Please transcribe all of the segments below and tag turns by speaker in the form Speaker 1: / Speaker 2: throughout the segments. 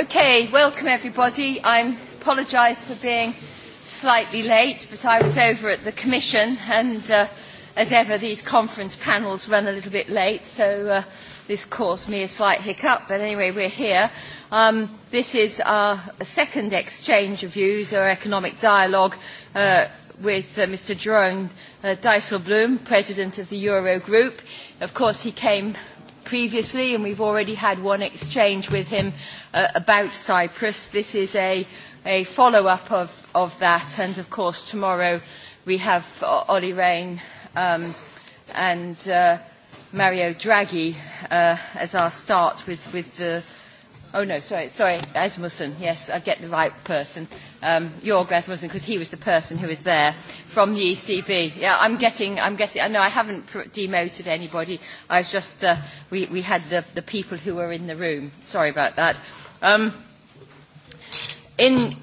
Speaker 1: Okay, welcome everybody. I apologise for being slightly late, but I was over at the Commission, and uh, as ever, these conference panels run a little bit late, so uh, this caused me a slight hiccup. But anyway, we're here. Um, this is our second exchange of views, our economic dialogue uh, with uh, Mr. Jerome uh, Dijsselbloem, President of the Eurogroup. Of course, he came previously, and we've already had one exchange with him uh, about Cyprus. This is a, a follow-up of, of that, and of course tomorrow we have Oli Rehn um, and uh, Mario Draghi uh, as our start with, with the Oh no, sorry, sorry, Asmussen. Yes, I get the right person. Um, Jorg Asmussen, because he was the person who was there from the ECB. Yeah, I'm getting, I'm getting. I know I haven't demoted anybody. I've just, uh, we we had the the people who were in the room. Sorry about that. Um, in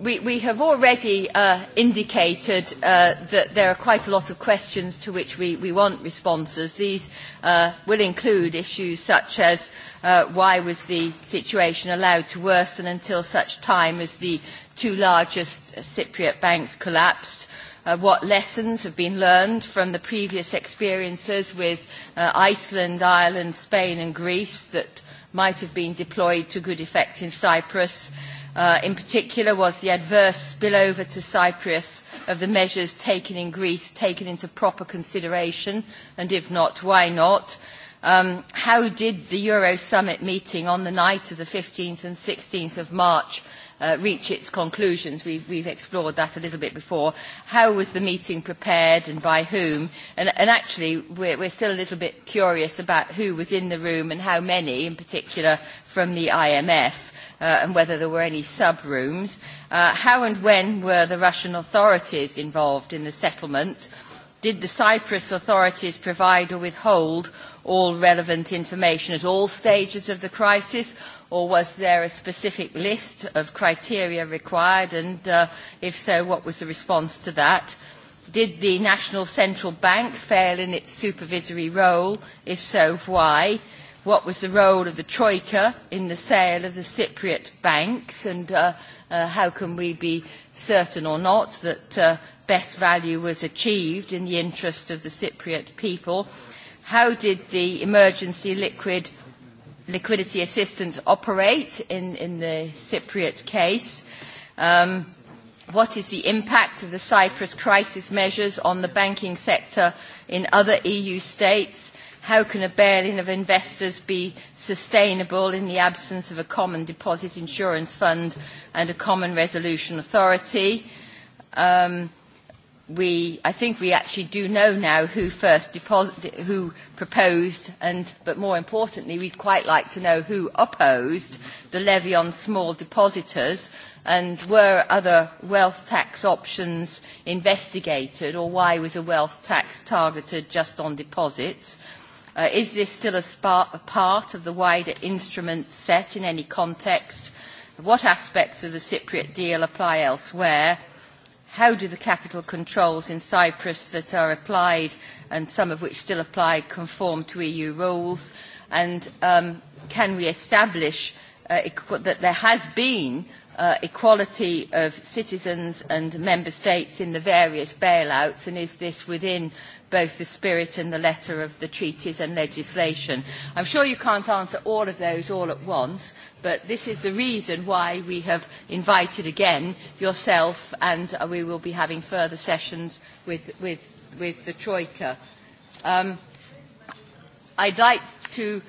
Speaker 1: we, we have already uh, indicated uh, that there are quite a lot of questions to which we, we want responses. These uh, will include issues such as uh, uh, why was the situation allowed to worsen until such time as the two largest Cypriot banks collapsed? Uh, what lessons have been learned from the previous experiences with uh, Iceland, Ireland, Spain and Greece that might have been deployed to good effect in Cyprus? Uh, in particular, was the adverse spillover to Cyprus of the measures taken in Greece taken into proper consideration? And if not, why not? Um, how did the Euro summit meeting on the night of the 15th and 16th of March uh, reach its conclusions? We've, we've explored that a little bit before. How was the meeting prepared and by whom? And, and actually, we're, we're still a little bit curious about who was in the room and how many, in particular from the IMF, uh, and whether there were any sub-rooms. Uh, how and when were the Russian authorities involved in the settlement? Did the Cyprus authorities provide or withhold all relevant information at all stages of the crisis, or was there a specific list of criteria required, and uh, if so, what was the response to that? Did the National Central Bank fail in its supervisory role? If so, why? What was the role of the Troika in the sale of the Cypriot banks, and uh, uh, how can we be certain or not that uh, best value was achieved in the interest of the Cypriot people? how did the emergency liquid liquidity assistance operate in, in the Cypriot case? Um, what is the impact of the Cyprus crisis measures on the banking sector in other EU states? How can a bail-in of investors be sustainable in the absence of a common deposit insurance fund and a common resolution authority? Um, we, I think we actually do know now who first deposit, who proposed, and but more importantly, we'd quite like to know who opposed the levy on small depositors, and were other wealth tax options investigated, or why was a wealth tax targeted just on deposits? Uh, is this still a, spa- a part of the wider instrument set in any context? What aspects of the Cypriot deal apply elsewhere? how do the capital controls in Cyprus that are applied and some of which still apply conform to EU rules? And um, can we establish uh, that there has been uh, equality of citizens and member states in the various bailouts and is this within both the spirit and the letter of the treaties and legislation? I'm sure you can't answer all of those all at once, But this is the reason why we have invited again yourself, and uh, we will be having further sessions with, with, with the Troika. Um, I'd like to,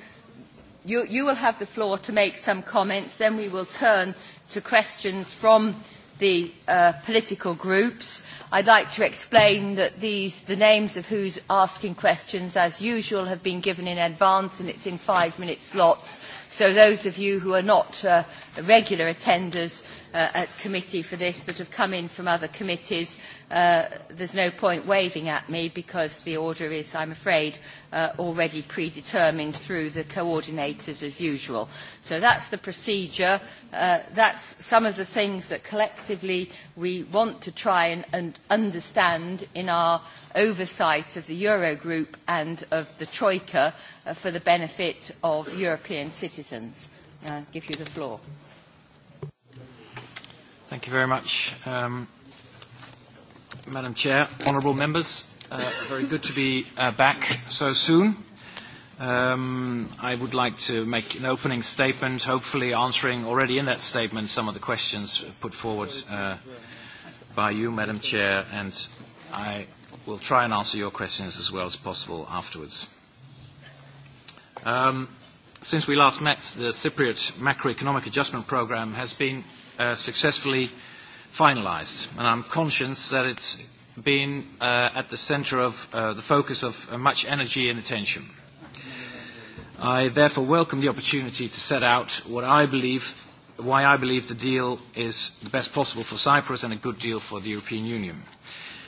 Speaker 1: you, you will have the floor to make some comments, then we will turn to questions from the uh, political groups. I'd like to explain that these, the names of who's asking questions, as usual, have been given in advance and it's in five-minute slots. So those of you who are not uh, regular attenders uh, at committee for this that have come in from other committees Uh, there's no point waving at me because the order is, I'm afraid, uh, already predetermined through the coordinators as usual. So that's the procedure. Uh, that's some of the things that collectively we want to try and, and understand in our oversight of the Eurogroup and of the Troika uh, for the benefit of European citizens. I uh, give you the floor.
Speaker 2: Thank you very much. Um, Madam Chair, honourable members, uh, very good to be uh, back so soon. Um, I would like to make an opening statement, hopefully answering already in that statement some of the questions put forward uh, by you, Madam Chair, and I will try and answer your questions as well as possible afterwards. Um, since we last met, the Cypriot Macroeconomic Adjustment program has been uh, successfully uh, finalized. And I'm conscious that it's been uh, at the center of uh, the focus of uh, much energy and attention. I therefore welcome the opportunity to set out what I believe, why I believe the deal is the best possible for Cyprus and a good deal for the European Union.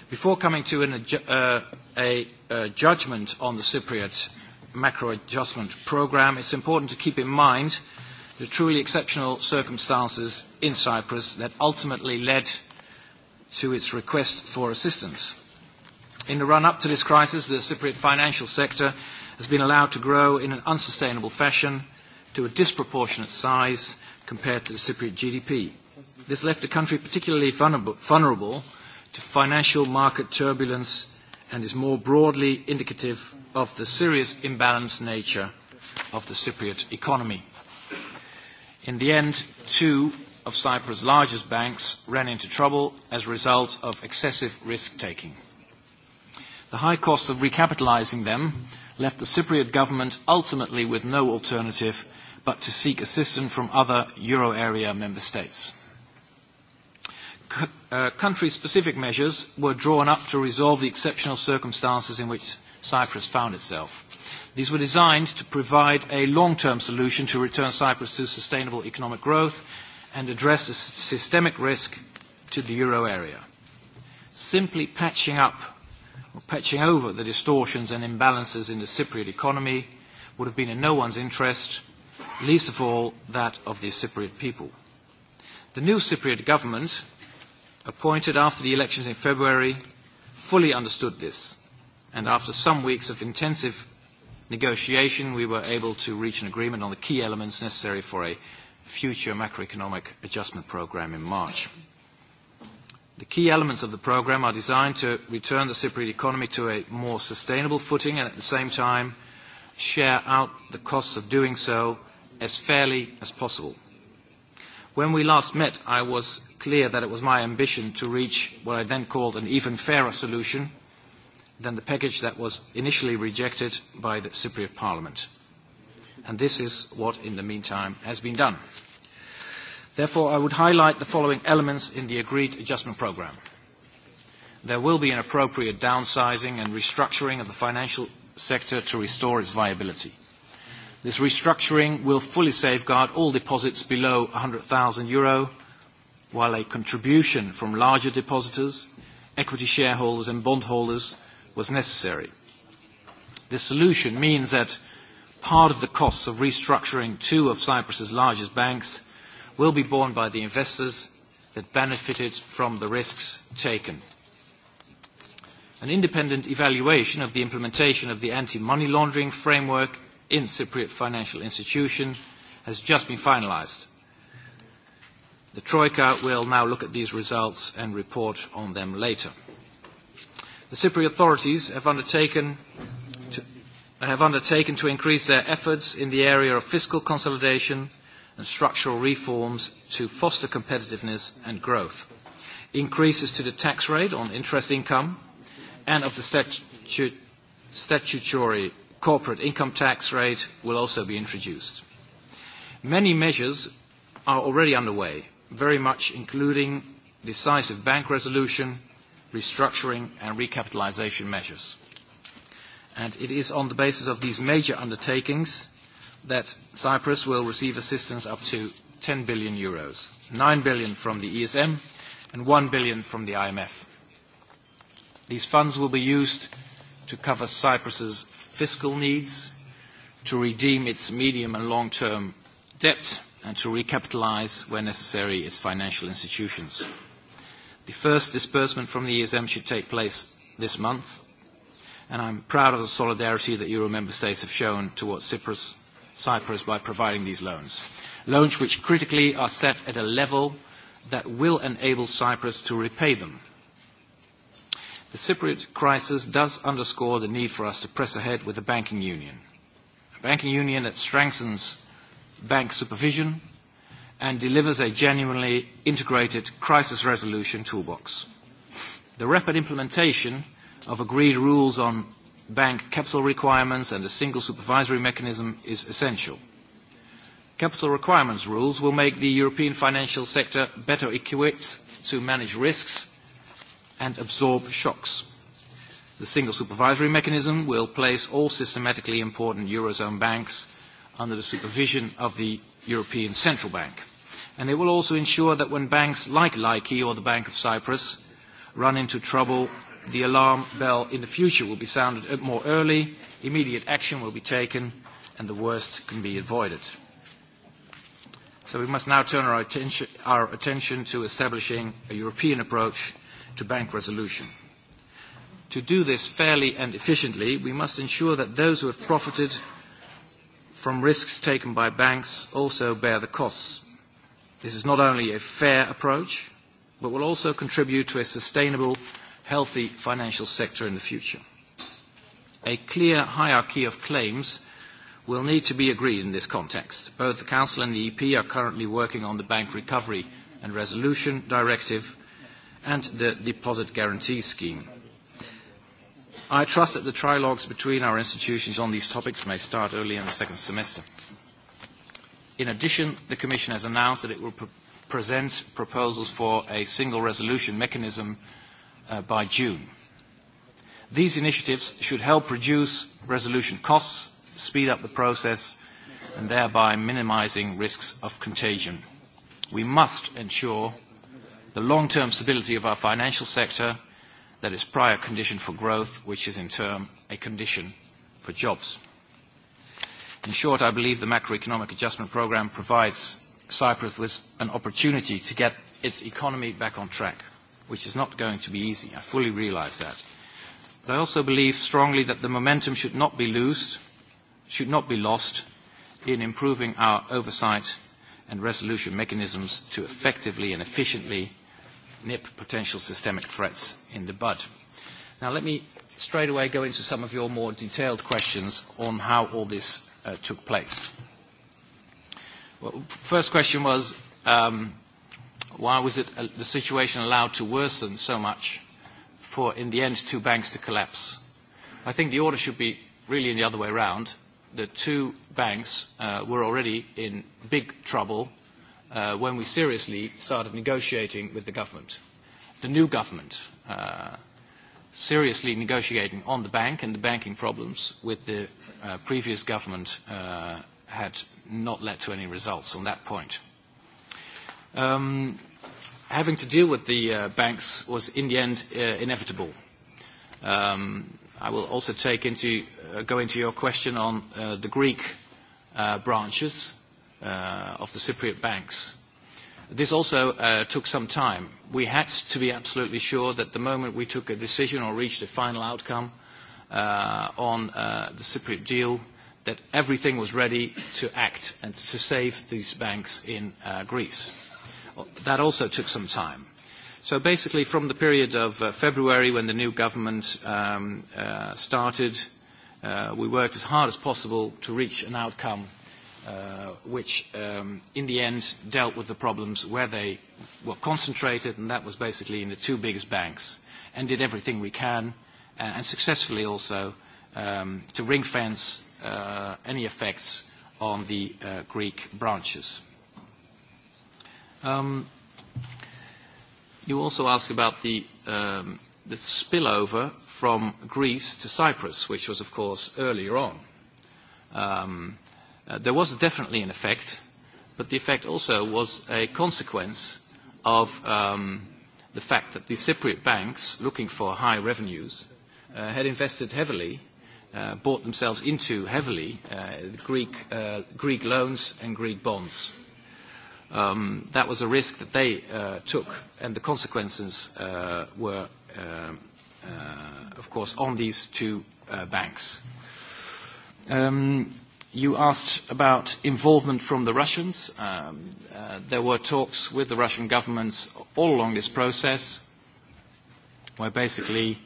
Speaker 2: Before coming to an, uh, a, a judgment on the Cypriot macro adjustment program, it's important to keep in mind the truly exceptional circumstances in Cyprus that ultimately led to its request for assistance. In the run-up to this crisis, the Cypriot financial sector has been allowed to grow in an unsustainable fashion to a disproportionate size compared to the Cypriot GDP. This left the country particularly vulnerable to financial market turbulence and is more broadly indicative of the serious imbalanced nature of the Cypriot economy. In the end, two of Cyprus' largest banks ran into trouble as a result of excessive risk-taking. The high cost of recapitalizing them left the Cypriot government ultimately with no alternative but to seek assistance from other euro area member states. C uh, country-specific measures were drawn up to resolve the exceptional circumstances in which Cyprus found itself. These were designed to provide a long-term solution to return Cyprus to sustainable economic growth and address a systemic risk to the euro area. Simply patching up or patching over the distortions and imbalances in the Cypriot economy would have been in no one's interest, least of all that of the Cypriot people. The new Cypriot government, appointed after the elections in February, fully understood this, and after some weeks of intensive negotiation, we were able to reach an agreement on the key elements necessary for a future macroeconomic adjustment programme in March. The key elements of the programme are designed to return the Cypriot economy to a more sustainable footing and at the same time share out the costs of doing so as fairly as possible. When we last met, I was clear that it was my ambition to reach what I then called an even fairer solution than the package that was initially rejected by the Cypriot Parliament and this is what, in the meantime, has been done. Therefore, I would highlight the following elements in the agreed adjustment programme. There will be an appropriate downsizing and restructuring of the financial sector to restore its viability. This restructuring will fully safeguard all deposits below €100,000, while a contribution from larger depositors, equity shareholders and bondholders was necessary. This solution means that part of the costs of restructuring two of Cyprus's largest banks will be borne by the investors that benefited from the risks taken. An independent evaluation of the implementation of the anti-money laundering framework in Cypriot financial institution has just been finalised. The Troika will now look at these results and report on them later. The Cypriot authorities have undertaken Uh, have undertaken to increase their efforts in the area of fiscal consolidation and structural reforms to foster competitiveness and growth, increases to the tax rate on interest income and of the statu statutory corporate income tax rate will also be introduced. Many measures are already underway, very much including decisive bank resolution, restructuring and recapitalisation measures and it is on the basis of these major undertakings that Cyprus will receive assistance up to 10 billion euros, 9 billion from the ESM and 1 billion from the IMF. These funds will be used to cover Cyprus's fiscal needs, to redeem its medium and long-term debt, and to recapitalize, where necessary, its financial institutions. The first disbursement from the ESM should take place this month, and I'm proud of the solidarity that Euro member states have shown towards Cyprus, Cyprus by providing these loans. Loans which critically are set at a level that will enable Cyprus to repay them. The Cypriot crisis does underscore the need for us to press ahead with the banking union. A banking union that strengthens bank supervision and delivers a genuinely integrated crisis resolution toolbox. The rapid implementation of agreed rules on bank capital requirements and a single supervisory mechanism is essential. Capital requirements rules will make the European financial sector better equipped to manage risks and absorb shocks. The single supervisory mechanism will place all systematically important Eurozone banks under the supervision of the European Central Bank. And it will also ensure that when banks like Laiki or the Bank of Cyprus run into trouble, the alarm bell in the future will be sounded more early, immediate action will be taken, and the worst can be avoided. So we must now turn our attention, our attention to establishing a European approach to bank resolution. To do this fairly and efficiently, we must ensure that those who have profited from risks taken by banks also bear the costs. This is not only a fair approach, but will also contribute to a sustainable healthy financial sector in the future. A clear hierarchy of claims will need to be agreed in this context. Both the Council and the EP are currently working on the Bank Recovery and Resolution Directive and the Deposit Guarantee Scheme. I trust that the trilogues between our institutions on these topics may start early in the second semester. In addition, the Commission has announced that it will pre present proposals for a single resolution mechanism Uh, by June. These initiatives should help reduce resolution costs, speed up the process, and thereby minimizing risks of contagion. We must ensure the long-term stability of our financial sector that is prior condition for growth, which is in turn a condition for jobs. In short, I believe the macroeconomic adjustment program provides Cyprus with an opportunity to get its economy back on track which is not going to be easy. I fully realize that. But I also believe strongly that the momentum should not be loosed, should not be lost in improving our oversight and resolution mechanisms to effectively and efficiently nip potential systemic threats in the bud. Now let me straight away go into some of your more detailed questions on how all this uh, took place. Well, first question was, um, why was it uh, the situation allowed to worsen so much for, in the end, two banks to collapse? I think the order should be really in the other way around. The two banks uh, were already in big trouble uh, when we seriously started negotiating with the government, the new government, uh, seriously negotiating on the bank and the banking problems with the uh, previous government uh, had not led to any results on that point. Um, having to deal with the uh, banks was in the end uh, inevitable. Um, I will also take into, uh, go into your question on uh, the Greek uh, branches uh, of the Cypriot banks. This also uh, took some time. We had to be absolutely sure that the moment we took a decision or reached a final outcome uh, on uh, the Cypriot deal, that everything was ready to act and to save these banks in uh, Greece that also took some time. So basically, from the period of uh, February when the new government um, uh, started, uh, we worked as hard as possible to reach an outcome Uh, which um, in the end dealt with the problems where they were concentrated, and that was basically in the two biggest banks, and did everything we can, uh, and successfully also, um, to ring fence uh, any effects on the uh, Greek branches. Um, you also ask about um, the, spillover from Greece to Cyprus, which was, of course, earlier on. Um, uh, there was definitely an effect, but the effect also was a consequence of the fact that the Cypriot banks, looking for high revenues, uh, had invested heavily, uh, bought themselves into heavily Greek loans and Greek bonds um, that was a risk that they uh, took, and the consequences uh, were, um, uh, of course, on these two uh, banks. Um, you asked about involvement from the Russians. Um, uh, there were talks with the Russian governments all along this process, where basically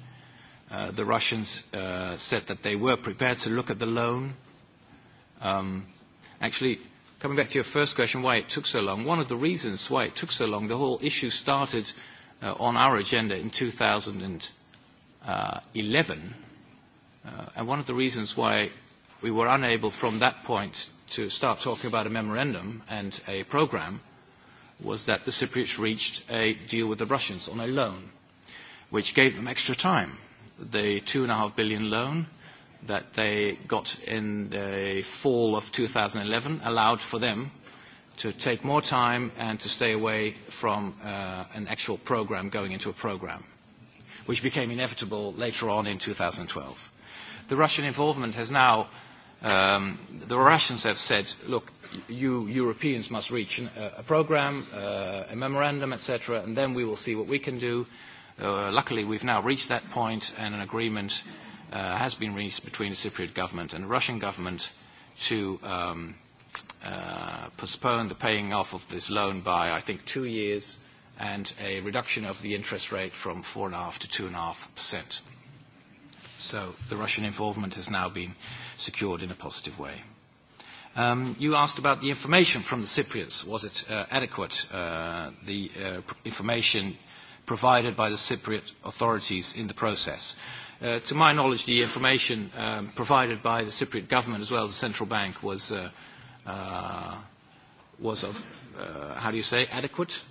Speaker 2: uh, the Russians said that they were prepared to look at the loan. Um, actually, coming back to your first question, why it took so long, one of the reasons why it took so long, the whole issue started uh, on our agenda in 2011. Uh, and one of the reasons why we were unable from that point to start talking about a memorandum and a program was that the Cypriots reached a deal with the Russians on a loan, which gave them extra time. The two and a half billion loan that they got in the fall of 2011 allowed for them to take more time and to stay away from uh, an actual program going into a program, which became inevitable later on in 2012. The Russian involvement has now, um, the Russians have said, look, you Europeans must reach an, uh, a program, uh, a memorandum, etc., and then we will see what we can do. Uh, luckily, we've now reached that point and an agreement uh, uh, has been reached between the Cypriot government and the Russian government to um, uh, postpone the paying off of this loan by, I think, two years and a reduction of the interest rate from 4.5% to 2.5%. So the Russian involvement has now been secured in a positive way. Um, you asked about the information from the Cypriots. Was it uh, adequate? Uh, the uh, information provided by the Cypriot authorities in the process. Uh, to my knowledge, the information um, provided by the Cypriot government as well as the central bank was, uh, uh, was of, uh, how do you say, adequate.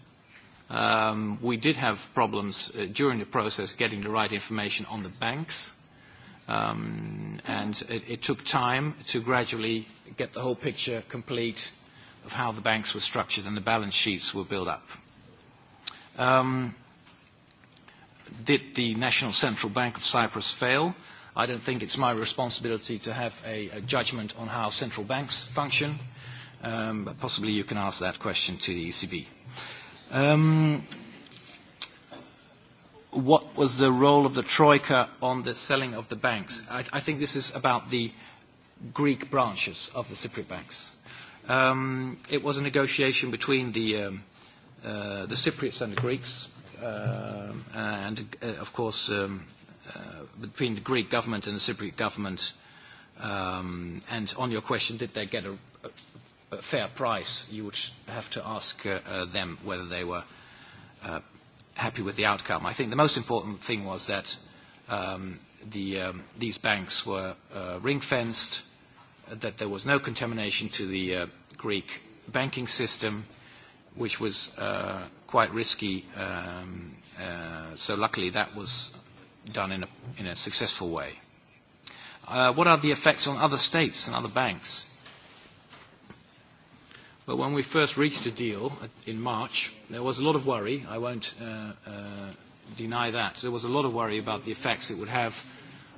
Speaker 2: Um, we did have problems uh, during the process getting the right information on the banks. Um, and it, it took time to gradually get the whole picture complete of how the banks were structured and the balance sheets were built up. Um, did the National Central Bank of Cyprus fail? I don't think it's my responsibility to have a, a judgment on how central banks function, um, but possibly you can ask that question to the ECB. Um, what was the role of the Troika on the selling of the banks? I, I think this is about the Greek branches of the Cypriot banks. Um, it was a negotiation between the, um, uh, the Cypriots and the Greeks Uh, uh, and uh, of course um, between the Greek government and the Cypriot government. Um, and on your question, did they get a, a, a fair price? You would have to ask them whether they were happy with the outcome. I think the most important thing was that um, the, um, these banks were uh, ring-fenced, that there was no contamination to the uh, Greek banking system, which was uh, quite risky. Um, uh, so luckily that was done in a, in a successful way. Uh, what are the effects on other states and other banks? Well, when we first reached a deal uh, in March, there was a lot of worry. I won't uh, uh, deny that. There was a lot of worry about the effects it would have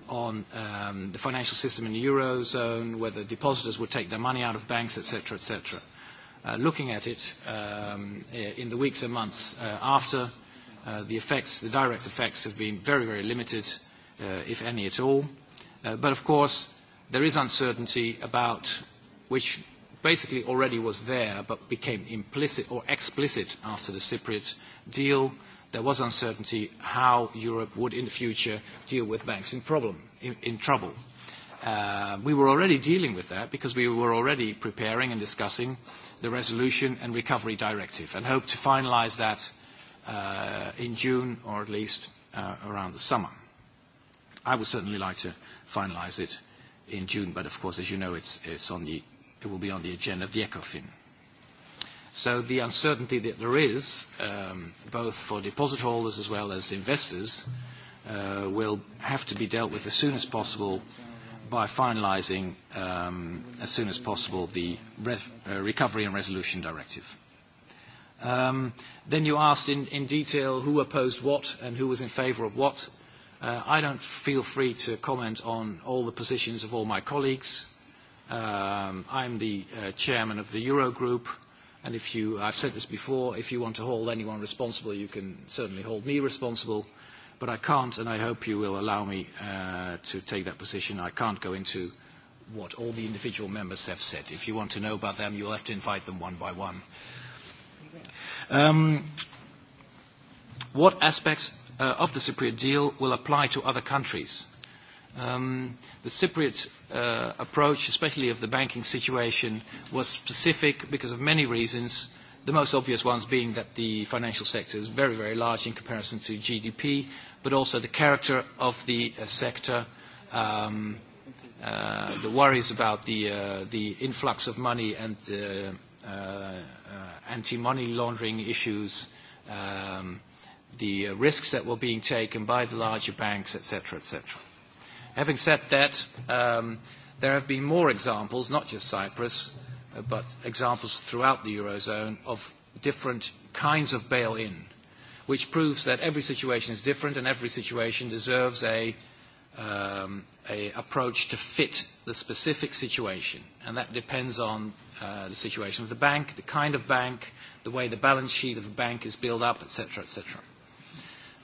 Speaker 2: on um, the financial system in the Eurozone, whether depositors would take their money out of banks, etc., etc. Uh, looking at it um, in the weeks and months uh, after. Uh, the effects, the direct effects have been very, very limited, uh, if any at all. Uh, but of course, there is uncertainty about which basically already was there but became implicit or explicit after the Cypriot deal. There was uncertainty how Europe would in the future deal with banks in, problem, in, in trouble. Uh, we were already dealing with that because we were already preparing and discussing uh, the Resolution and Recovery Directive, and hope to finalize that uh, in June or at least uh, around the summer. I would certainly like to finalize it in June, but of course, as you know, it's, it's on the, it will be on the agenda of the ECOFIN. So the uncertainty that there is, um, both for deposit holders as well as investors, uh, will have to be dealt with as soon as possible by finalising um, as soon as possible the Ref, uh, Recovery and Resolution Directive. Um, then you asked in, in detail who opposed what and who was in favour of what. Uh, I don't feel free to comment on all the positions of all my colleagues. Um, I'm the uh, chairman of the Eurogroup, and if you, I've said this before, if you want to hold anyone responsible, you can certainly hold me responsible. But I can't, and I hope you will allow me uh, to take that position. I can't go into what all the individual members have said. If you want to know about them, you'll have to invite them one by one. Um, what aspects uh, of the Cypriot deal will apply to other countries? Um, the Cypriot uh, approach, especially of the banking situation, was specific because of many reasons, the most obvious ones being that the financial sector is very, very large in comparison to GDP, but also the character of the uh, sector, um, uh, the worries about the, uh, the influx of money and uh, uh, anti-money laundering issues, um, the uh, risks that were being taken by the larger banks, etc., etc. Having said that, um, there have been more examples, not just Cyprus, uh, but examples throughout the Eurozone of different kinds of bail-in which proves that every situation is different and every situation deserves a, um, a approach to fit the specific situation. And that depends on uh, the situation of the bank, the kind of bank, the way the balance sheet of a bank is built up, etc., etc.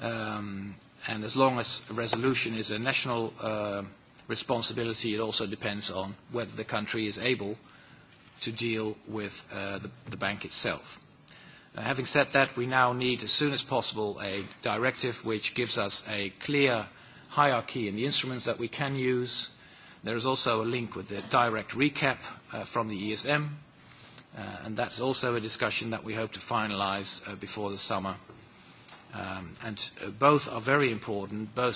Speaker 2: Um, and as long as resolution is a national uh, responsibility, it also depends on whether the country is able to deal with uh, the, the bank itself. Uh, having said that, we now need, as soon as possible, a directive which gives us a clear hierarchy in the instruments that we can use. There is also a link with the direct recap uh, from the ESM, uh, and that's also a discussion that we hope to finalize uh, before the summer. Um, uh,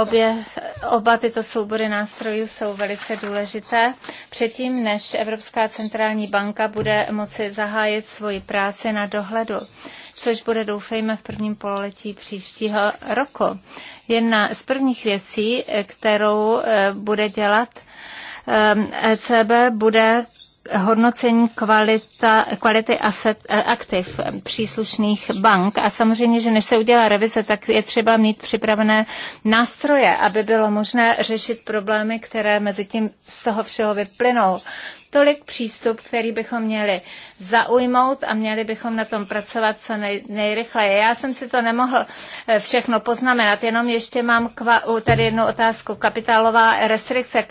Speaker 3: Obě, oba tyto soubory nástrojů jsou velice důležité. Předtím, než Evropská centrální banka bude moci zahájit svoji práci na dohledu, což bude, doufejme, v prvním pololetí příštího roku. Jedna z prvních věcí, kterou eh, bude dělat ECB, eh, e bude hodnocení kvalita, kvality aset, eh, aktiv eh, příslušných bank. A samozřejmě, že než se udělá revize, tak je třeba mít připravené nástroje, aby bylo možné řešit problémy, které mezi tím z toho všeho vyplynou tolik přístup, který bychom měli zaujmout a měli bychom na tom pracovat co nej, nejrychleji. Já jsem si to nemohl eh, všechno poznamenat, jenom ještě mám kva, tady jednu otázku. Kapitálová restrikce,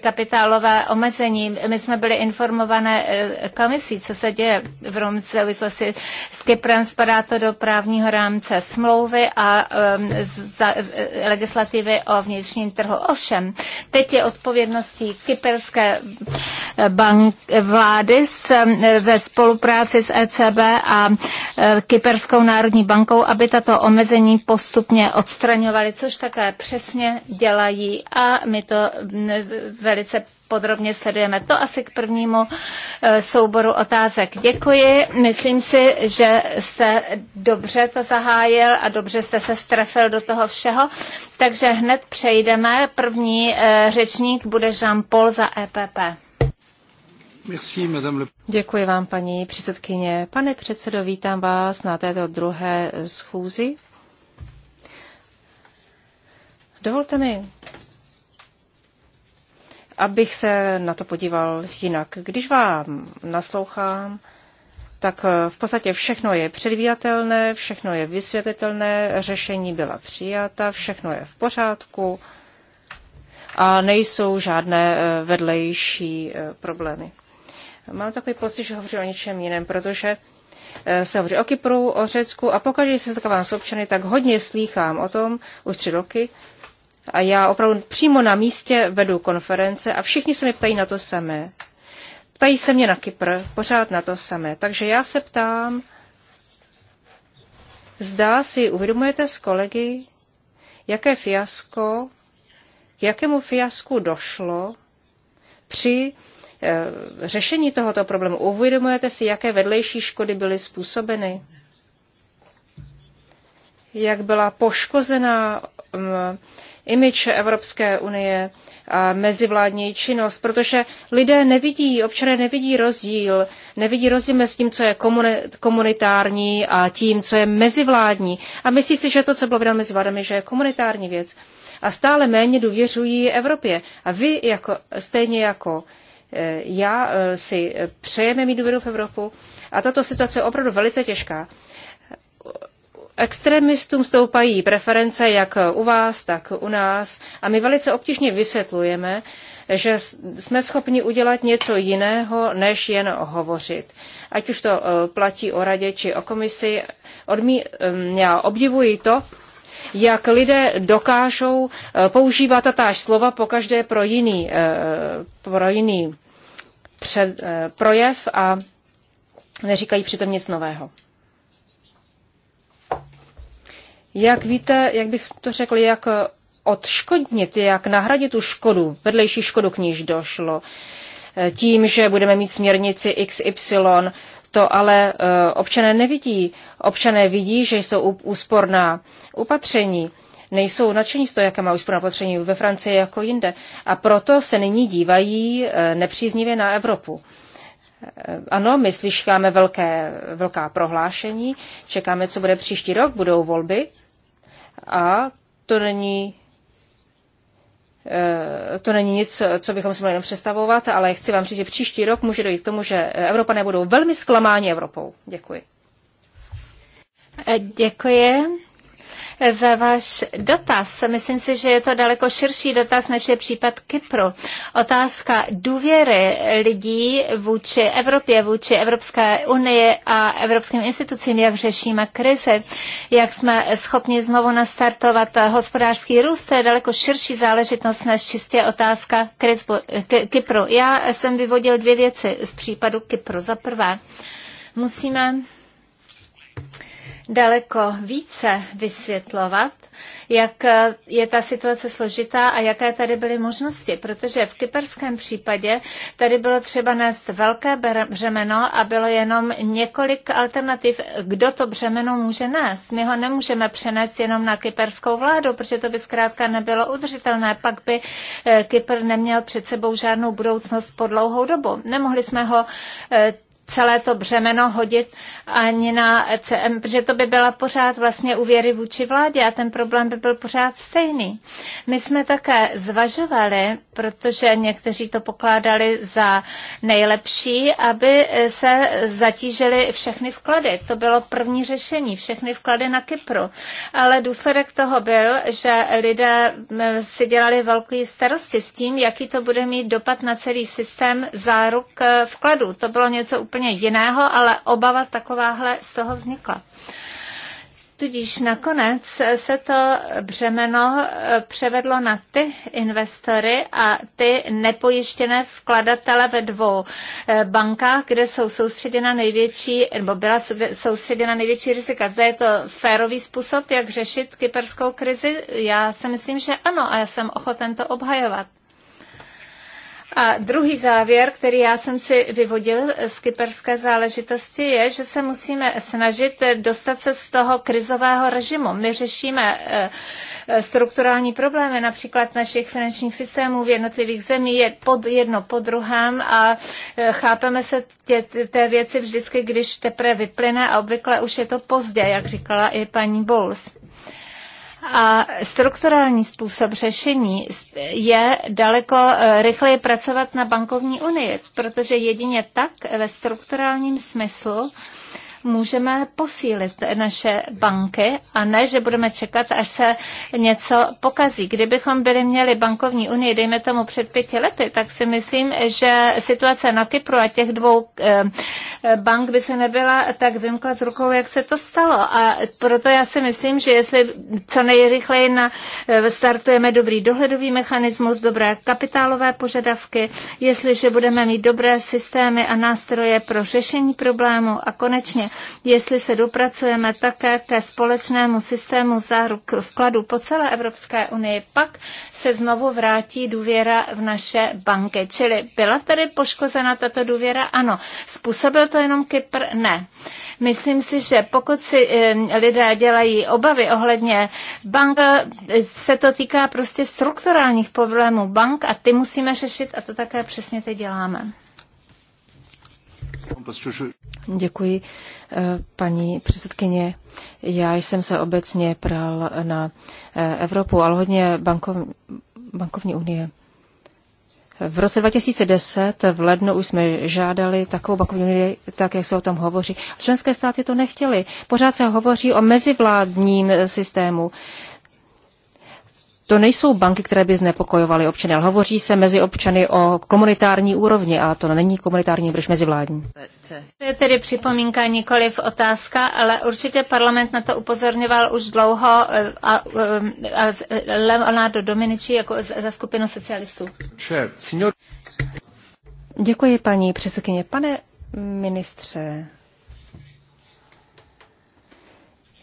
Speaker 3: kapitálové omezení. My jsme byli informované eh, komisí, co se děje v Romce souvislosti s Kyprem. Spadá to do právního rámce smlouvy a um, za, eh, legislativy o vnitřním trhu. Ovšem, teď je odpovědností kyperské banky bank, vlády s, eh, ve spolupráci s ECB a eh, Kyperskou národní bankou, aby tato omezení postupně odstraňovaly, což také přesně dělají a my to mm, velice podrobně sledujeme. To asi k prvnímu eh, souboru otázek. Děkuji. Myslím si, že jste dobře to zahájil a dobře jste se strefil do toho všeho. Takže hned přejdeme. První řečník bude Jean-Paul za EPP. Děkuji vám, paní předsedkyně.
Speaker 4: Pane předsedo, vítám vás na této druhé schůzi. Dovolte mi, abych se na to podíval jinak. Když vám naslouchám, tak v podstatě všechno je předvídatelné, všechno je vysvětlitelné, řešení byla přijata, všechno je v pořádku a nejsou žádné eh, vedlejší eh, problémy. Mám takový pocit, že hovoří o něčem jiném, protože eh, se hovoří o Kypru, o Řecku a pokud se setkávám s občany, tak hodně slýchám o tom už tři roky. A já opravdu přímo na místě vedu konference a všichni se mi ptají na to samé. Ptají se mě na Kypr, pořád na to samé. Takže já se ptám, zdá si, uvědomujete s kolegy, jaké fiasko, jakému fiasku došlo při Eh, řešení tohoto problému. Uvědomujete si, jaké vedlejší škody byly způsobeny? Jak byla poškozená mm, imič Evropské unie a mezivládní činnost, protože lidé nevidí, občané nevidí rozdíl, nevidí rozdíl mezi tím, co je komunitární a tím, co je mezivládní. A myslí si, že to, co bylo vydáno mezi vládami, že je komunitární věc. A stále méně důvěřují Evropě. A vy, jako, stejně jako Eh, já eh, si přejeme mít důvěru v Evropu a tato situace je opravdu velice těžká. Extremistům stoupají preference jak u vás, tak u nás a my velice obtížně vysvětlujeme, že jsme schopni udělat něco jiného, než jen hovořit. Ať už to eh, platí o radě či o komisi, odmí, já obdivuji to, jak lidé dokážou eh, používat tatáž slova pokaždé pro jiný, eh, pro jiný před, eh, projev a neříkají přitom nic nového. Jak víte, jak bych to řekl, jak odškodnit, jak nahradit tu škodu, vedlejší škodu, k níž došlo, tím, že budeme mít směrnici XY, to ale eh, občané nevidí. Občané vidí, že jsou úsporná upatření. Nejsou nadšení z toho, jaké má úsporná opatření ve Francii jako jinde. A proto se nyní dívají eh, nepříznivě na Evropu. Eh, ano, my slyšíme velké, velká prohlášení, čekáme, co bude příští rok, budou volby a to není Eh, to není nic, co bychom si mohli jenom představovat, ale chci vám říct, že příští rok může dojít k tomu, že Evropané budou velmi zklamáni Evropou.
Speaker 3: Děkuji. Eh, děkuji za váš dotaz. Myslím si, že je to daleko širší dotaz, než je případ Kypru. Otázka důvěry lidí vůči Evropě, vůči Evropské unii a evropským institucím, jak řešíme krizi, jak jsme schopni znovu nastartovat hospodářský růst, to je daleko širší záležitost než čistě otázka krizbu, k, Kypru. Já jsem vyvodil dvě věci z případu Kypru. Za prvé, musíme daleko více vysvětlovat, jak je ta situace složitá a jaké tady byly možnosti, protože v kyperském případě tady bylo třeba nést velké břemeno a bylo jenom několik alternativ, kdo to břemeno může nést. My ho nemůžeme přenést jenom na kyperskou vládu, protože to by zkrátka nebylo udržitelné, pak by eh, Kypr neměl před sebou žádnou budoucnost po dlouhou dobu. Nemohli jsme ho eh, celé to břemeno hodit ani na CM, protože to by byla pořád vlastně uvěry vůči vládě a ten problém by byl pořád stejný. My jsme také zvažovali, protože někteří to pokládali za nejlepší, aby se zatížili všechny vklady. To bylo první řešení, všechny vklady na Kypru. Ale důsledek toho byl, že lidé si dělali velký starosti s tím, jaký to bude mít dopad na celý systém záruk eh, vkladů. To bylo něco úplně úplně jiného, ale obava takováhle z toho vznikla. Tudíž nakonec se to břemeno eh, převedlo na ty investory a ty nepojištěné vkladatele ve dvou eh, bankách, kde jsou soustředěna největší, nebo byla soustředěna největší rizika. Zde je to férový způsob, jak řešit kyperskou krizi? Já si myslím, že ano a já jsem ochoten to obhajovat. A druhý závěr, který já jsem si vyvodil z kyperské záležitosti, je, že se musíme snažit dostat se z toho krizového režimu. My řešíme eh, eh, strukturální problémy, například našich finančních systémů v jednotlivých zemí je pod jedno po druhém a eh, chápeme se tě, té věci vždycky, když teprve vyplyne a obvykle už je to pozdě, jak říkala i paní Bowles. A strukturální způsob řešení je daleko eh, rychleji pracovat na bankovní unii, protože jedině tak ve strukturálním smyslu můžeme posílit naše banky a ne, že budeme čekat, až se něco pokazí. Kdybychom byli měli bankovní unii, dejme tomu před pěti lety, tak si myslím, že situace na Kypru a těch dvou eh, bank by se nebyla tak vymkla z rukou, jak se to stalo. A proto já si myslím, že jestli co nejrychleji na, eh, startujeme dobrý dohledový mechanismus, dobré kapitálové požadavky, jestliže budeme mít dobré systémy a nástroje pro řešení problému a konečně jestli se dopracujeme také ke společnému systému záruk vkladu po celé Evropské unii, pak se znovu vrátí důvěra v naše banky. Čili byla tady poškozena tato důvěra? Ano. Způsobil to jenom Kypr? Ne. Myslím si, že pokud si eh, lidé dělají obavy ohledně bank, se to týká prostě strukturálních problémů bank a ty musíme řešit a to také přesně teď děláme.
Speaker 4: Děkuji, eh, paní předsedkyně. Já jsem se obecně pral na eh, Evropu, ale hodně bankov, bankovní unie. V roce 2010 v lednu už jsme žádali takovou bankovní unii, tak jak se o tom hovoří. Členské státy to nechtěly. Pořád se hovoří o mezivládním eh, systému. To nejsou banky, které by znepokojovaly občany, ale hovoří se mezi občany o komunitární úrovni a to není komunitární, brž mezivládní.
Speaker 3: To je tedy připomínka, nikoli v otázka, ale určitě parlament na to upozorňoval už dlouho eh, a, eh, a, a eh, Leonardo Dominici jako za skupinu socialistů.
Speaker 4: Děkuji, paní předsedkyně. Pane ministře,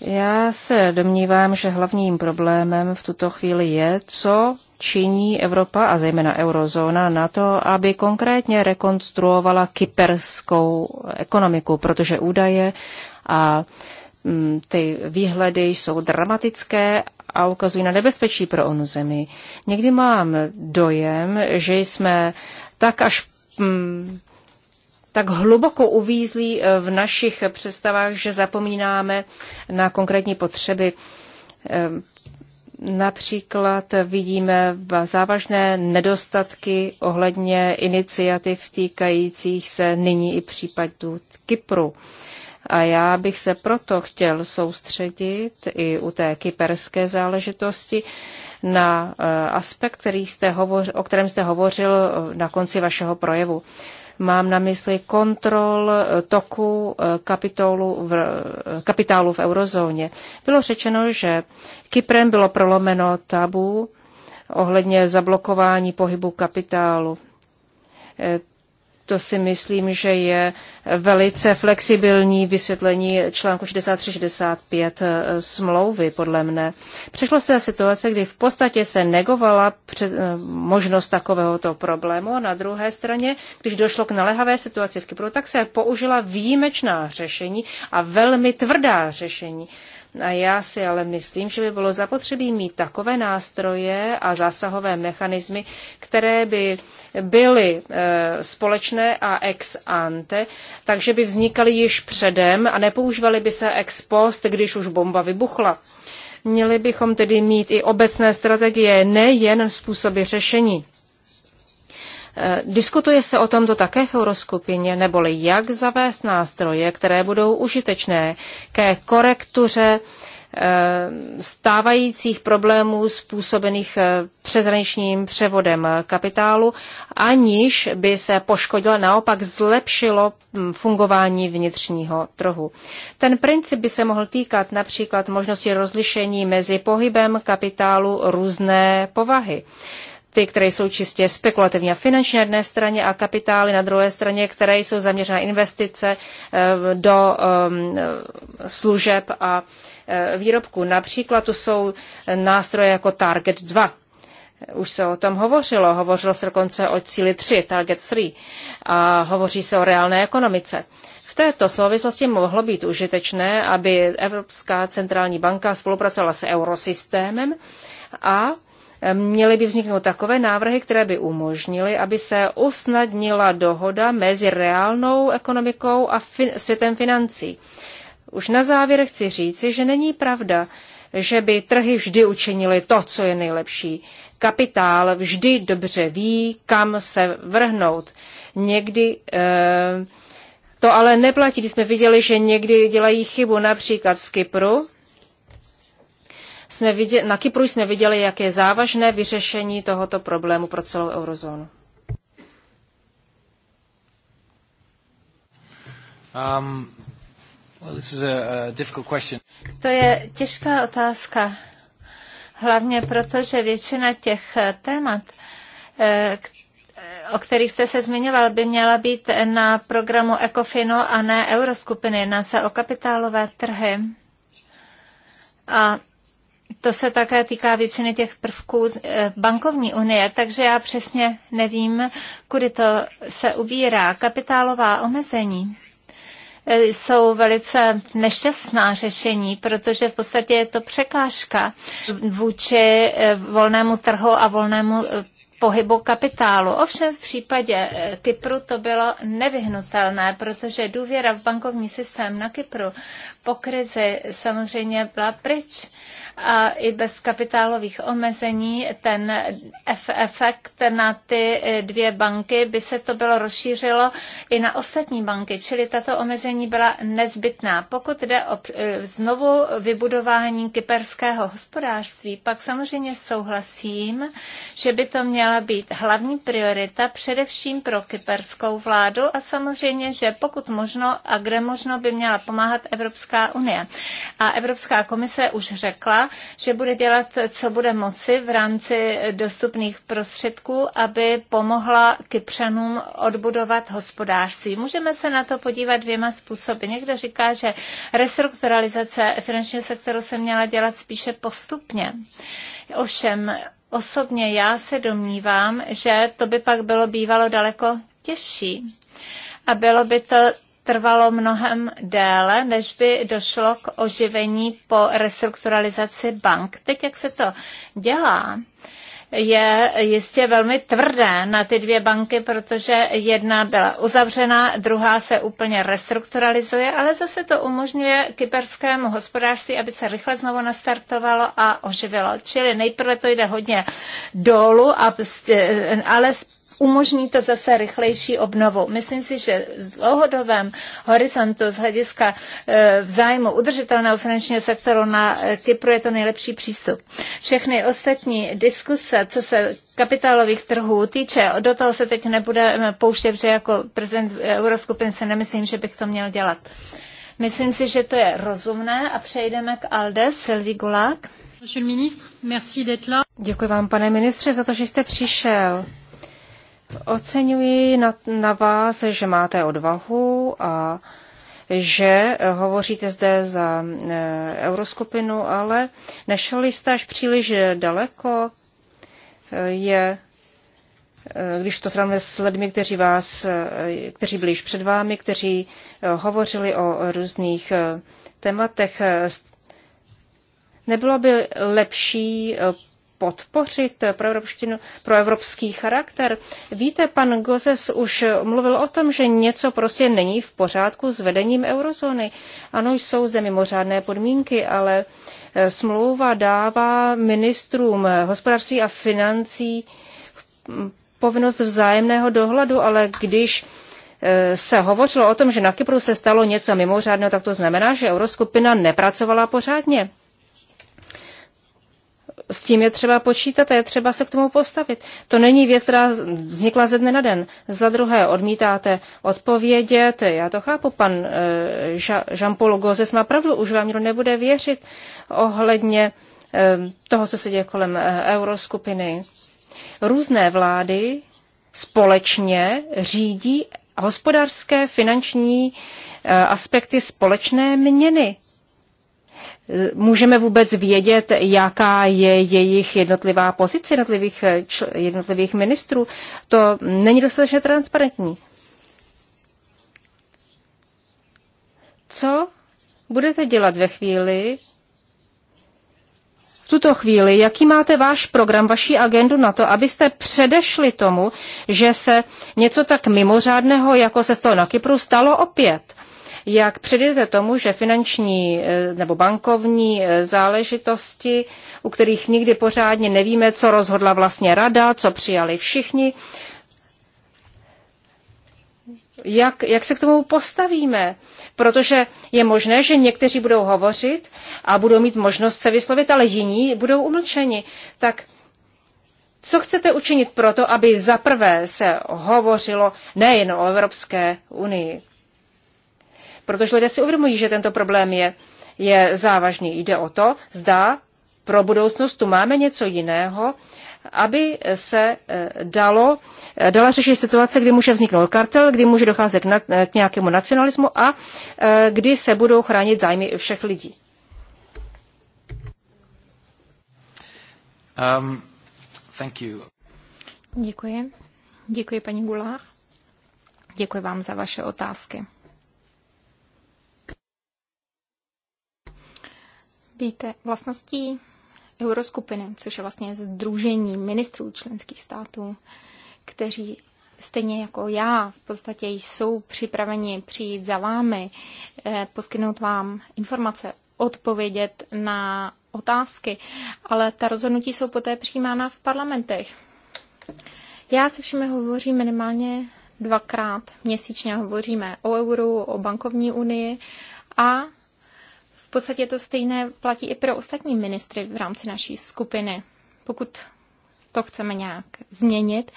Speaker 4: já se domnívám, že hlavním problémem v tuto chvíli je, co činí Evropa a zejména eurozóna na to, aby konkrétně rekonstruovala kyperskou ekonomiku, protože údaje a mm, ty výhledy jsou dramatické a ukazují na nebezpečí pro onu zemi. Někdy mám dojem, že jsme tak až mm, tak hluboko uvízlí eh, v našich představách, že zapomínáme na konkrétní potřeby. Eh, například vidíme závažné nedostatky ohledně iniciativ týkajících se nyní i případů Kypru. A já bych se proto chtěl soustředit i u té kyperské záležitosti na eh, aspekt, který jste hovořil, o kterém jste hovořil na konci vašeho projevu. Mám na mysli kontrol eh, toku eh, kapitolu v, eh, kapitálu v eurozóně. Bylo řečeno, že Kyprem bylo prolomeno tabu ohledně zablokování pohybu kapitálu. To si myslím, že je velice flexibilní vysvětlení článku 63-65 eh, smlouvy, podle mne. Přišlo se situace, kdy v podstatě se negovala před, eh, možnost takovéhoto problému a na druhé straně, když došlo k naléhavé situaci v Kypru, tak se použila výjimečná řešení a velmi tvrdá řešení a já si ale myslím, že by bylo zapotřebí mít takové nástroje a zásahové mechanismy, které by byly e, společné a ex ante, takže by vznikaly již předem a nepoužívaly by se ex post, když už bomba vybuchla. Měli bychom tedy mít i obecné strategie, nejen způsoby řešení. Eh, diskutuje se o tomto také v euroskupině, neboli jak zavést nástroje, které budou užitečné ke korektuře eh, stávajících problémů způsobených eh, přezraničním převodem kapitálu, aniž by se poškodilo, naopak zlepšilo hm, fungování vnitřního trhu. Ten princip by se mohl týkat například možnosti rozlišení mezi pohybem kapitálu různé povahy ty, které jsou čistě spekulativní a finanční na jedné straně a kapitály na druhé straně, které jsou zaměřené investice eh, do ehm, služeb a eh, výrobků. Například tu jsou nástroje jako Target 2. Už se o tom hovořilo, hovořilo se dokonce o cíli 3, Target 3, a hovoří se o reálné ekonomice. V této souvislosti mohlo být užitečné, aby Evropská centrální banka spolupracovala s eurosystémem a měly by vzniknout takové návrhy, které by umožnily, aby se usnadnila dohoda mezi reálnou ekonomikou a fin- světem financí. Už na závěr chci říci, že není pravda, že by trhy vždy učinily to, co je nejlepší. Kapitál vždy dobře ví, kam se vrhnout. Někdy e, to ale neplatí. Když jsme viděli, že někdy dělají chybu například v Kypru, jsme viděli, na Kypru jsme viděli, jak je závažné vyřešení tohoto problému pro celou eurozónu.
Speaker 2: Um, well, this is a, a difficult question.
Speaker 3: To je těžká otázka. Hlavně proto, že většina těch eh, témat, eh, o kterých jste se zmiňoval, by měla být na programu Ecofinu a ne euroskupiny. Jedná se o kapitálové trhy. A to se také týká většiny těch prvků eh, bankovní unie, takže já přesně nevím, kudy to se ubírá. Kapitálová omezení eh, jsou velice nešťastná řešení, protože v podstatě je to překážka vůči eh, volnému trhu a volnému pohybu kapitálu. Ovšem v případě Kypru to bylo nevyhnutelné, protože důvěra v bankovní systém na Kypru po krizi samozřejmě byla pryč a i bez kapitálových omezení ten efekt na ty e, dvě banky by se to bylo rozšířilo i na ostatní banky, čili tato omezení byla nezbytná. Pokud jde o e, znovu vybudování kyperského hospodářství, pak samozřejmě souhlasím, že by to měla být hlavní priorita především pro kyperskou vládu a samozřejmě, že pokud možno a kde možno by měla pomáhat Evropská unie. A Evropská komise už řekla, že bude dělat, co bude moci v rámci dostupných prostředků, aby pomohla Kypřanům odbudovat hospodářství. Můžeme se na to podívat dvěma způsoby. Někdo říká, že restrukturalizace finančního sektoru se měla dělat spíše postupně. Ovšem, osobně já se domnívám, že to by pak bylo bývalo daleko těžší a bylo by to trvalo mnohem déle, než by došlo k oživení po restrukturalizaci bank. Teď, jak se to dělá, je jistě velmi tvrdé na ty dvě banky, protože jedna byla uzavřena, druhá se úplně restrukturalizuje, ale zase to umožňuje kyperskému hospodářství, aby se rychle znovu nastartovalo a oživilo. Čili nejprve to jde hodně dolů, ale umožní to zase rychlejší obnovu. Myslím si, že z dlouhodobém horizontu z hlediska e, v zájmu udržitelného finančního sektoru na e, Kypru je to nejlepší přístup. Všechny ostatní diskuse, co se kapitálových trhů týče, do toho se teď nebude pouštět, že jako prezident Euroskupiny se nemyslím, že bych to měl dělat. Myslím si, že to je rozumné a přejdeme k Alde. Sylvie Gulák. Děkuji vám, pane ministře, za to, že jste přišel. Oceňuji
Speaker 4: na, na vás, že máte odvahu a že hovoříte zde za e, euroskupinu, ale nešli jste až příliš daleko. E, je, e, když to srovnáme s lidmi, kteří, vás, e, kteří byli již před vámi, kteří e, hovořili o různých e, tématech, e, nebylo by lepší e, podpořit pro, evropštinu, pro evropský charakter. Víte, pan Gozes už mluvil o tom, že něco prostě není v pořádku s vedením eurozóny. Ano, jsou zde mimořádné podmínky, ale eh, smlouva dává ministrům hospodářství a financí hm, povinnost vzájemného dohledu, ale když eh, se hovořilo o tom, že na Kypru se stalo něco mimořádného, tak to znamená, že euroskupina nepracovala pořádně s tím je třeba počítat a je třeba se k tomu postavit. To není věc, která vznikla ze dne na den. Za druhé odmítáte odpovědět. Já to chápu, pan eh, Jean-Paul Gozes má pravdu, už vám nikdo nebude věřit ohledně eh, toho, co se děje kolem eh, euroskupiny. Různé vlády společně řídí hospodářské, finanční aspekty společné měny. Můžeme vůbec vědět, jaká je jejich jednotlivá pozice jednotlivých, čl- jednotlivých ministrů? To není dostatečně transparentní. Co budete dělat ve chvíli, v tuto chvíli, jaký máte váš program, vaši agendu na to, abyste předešli tomu, že se něco tak mimořádného, jako se stalo na Kypru, stalo opět? jak předjdete tomu, že finanční eh, nebo bankovní eh, záležitosti, u kterých nikdy pořádně nevíme, co rozhodla vlastně rada, co přijali všichni, jak, jak se k tomu postavíme. Protože je možné, že někteří budou hovořit a budou mít možnost se vyslovit, ale jiní budou umlčeni. Tak co chcete učinit proto, aby zaprvé se hovořilo nejen o Evropské unii, protože lidé si uvědomují, že tento problém je, je závažný. Jde o to, zda pro budoucnost tu máme něco jiného, aby se eh, dalo, eh, dala řešit situace, kdy může vzniknout kartel, kdy může docházet k, na, eh, k nějakému nacionalismu a kdy se budou chránit zájmy všech lidí.
Speaker 2: Um, thank you.
Speaker 5: Děkuji. Děkuji, paní Gulách. Děkuji vám za vaše otázky. víte, vlastností euroskupiny, což je vlastně združení ministrů členských států, kteří stejně jako já v podstatě jsou připraveni přijít za vámi, eh, poskytnout vám informace, odpovědět na otázky, ale ta rozhodnutí jsou poté přijímána v parlamentech. Já se všemi hovořím minimálně dvakrát měsíčně. Hovoříme o euru, o bankovní unii a podstatě to stejné platí i pro ostatní ministry v rámci naší skupiny. Pokud to chceme nějak změnit,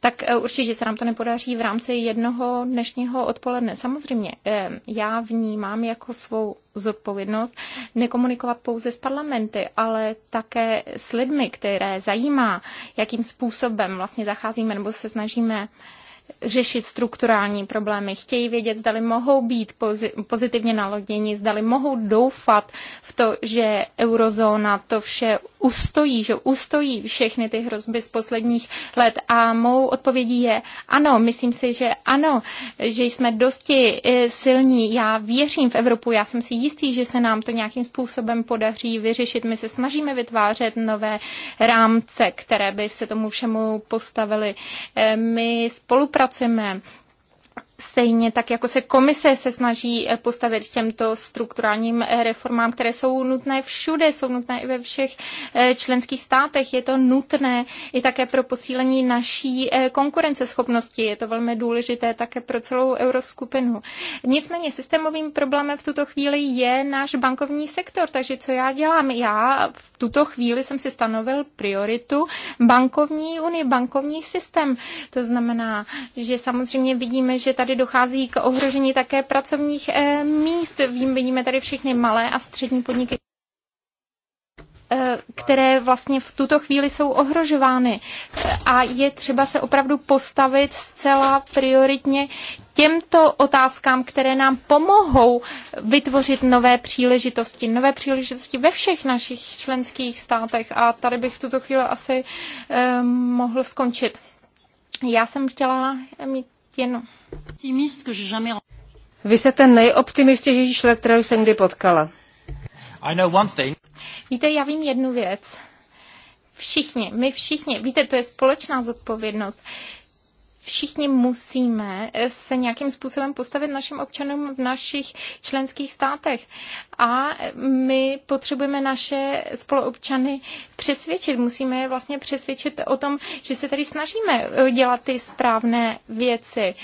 Speaker 5: tak eh, určitě se nám to nepodaří v rámci jednoho dnešního odpoledne. Samozřejmě eh, já vnímám jako svou zodpovědnost nekomunikovat pouze s parlamenty, ale také s lidmi, které zajímá, jakým způsobem vlastně zacházíme nebo se snažíme řešit strukturální problémy, chtějí vědět, zdali mohou být pozitivně naloděni, zdali mohou doufat v to, že eurozóna to vše ustojí, že ustojí všechny ty hrozby z posledních let. A mou odpovědí je ano, myslím si, že ano, že jsme dosti e, silní. Já věřím v Evropu, já jsem si jistý, že se nám to nějakým způsobem podaří vyřešit. My se snažíme vytvářet nové rámce, které by se tomu všemu postavili. E, my spolu spolupracujeme Stejně tak, jako se komise se snaží eh, postavit těmto strukturálním eh, reformám, které jsou nutné všude, jsou nutné i ve všech eh, členských státech. Je to nutné i také pro posílení naší konkurenceschopnosti. Je to velmi důležité také pro celou euroskupinu. Nicméně systémovým problémem v tuto chvíli je náš bankovní sektor. Takže co já dělám? Já v tuto chvíli jsem si stanovil prioritu bankovní unii, bankovní systém. To znamená, že samozřejmě vidíme, že tady tady dochází k ohrožení také pracovních eh, míst. Vím, vidíme tady všechny malé a střední podniky eh, které vlastně v tuto chvíli jsou ohrožovány. Eh, a je třeba se opravdu postavit zcela prioritně těmto otázkám, které nám pomohou vytvořit nové příležitosti, nové příležitosti ve všech našich členských státech. A tady bych v tuto chvíli asi eh, mohl skončit. Já jsem chtěla mít
Speaker 4: vy jste ten nejoptimističtější člověk, kterého jsem kdy potkala. I know one thing.
Speaker 5: Víte, já vím jednu věc. Všichni, my všichni, víte, to je společná zodpovědnost všichni musíme se nějakým způsobem postavit našim občanům v našich členských státech. A my potřebujeme naše spoluobčany přesvědčit. Musíme je vlastně přesvědčit o tom, že se tady snažíme dělat ty správné věci.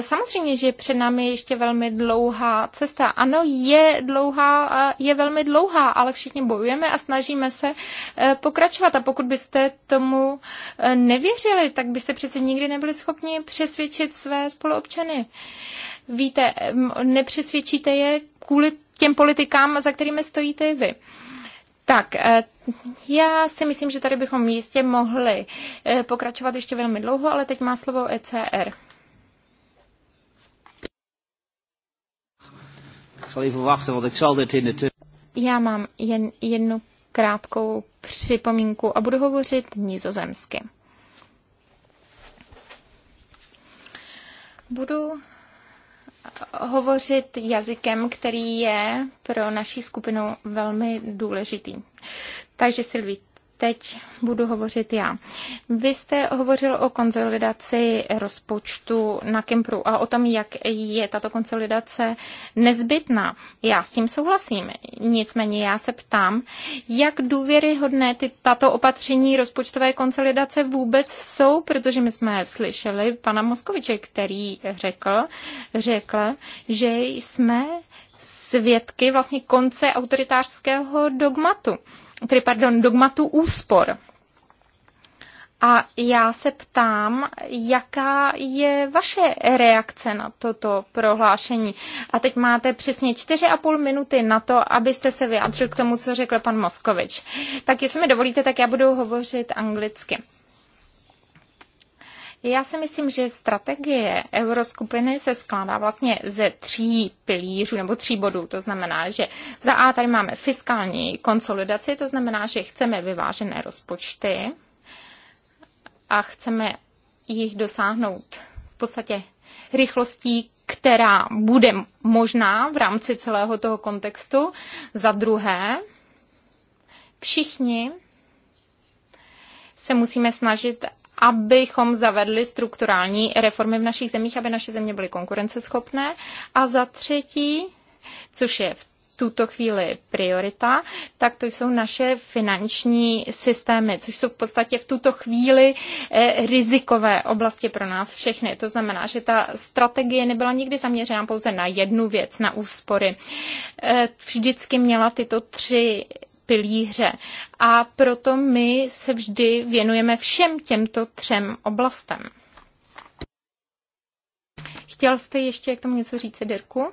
Speaker 5: Samozřejmě, že před námi je ještě velmi dlouhá cesta. Ano, je dlouhá, je velmi dlouhá, ale všichni bojujeme a snažíme se eh, pokračovat. A pokud byste tomu eh, nevěřili, tak byste přece nikdy nebyli schopni schopni vlastně přesvědčit své spoluobčany. Víte, nepřesvědčíte je kvůli těm politikám, za kterými stojíte i vy. Tak, e, já si myslím, že tady bychom jistě mohli e, pokračovat ještě velmi dlouho, ale teď má slovo ECR. Já mám jen jednu krátkou připomínku a budu hovořit nizozemsky. Budu hovořit jazykem, který je pro naší skupinu velmi důležitý. Takže Silvi, teď budu hovořit já. Vy jste hovořil o konsolidaci rozpočtu na Kempru a o tom, jak je tato konsolidace nezbytná. Já s tím souhlasím. Nicméně já se ptám, jak důvěryhodné ty, tato opatření rozpočtové konsolidace vůbec jsou, protože my jsme slyšeli pana Moskoviče, který řekl, řekl, že jsme svědky vlastně konce autoritářského dogmatu tedy pardon, dogmatu úspor. A já se ptám, jaká je vaše reakce na toto prohlášení. A teď máte přesně 4,5 minuty na to, abyste se vyjádřil k tomu, co řekl pan Moskovič. Tak jestli mi dovolíte, tak já budu hovořit anglicky. Já si myslím, že strategie euroskupiny se skládá vlastně ze tří pilířů nebo tří bodů. To znamená, že za A tady máme fiskální konsolidaci, to znamená, že chceme vyvážené rozpočty a chceme jich dosáhnout v podstatě rychlostí, která bude možná v rámci celého toho kontextu. Za druhé, všichni se musíme snažit, abychom zavedli strukturální reformy v našich zemích, aby naše země byly konkurenceschopné. A za třetí, což je v tuto chvíli priorita, tak to jsou naše finanční systémy, což jsou v podstatě v tuto chvíli eh, rizikové oblasti pro nás všechny. To znamená, že ta strategie nebyla nikdy zaměřena pouze na jednu věc, na úspory. Eh, vždycky měla tyto tři pilíře. A proto my se vždy věnujeme všem těmto třem oblastem. Chtěl jste ještě k tomu něco říct, Dirku?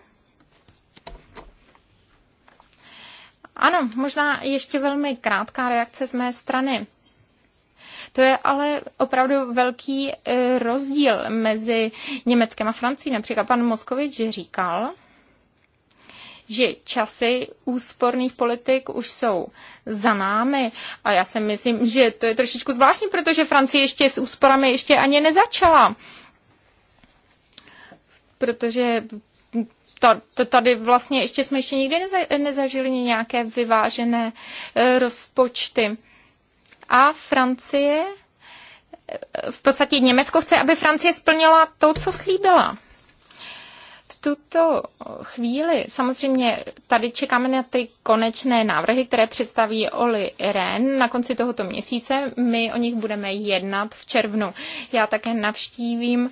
Speaker 5: Ano, možná ještě velmi krátká reakce z mé strany. To je ale opravdu velký eh, rozdíl mezi Německem a Francií. Například pan Moskovič říkal, že časy úsporných politik už jsou za námi. A já si myslím, že to je trošičku zvláštní, protože Francie ještě s úsporami ještě ani nezačala. Protože tady vlastně ještě jsme ještě nikdy neza, nezažili nějaké vyvážené e, rozpočty. A Francie, e, v podstatě Německo chce, aby Francie splnila to, co slíbila v tuto chvíli samozřejmě tady čekáme na ty konečné návrhy, které představí Oli Ren na konci tohoto měsíce. My o nich budeme jednat v červnu. Já také navštívím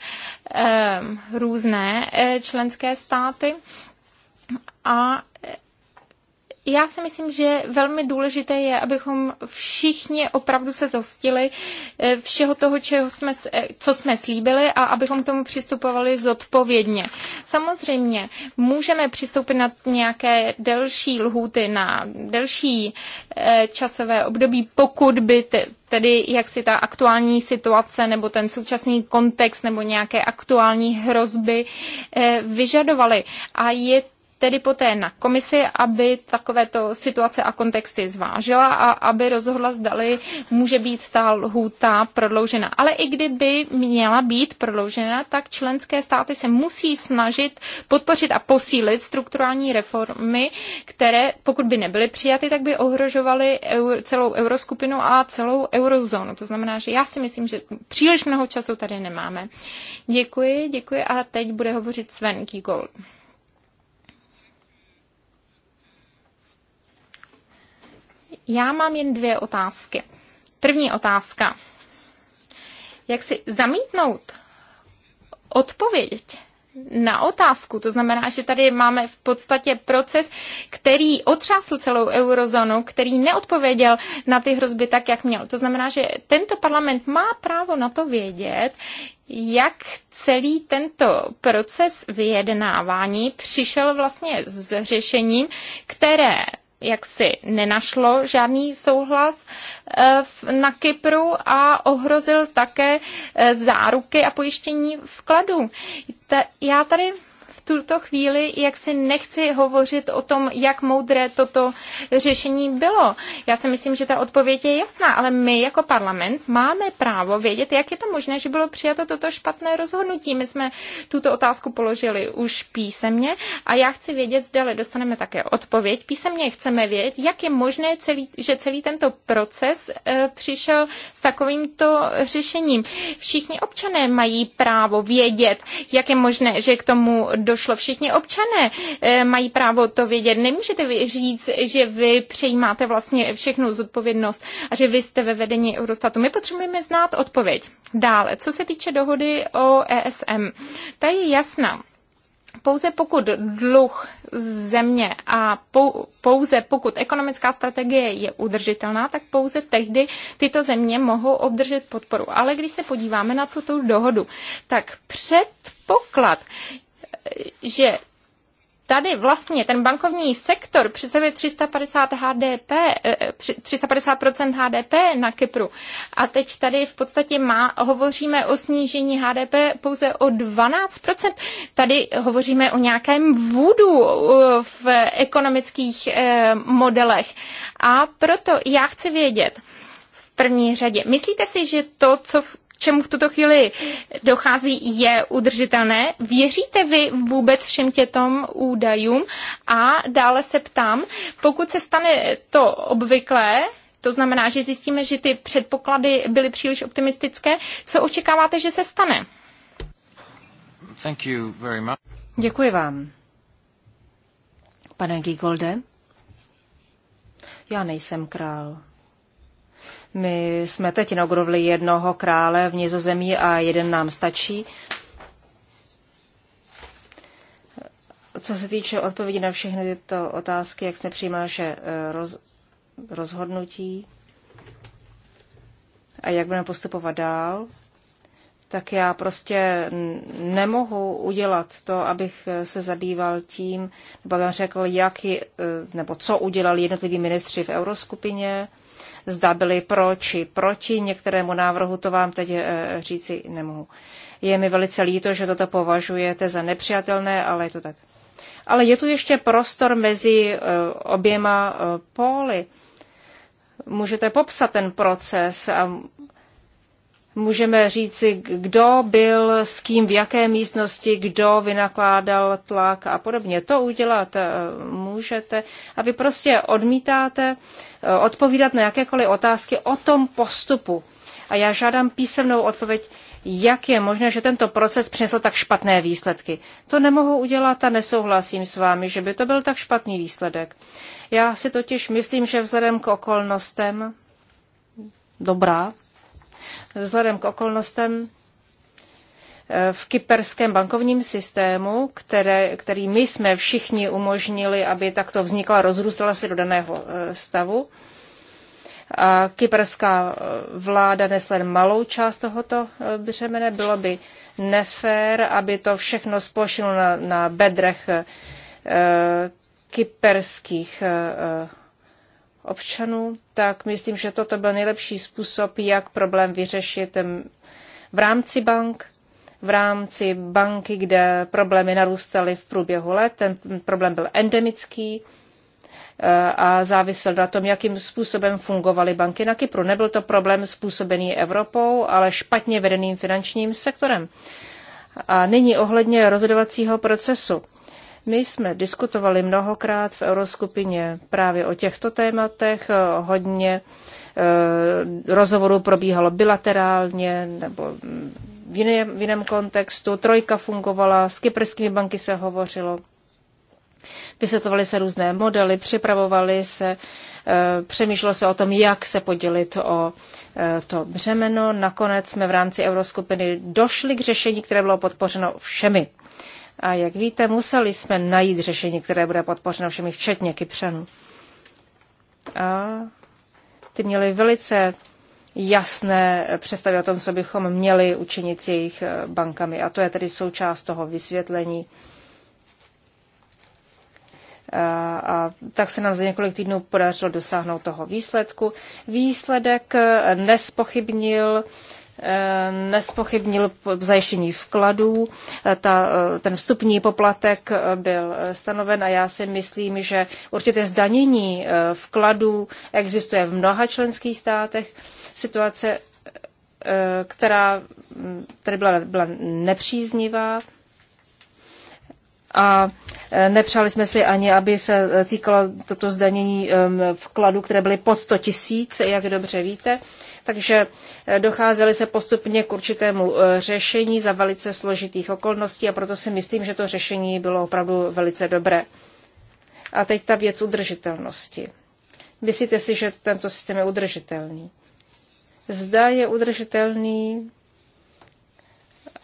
Speaker 5: eh, různé eh, členské státy a já si myslím, že velmi důležité je, abychom všichni opravdu se zhostili eh, všeho toho, čeho jsme, eh, co jsme slíbili a abychom k tomu přistupovali zodpovědně. Samozřejmě můžeme přistoupit na nějaké delší lhůty, na delší eh, časové období, pokud by tedy jak si ta aktuální situace nebo ten současný kontext nebo nějaké aktuální hrozby vyžadovaly. A je tedy poté na komisi, aby takovéto situace a kontexty zvážila a aby rozhodla, zdali může být ta lhůta prodloužena. Ale i kdyby měla být prodloužena, tak členské státy se musí snažit podpořit a posílit strukturální reformy, které, pokud by nebyly přijaty, tak by ohrožovaly celou euroskupinu a celou eurozónu. To znamená, že já si myslím, že příliš mnoho času tady nemáme. Děkuji, děkuji a teď bude hovořit Sven Kigol. Já mám jen dvě otázky. První otázka. Jak si zamítnout odpověď na otázku. To znamená, že tady máme v podstatě proces, který otřásl celou eurozónu, který neodpověděl na ty hrozby tak, jak měl. To znamená, že tento parlament má právo na to vědět, jak celý tento proces vyjednávání přišel vlastně s řešením, které jaksi nenašlo žádný souhlas eh, na Kypru a ohrozil také eh, záruky a pojištění vkladů. Já tady tuto chvíli, jak si nechci hovořit o tom, jak moudré toto řešení bylo. Já si myslím, že ta odpověď je jasná, ale my jako parlament máme právo vědět, jak je to možné, že bylo přijato toto špatné rozhodnutí. My jsme tuto otázku položili už písemně a já chci vědět, zda dostaneme také odpověď. Písemně chceme vědět, jak je možné, celý, že celý tento proces e, přišel s takovýmto řešením. Všichni občané mají právo vědět, jak je možné, že k tomu do došlo. Všichni občané eh, mají právo to vědět. Nemůžete říct, že vy přejímáte vlastně všechnu zodpovědnost a že vy jste ve vedení Eurostatu. My potřebujeme znát odpověď. Dále, co se týče dohody o ESM, ta je jasná pouze pokud dluh země a pouze pokud ekonomická strategie je udržitelná, tak pouze tehdy tyto země mohou obdržet podporu. Ale když se podíváme na tuto dohodu, tak předpoklad, že tady vlastně ten bankovní sektor představuje 350 HDP, 350% HDP na Kypru. A teď tady v podstatě má, hovoříme o snížení HDP pouze o 12%. Tady hovoříme o nějakém vůdu eh, v ekonomických eh, modelech. A proto já chci vědět, v první řadě. Myslíte si, že to, co čemu v tuto chvíli dochází, je udržitelné. Věříte vy vůbec všem těm údajům? A dále se ptám, pokud se stane to obvyklé, to znamená, že zjistíme, že ty předpoklady byly příliš optimistické. Co očekáváte, že se stane?
Speaker 2: Thank you very much.
Speaker 4: Děkuji vám. Pane Gigolde, já nejsem král. My jsme teď inaugurovali jednoho krále v Nizozemí a jeden nám stačí. Co se týče odpovědi na všechny tyto otázky, jak jsme přijímali naše eh, roz, rozhodnutí a jak budeme postupovat dál, tak já prostě nemohu udělat to, abych eh, se zabýval tím, nebo abych řekl, jak, eh, nebo co udělali jednotliví ministři v euroskupině, zda byli pro či proti některému návrhu, to vám teď eh, říci nemohu. Je mi velice líto, že toto považujete za nepřijatelné, ale je to tak. Ale je tu ještě prostor mezi eh, oběma eh, póly. Můžete popsat ten proces a můžeme říci, kdo byl s kým v jaké místnosti, kdo vynakládal tlak a podobně. To udělat eh, můžete a vy prostě odmítáte eh, odpovídat na jakékoliv otázky o tom postupu. A já žádám písemnou odpověď, jak je možné, že tento proces přinesl tak špatné výsledky. To nemohu udělat a nesouhlasím s vámi, že by to byl tak špatný výsledek. Já si totiž myslím, že vzhledem k okolnostem dobrá, vzhledem k okolnostem eh, v kyperském bankovním systému, které, který my jsme všichni umožnili, aby takto vznikla, rozrůstala se do daného eh, stavu. A kyperská eh, vláda nesla jen malou část tohoto břemene. Bylo by nefér, aby to všechno spošilo na, na bedrech kyperských občanů, tak myslím, že toto byl nejlepší způsob, jak problém vyřešit v rámci bank, v rámci banky, kde problémy narůstaly v průběhu let. Ten problém byl endemický e, a závisel na tom, jakým způsobem fungovaly banky na Kypru. Nebyl to problém způsobený Evropou, ale špatně vedeným finančním sektorem. A nyní ohledně rozhodovacího procesu. My jsme diskutovali mnohokrát v Euroskupině právě o těchto tématech, hodně e, rozhovorů probíhalo bilaterálně nebo v jiném, v jiném kontextu. Trojka fungovala, s kyperskými banky se hovořilo. Vysvětovaly se různé modely, připravovaly se, e, přemýšlelo se o tom, jak se podělit o e, to břemeno. Nakonec jsme v rámci euroskupiny došli k řešení, které bylo podpořeno všemi. A jak víte, museli jsme najít řešení, které bude podpořeno všemi, včetně Kypřanů. A ty měli velice jasné představy o tom, co bychom měli učinit s jejich eh, bankami. A to je tedy součást toho vysvětlení. A, a tak se nám za několik týdnů podařilo dosáhnout toho výsledku. Výsledek eh, nespochybnil uh, Eh, nespochybnil zajištění vkladů, eh, ta, eh, ten vstupní poplatek byl stanoven a já si myslím, že určité zdanění vkladů existuje v mnoha členských státech. Situace, která mm, tady byla, byla nepříznivá a nepřáli jsme si ani, aby se týkalo toto zdanění vkladů, které byly pod 100 tisíc, jak dobře víte. Takže eh, docházeli se postupně k určitému eh, řešení za velice složitých okolností a proto si myslím, že to řešení bylo opravdu velice dobré. A teď ta věc udržitelnosti. Myslíte si, že tento systém je udržitelný? Zda je udržitelný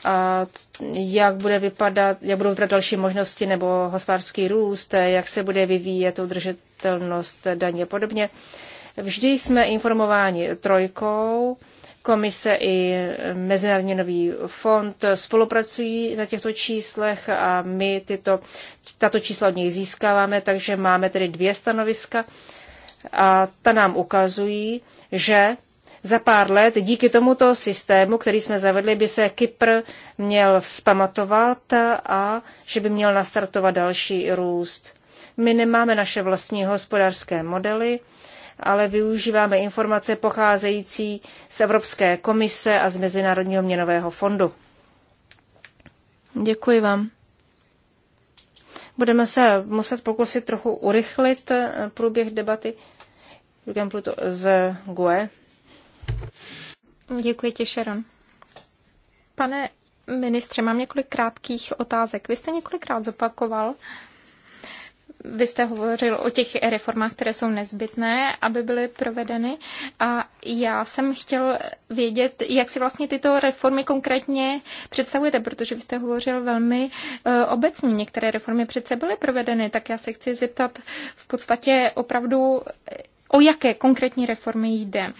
Speaker 4: a jak bude vypadat, jak budou vypadat další možnosti nebo hospodářský růst, jak se bude vyvíjet udržitelnost daně a podobně. Vždy jsme informováni trojkou, komise i Mezinárodní nový fond spolupracují na těchto číslech a my tyto, tato čísla od něj získáváme, takže máme tedy dvě stanoviska a ta nám ukazují, že za pár let díky tomuto systému, který jsme zavedli, by se Kypr měl vzpamatovat a že by měl nastartovat další růst. My nemáme naše vlastní hospodářské modely, ale využíváme informace pocházející z Evropské komise a z Mezinárodního měnového fondu. Děkuji vám. Budeme se muset pokusit trochu urychlit
Speaker 5: eh, průběh debaty. Jürgen Pluto z GUE. Děkuji ti, Sharon. Pane ministře, mám několik krátkých otázek. Vy jste několikrát zopakoval, vy jste hovořil o těch reformách, které jsou nezbytné, aby byly provedeny. A já jsem chtěl vědět, jak si vlastně tyto reformy konkrétně představujete, protože vy jste hovořil velmi e, obecně. Některé reformy přece byly provedeny, tak já se chci zeptat v podstatě opravdu, o jaké konkrétní reformy jde.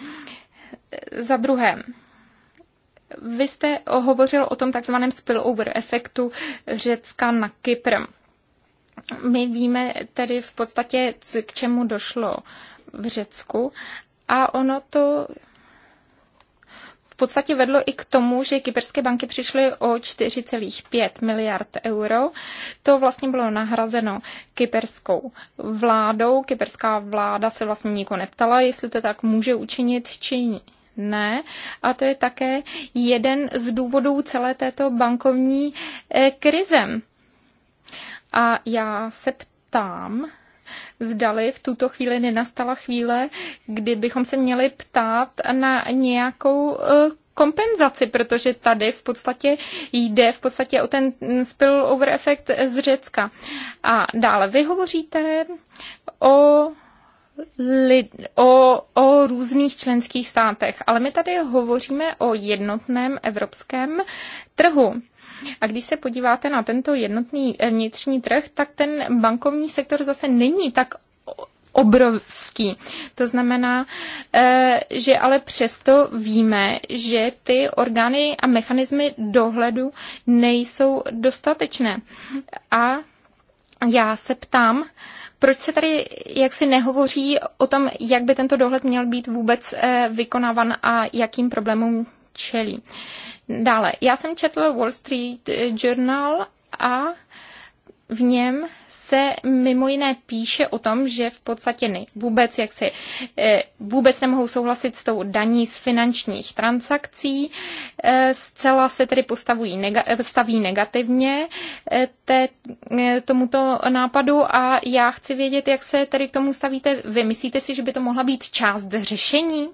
Speaker 5: Za druhé, vy jste hovořil o tom takzvaném spillover efektu Řecka na Kypr. My víme tedy v podstatě, k čemu došlo v Řecku a ono to v podstatě vedlo i k tomu, že kyperské banky přišly o 4,5 miliard euro. To vlastně bylo nahrazeno kyperskou vládou. Kyperská vláda se vlastně nikoho neptala, jestli to tak může učinit či ne. A to je také jeden z důvodů celé této bankovní eh, krize. A já se ptám, zdali v tuto chvíli nenastala chvíle, kdy bychom se měli ptát na nějakou eh, kompenzaci, protože tady v podstatě jde v podstatě o ten spillover efekt z Řecka. A dále vy hovoříte o lid, o, o různých členských státech, ale my tady hovoříme o jednotném evropském trhu. A když se podíváte na tento jednotný eh, vnitřní trh, tak ten bankovní sektor zase není tak obrovský. To znamená, eh, že ale přesto víme, že ty orgány a mechanismy dohledu nejsou dostatečné. A já se ptám, proč se tady jaksi nehovoří o tom, jak by tento dohled měl být vůbec eh, vykonávan a jakým problémům čelí. Dále, já jsem četl Wall Street Journal a v něm se mimo jiné píše o tom, že v podstatě ne, vůbec, jak si, eh, vůbec nemohou souhlasit s tou daní z finančních transakcí. Eh, zcela se tedy postavují staví negativně eh, té, tomuto nápadu a já chci vědět, jak se tedy k tomu stavíte. Vy myslíte si, že by to mohla být část řešení?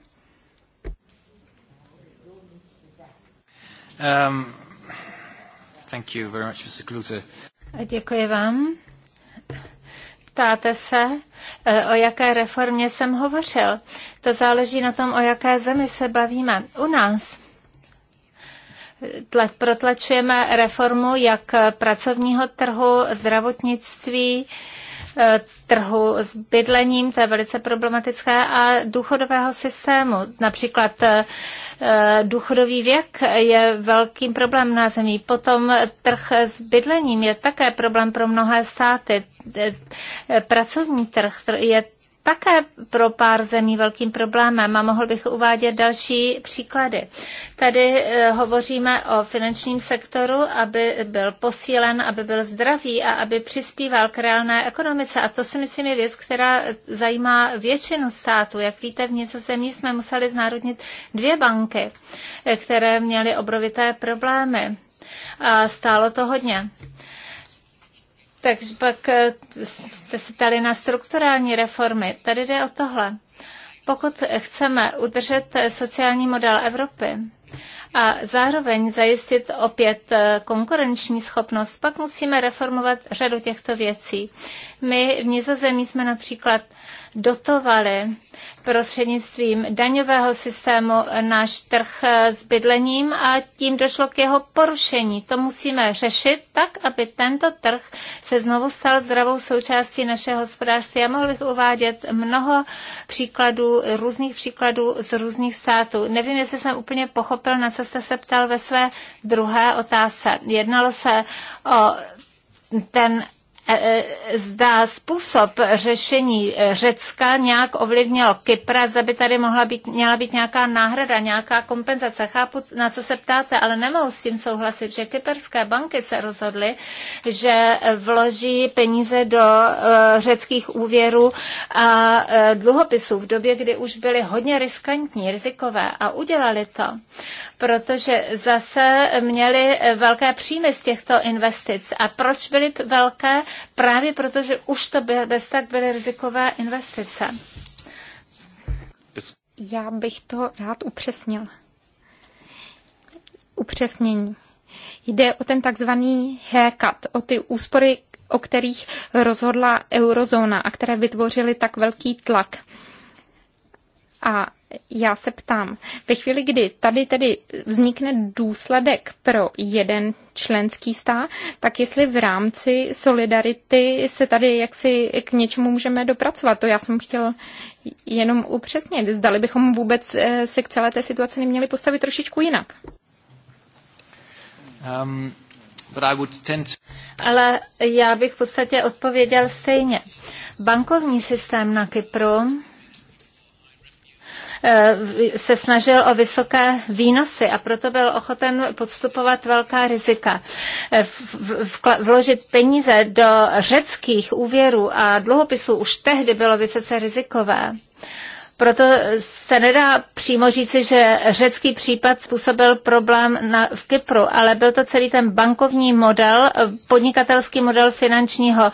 Speaker 2: Um, thank you very much, Mr.
Speaker 3: Děkuji vám. Ptáte se, eh, o jaké reformě jsem hovořil. To záleží na tom, o jaké zemi se bavíme. U nás protlačujeme reformu jak pracovního trhu, zdravotnictví, Eh, trhu s bydlením, to je velice problematické, a důchodového systému. Například eh, důchodový věk je velkým problémem na zemí. Potom trh s bydlením je také problém pro mnohé státy eh, pracovní trh je také pro pár zemí velkým problémem a mohl bych uvádět další příklady. Tady eh, hovoříme o finančním sektoru, aby byl posílen, aby byl zdravý a aby přispíval k reálné ekonomice. A to si myslím je věc, která zajímá většinu států. Jak víte, v zemí jsme museli znárodnit dvě banky, eh, které měly obrovité problémy. A stálo to hodně. Takže pak eh, jste se tady na strukturální reformy. Tady jde o tohle. Pokud chceme udržet eh, sociální model Evropy, a zároveň zajistit opět eh, konkurenční schopnost, pak musíme reformovat řadu těchto věcí. My v Nizozemí jsme například dotovali prostřednictvím daňového systému náš trh s bydlením a tím došlo k jeho porušení. To musíme řešit tak, aby tento trh se znovu stal zdravou součástí našeho hospodářství. Já mohl bych uvádět mnoho příkladů, různých příkladů z různých států. Nevím, jestli jsem úplně pochopil, na co jste se ptal ve své druhé otázce. Jednalo se o ten E, e, zda způsob řešení e, Řecka nějak ovlivnilo Kypra, zda by tady mohla být, měla být nějaká náhrada, nějaká kompenzace. Chápu, na co se ptáte, ale nemohu s tím souhlasit, že kyperské banky se rozhodly, že vloží peníze do řeckých úvěrů a dluhopisů v době, kdy už byly hodně riskantní, rizikové a udělali to protože zase měli velké příjmy z těchto investic. A proč byly velké? Právě protože už to byl, bez tak byly rizikové investice. Já bych to rád upřesnil.
Speaker 5: Upřesnění. Jde o ten takzvaný haircut, o ty úspory, o kterých rozhodla eurozóna a které vytvořily tak velký tlak. A já se ptám, ve chvíli, kdy tady tedy vznikne důsledek pro jeden členský stát, tak jestli v rámci solidarity se tady jaksi k něčemu můžeme dopracovat. To já jsem chtěl jenom upřesnit. Zdali bychom vůbec eh, se k celé té situaci neměli
Speaker 3: postavit trošičku jinak.
Speaker 2: Um, but I would tend to...
Speaker 3: Ale já bych v podstatě odpověděl stejně. Bankovní systém na Kypru Eh, se snažil o vysoké výnosy a proto byl ochoten podstupovat velká rizika. Eh, vložit peníze do řeckých úvěrů a dluhopisů už tehdy bylo vysoce rizikové. Proto se nedá přímo říci, že řecký případ způsobil problém na, v Kypru, ale byl to celý ten bankovní model, podnikatelský model finančního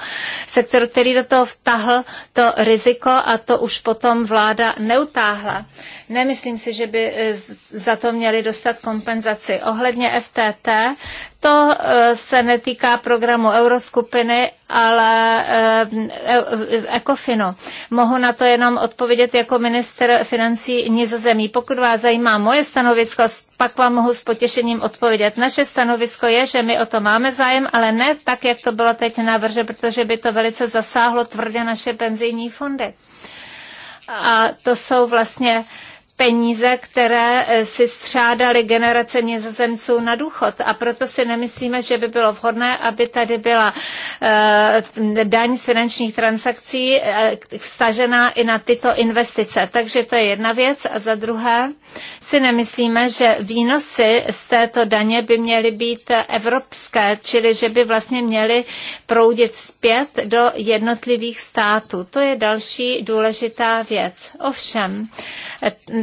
Speaker 3: sektoru, který do toho vtahl to riziko a to už potom vláda neutáhla. Nemyslím si, že by eh, za to měli dostat kompenzaci. Ohledně FTT, to eh, se netýká programu Euroskupiny, ale Ekofinu. Eh, e, e, mohu na to jenom odpovědět jako minister financí Nizozemí. Pokud vás zajímá moje stanovisko, pak vám mohu s potěšením odpovědět. Naše stanovisko je, že my o to máme zájem, ale ne tak, jak to bylo teď navrže, protože by to velice zasáhlo tvrdě naše penzijní fondy. A to jsou vlastně peníze, které eh, si střádaly generace nizozemců na důchod. A proto si nemyslíme, že by bylo vhodné, aby tady byla eh, daň z finančních transakcí eh, vstažená i na tyto investice. Takže to je jedna věc. A za druhé si nemyslíme, že výnosy z této daně by měly být evropské, čili že by vlastně měly proudit zpět do jednotlivých států. To je další důležitá věc. Ovšem,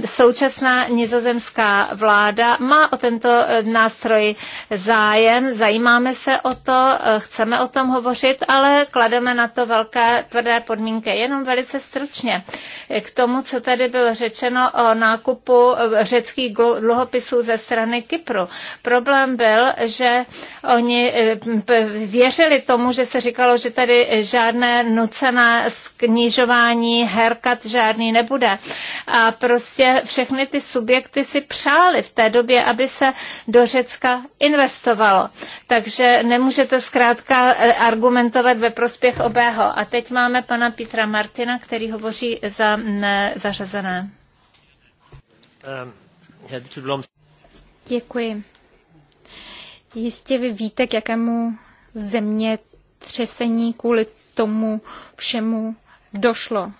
Speaker 3: současná nizozemská vláda má o tento e, nástroj zájem, zajímáme se o to, e, chceme o tom hovořit, ale klademe na to velké tvrdé podmínky. Jenom velice stručně k tomu, co tady bylo řečeno o nákupu e, řeckých dluhopisů ze strany Kypru. Problém byl, že oni věřili tomu, že se říkalo, že tady žádné nucené snižování herkat žádný nebude. A prostě všechny ty subjekty si přáli v té době, aby se do Řecka investovalo. Takže nemůžete zkrátka eh, argumentovat ve prospěch obého. A teď máme pana Petra Martina, který hovoří za nezařazené. Děkuji. Jistě vy víte, k jakému
Speaker 5: země třesení kvůli tomu všemu došlo.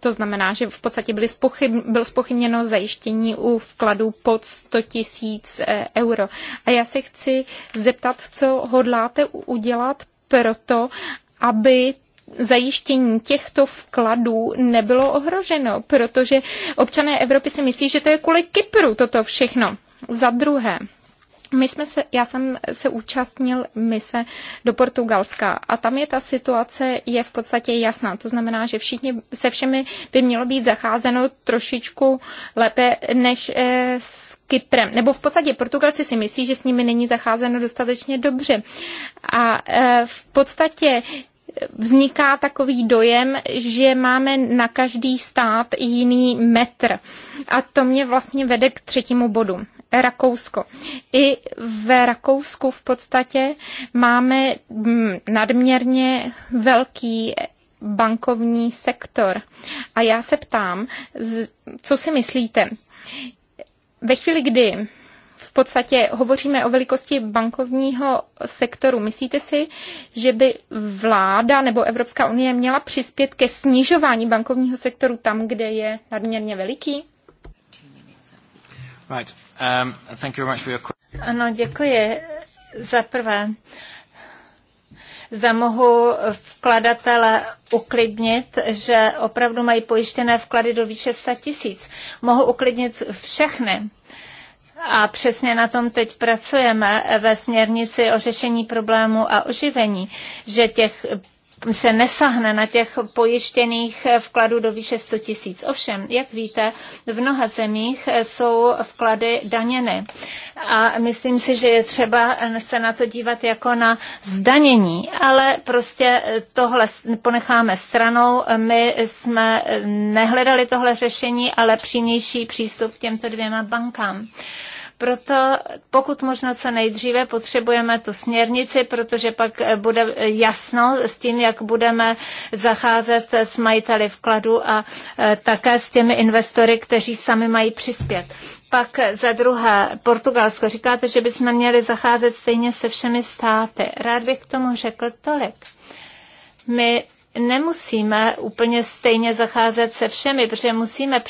Speaker 5: To znamená, že v podstatě byly spochyb, bylo spochybněno zajištění u vkladů pod 100 tisíc eh, euro. A já se chci zeptat, co hodláte udělat pro to, aby zajištění těchto vkladů nebylo ohroženo, protože občané Evropy si myslí, že to je kvůli Kypru toto všechno. Za druhé, my jsme se, já jsem se účastnil mise do Portugalska a tam je ta situace je v podstatě jasná. To znamená, že všichni, se všemi by mělo být zacházeno trošičku lépe než eh, s Kyprem. Nebo v podstatě Portugalci si myslí, že s nimi není zacházeno dostatečně dobře. A eh, v podstatě eh, vzniká takový dojem, že máme na každý stát jiný metr. A to mě vlastně vede k třetímu bodu. Rakousko. I v Rakousku v podstatě máme mm, nadměrně velký bankovní sektor. A já se ptám, co si myslíte? Ve chvíli, kdy v podstatě hovoříme o velikosti bankovního sektoru. Myslíte si, že by vláda nebo Evropská unie měla přispět ke snižování bankovního sektoru tam, kde je nadměrně veliký?
Speaker 2: Right. Um, thank you very much for your...
Speaker 3: Ano, děkuji. Za prvé, zda mohu vkladatele uklidnit, že opravdu mají pojištěné vklady do výše 100 tisíc. Mohu uklidnit všechny. A přesně na tom teď pracujeme ve směrnici o řešení problému a oživení, že těch se nesahne na těch pojištěných vkladů do výše 100 tisíc. Ovšem, jak víte, v mnoha zemích jsou vklady daněny. A myslím si, že je třeba se na to dívat jako na zdanění, ale prostě tohle ponecháme stranou. My jsme nehledali tohle řešení, ale přímější přístup k těmto dvěma bankám. Proto pokud možno co nejdříve potřebujeme tu směrnici, protože pak eh, bude eh, jasno s tím, jak budeme zacházet eh, s majiteli vkladu a také s těmi investory, kteří sami mají přispět pak za druhé Portugalsko. Říkáte, že bychom měli zacházet stejně se všemi státy. Rád bych k tomu řekl tolik. My nemusíme úplně stejně zacházet se všemi, protože musíme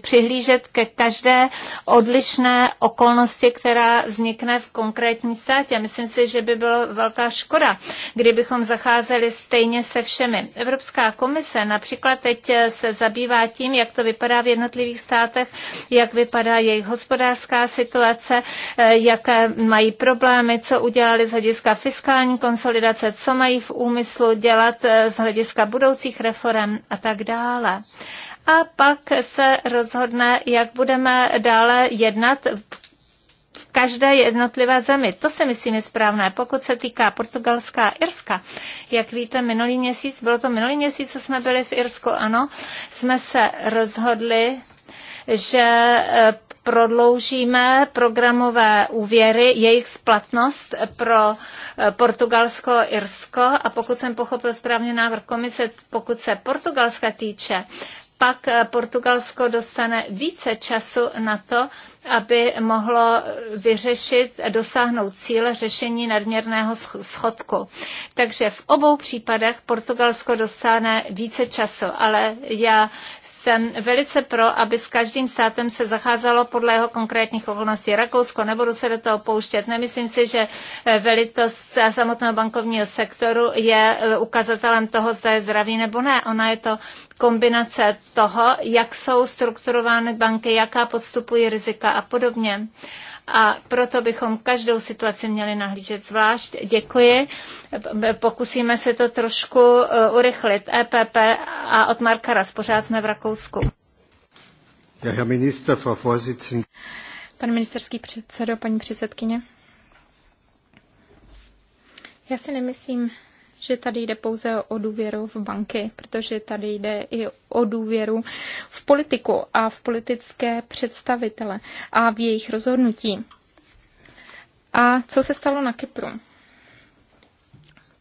Speaker 3: přihlížet ke každé odlišné okolnosti, která vznikne v konkrétní státě. Myslím si, že by bylo velká škoda, kdybychom zacházeli stejně se všemi. Evropská komise například teď se zabývá tím, jak to vypadá v jednotlivých státech, jak vypadá jejich hospodářská situace, eh, jaké mají problémy, co udělali z hlediska fiskální konsolidace, co mají v úmyslu dělat eh, z hlediska budoucích reform a tak dále a pak se rozhodne, jak budeme dále jednat v každé jednotlivé zemi. To si myslím je správné. Pokud se týká Portugalská a Irska, jak víte, minulý měsíc, bylo to minulý měsíc, co jsme byli v Irsku, ano, jsme se rozhodli, že eh, prodloužíme programové úvěry, jejich splatnost pro eh, Portugalsko, Irsko a pokud jsem pochopil správně návrh komise, pokud se Portugalska týče, pak eh, Portugalsko dostane více času na to, aby mohlo vyřešit, dosáhnout cíle řešení nadměrného schodku. Takže v obou případech Portugalsko dostane více času, ale já jsem velice pro, aby s každým státem se zacházelo podle jeho konkrétních okolností. Rakousko, nebudu se do toho pouštět. Nemyslím si, že eh, velitost samotného bankovního sektoru je eh, ukazatelem toho, zda je zdravý nebo ne. Ona je to kombinace toho, jak jsou strukturovány banky, jaká podstupují rizika a podobně. Uh, a proto bychom každou situaci měli nahlížet zvlášť. Děkuji. Pokusíme se to trošku eh, urychlit. EPP a od Marka Ras, pořád jsme v Rakousku.
Speaker 1: Ja, Herr Minister, Frau
Speaker 5: Pan ministerský předsedo, paní předsedkyně. Já si nemyslím, že tady jde pouze o důvěru v banky, protože tady jde i o důvěru v politiku a v politické představitele a v jejich rozhodnutí. A co se stalo na Kypru?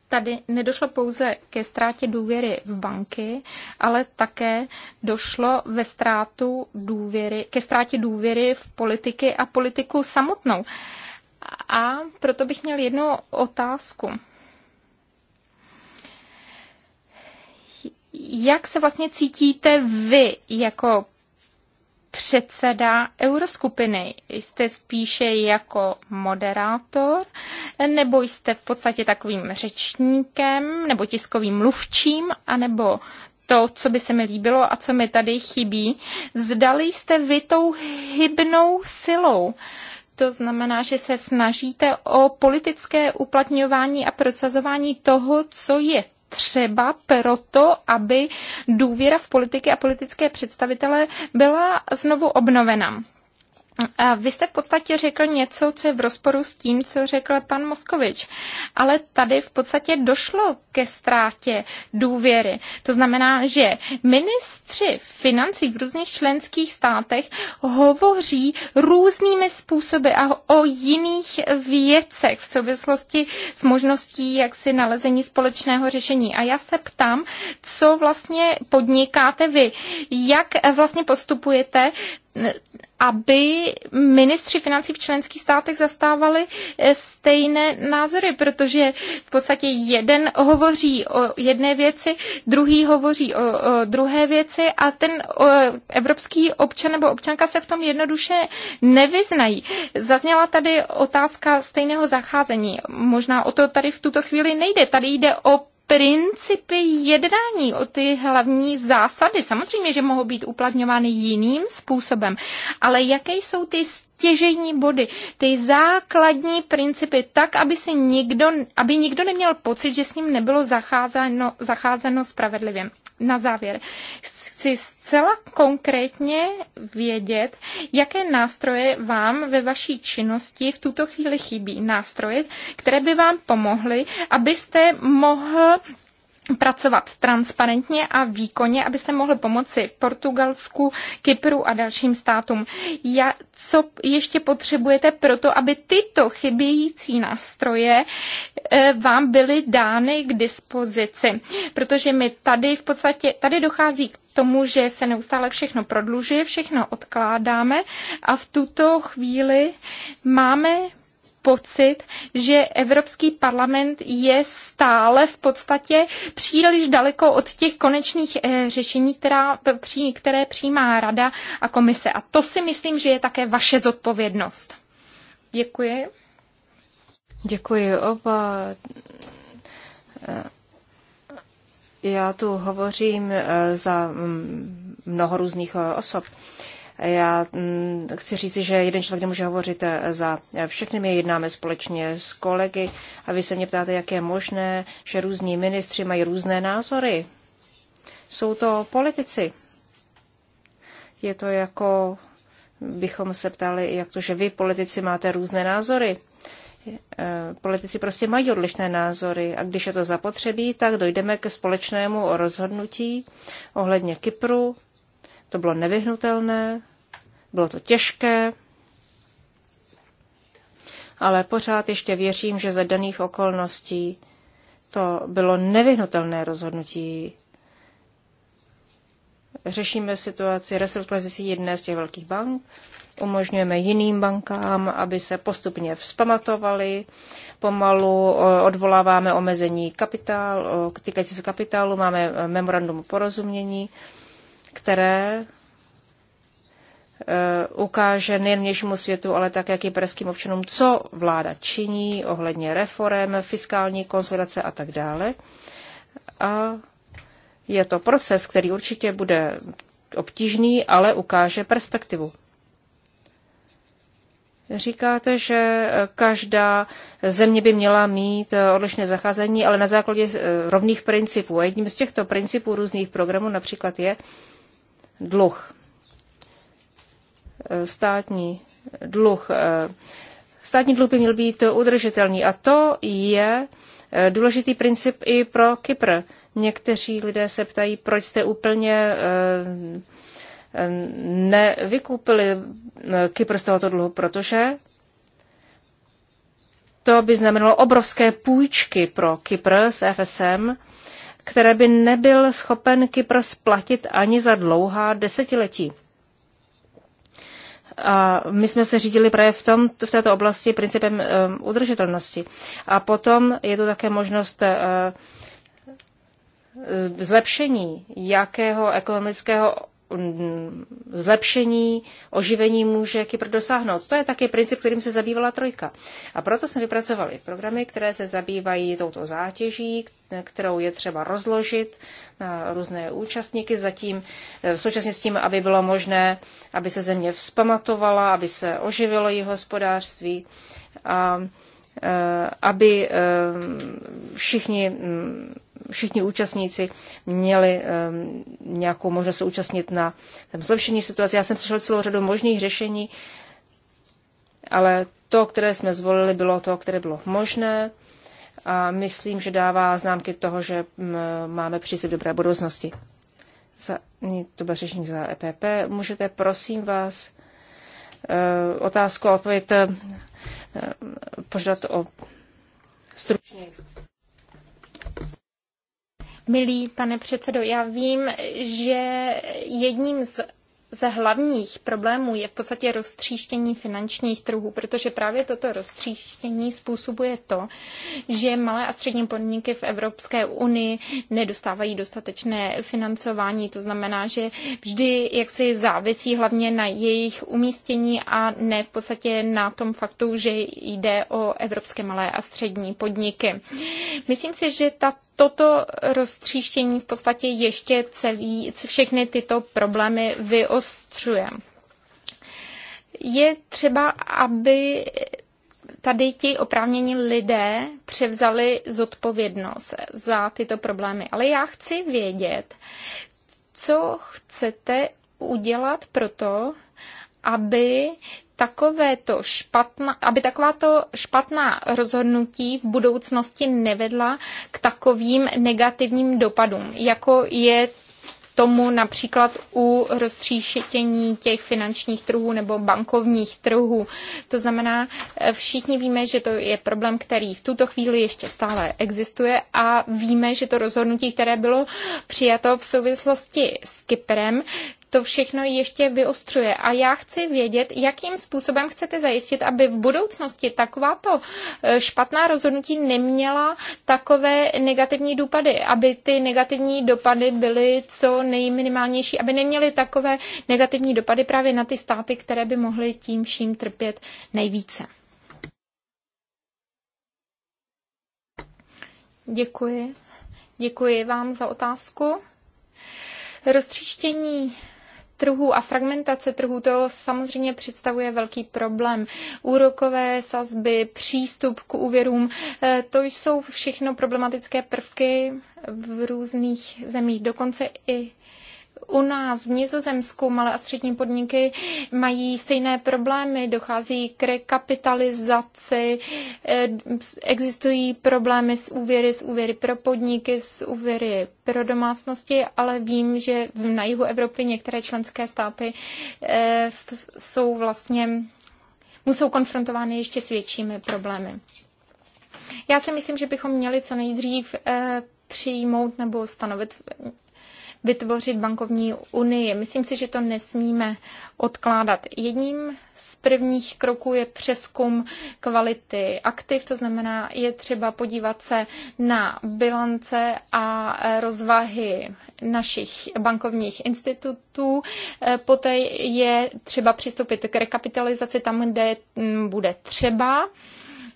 Speaker 5: Tady nedošlo pouze ke ztrátě důvěry v banky, ale také došlo ve ztrátu důvěry, ke ztrátě důvěry v politiky a politiku samotnou. A proto bych měl jednu otázku. jak se vlastně cítíte vy jako předseda euroskupiny? Jste spíše jako moderátor, nebo jste v podstatě takovým řečníkem, nebo tiskovým mluvčím, anebo to, co by se mi líbilo a co mi tady chybí, zdali jste vy tou hybnou silou. To znamená, že se snažíte o politické uplatňování a prosazování toho, co je třeba proto, aby důvěra v politiky a politické představitele byla znovu obnovena. A vy jste v podstatě řekl něco, co je v rozporu s tím, co řekl pan Moskovič. Ale tady v podstatě došlo ke ztrátě důvěry. To znamená, že ministři financí v různých členských státech hovoří různými způsoby a o jiných věcech v souvislosti s možností jaksi nalezení společného řešení. A já se ptám, co vlastně podnikáte vy? Jak vlastně postupujete aby ministři financí v členských státech zastávali eh, stejné názory, protože v podstatě jeden hovoří o jedné věci, druhý hovoří o, o druhé věci a ten o, evropský občan nebo občanka se v tom jednoduše nevyznají. Zazněla tady otázka stejného zacházení. Možná o to tady v tuto chvíli nejde. Tady jde o principy jednání, o ty hlavní zásady. Samozřejmě, že mohou být uplatňovány jiným způsobem, ale jaké jsou ty stěžejní body, ty základní principy, tak, aby, si nikdo, aby nikdo neměl pocit, že s ním nebylo zacházeno, zacházeno spravedlivě. Na závěr, chci zcela konkrétně vědět, jaké nástroje vám ve vaší činnosti v tuto chvíli chybí. Nástroje, které by vám pomohly, abyste mohl pracovat transparentně a výkonně, abyste mohli pomoci Portugalsku, Kypru a dalším státům. Ja, co ještě potřebujete pro to, aby tyto chybějící nástroje eh, vám byly dány k dispozici? Protože my tady v podstatě, tady dochází k tomu, že se neustále všechno prodlužuje, všechno odkládáme a v tuto chvíli máme pocit, že Evropský parlament je stále v podstatě příliš daleko od těch konečných eh, řešení, která, které přijímá Rada a komise. A to si myslím, že je také vaše zodpovědnost. Děkuji.
Speaker 4: Děkuji oba eh, já tu hovořím eh, za mm, mnoho různých eh, osob. Já mm, chci říct, že jeden člověk nemůže hovořit eh, za všechny. My jednáme společně s kolegy a vy se mě ptáte, jak je možné, že různí ministři mají různé názory. Jsou to politici. Je to jako bychom se ptali, jak to, že vy politici máte různé názory. Eh, politici prostě mají odlišné názory a když je to zapotřebí, tak dojdeme ke společnému rozhodnutí ohledně Kypru. To bylo nevyhnutelné, bylo to těžké, ale pořád ještě věřím, že za daných okolností to bylo nevyhnutelné rozhodnutí. Řešíme situaci restrukturalizací jedné z těch velkých bank umožňujeme jiným bankám, aby se postupně vzpamatovali. Pomalu eh, odvoláváme omezení kapitál, eh, týkající se kapitálu, máme eh, memorandum porozumění, které ukáže nejen vnějšímu světu, ale také perským občanům, co vláda činí ohledně reform, fiskální konsolidace a tak dále. A je to proces, který určitě bude obtížný, ale ukáže perspektivu. Říkáte, že každá země by měla mít eh, odlišné zacházení, ale na základě eh, rovných principů. A jedním z těchto principů různých programů například je dluh. Eh, státní dluh. Státní dluh by měl být udržitelný a to je důležitý princip i pro Kypr. Někteří lidé se ptají, proč jste úplně nevykupili Kypr z tohoto dluhu, protože to by znamenalo obrovské půjčky pro Kypr s FSM, které by nebyl schopen Kypr splatit ani za dlouhá desetiletí. A my jsme se řídili právě v, tom, v této oblasti principem um, udržitelnosti. A potom je to také možnost uh, zlepšení jakého ekonomického Mm, zlepšení, oživení může Kypr dosáhnout. To je taky princip, kterým se zabývala trojka. A proto jsme vypracovali programy, které se zabývají touto zátěží, kterou je třeba rozložit na různé účastníky, zatím eh, současně s tím, aby bylo možné, aby se země vzpamatovala, aby se oživilo její hospodářství. A eh, aby eh, všichni mm, všichni účastníci měli um, nějakou možnost se účastnit na tam zlepšení situace. Já jsem slyšel celou řadu možných řešení, ale to, které jsme zvolili, bylo to, které bylo možné a myslím, že dává známky toho, že máme přísli dobré budoucnosti. Za, to byl řešení za EPP. Můžete, prosím vás, eh, otázku a
Speaker 5: odpověď eh, eh, požadat o stručně. Milý pane předsedo, já vím, že jedním z ze hlavních problémů je v podstatě roztříštění finančních trhů, protože právě toto roztříštění způsobuje to, že malé a střední podniky v Evropské unii nedostávají dostatečné financování. To znamená, že vždy jaksi závisí hlavně na jejich umístění a ne v podstatě na tom faktu, že jde o evropské malé a střední podniky. Myslím si, že ta, toto roztříštění v podstatě ještě celý, všechny tyto problémy vy zaostřuje. Je třeba, aby tady ti oprávnění lidé převzali zodpovědnost za tyto problémy. Ale já chci vědět, co chcete udělat pro to, aby takovéto špatná, aby takováto špatná rozhodnutí v budoucnosti nevedla k takovým negativním dopadům, jako je tomu například u roztříštění těch finančních trhů nebo bankovních trhů. To znamená, eh, všichni víme, že to je problém, který v tuto chvíli ještě stále existuje a víme, že to rozhodnutí, které bylo přijato v souvislosti s Kyprem, to všechno ještě vyostřuje. A já chci vědět, jakým způsobem chcete zajistit, aby v budoucnosti takováto e, špatná rozhodnutí neměla takové negativní dopady, aby ty negativní dopady byly co nejminimálnější, aby neměly takové negativní dopady právě na ty státy, které by mohly tím vším trpět nejvíce. Děkuji. Děkuji vám za otázku. Roztříštění trhů a fragmentace trhů, to samozřejmě představuje velký problém. Úrokové sazby, přístup k úvěrům, eh, to jsou všechno problematické prvky v různých zemích, dokonce i u nás v Nizozemsku malé a střední podniky mají stejné problémy, dochází k rekapitalizaci, eh, existují problémy s úvěry, s úvěry pro podniky, s úvěry pro domácnosti, ale vím, že na jihu Evropy některé členské státy eh, jsou vlastně, jsou konfrontovány ještě s většími problémy. Já si myslím, že bychom měli co nejdřív eh, přijmout nebo stanovit vytvořit bankovní unii. Myslím si, že to nesmíme odkládat. Jedním z prvních kroků je přeskum kvality aktiv, to znamená, je třeba podívat se na bilance a rozvahy našich bankovních institutů. E, poté je třeba přistoupit k rekapitalizaci tam, kde bude třeba.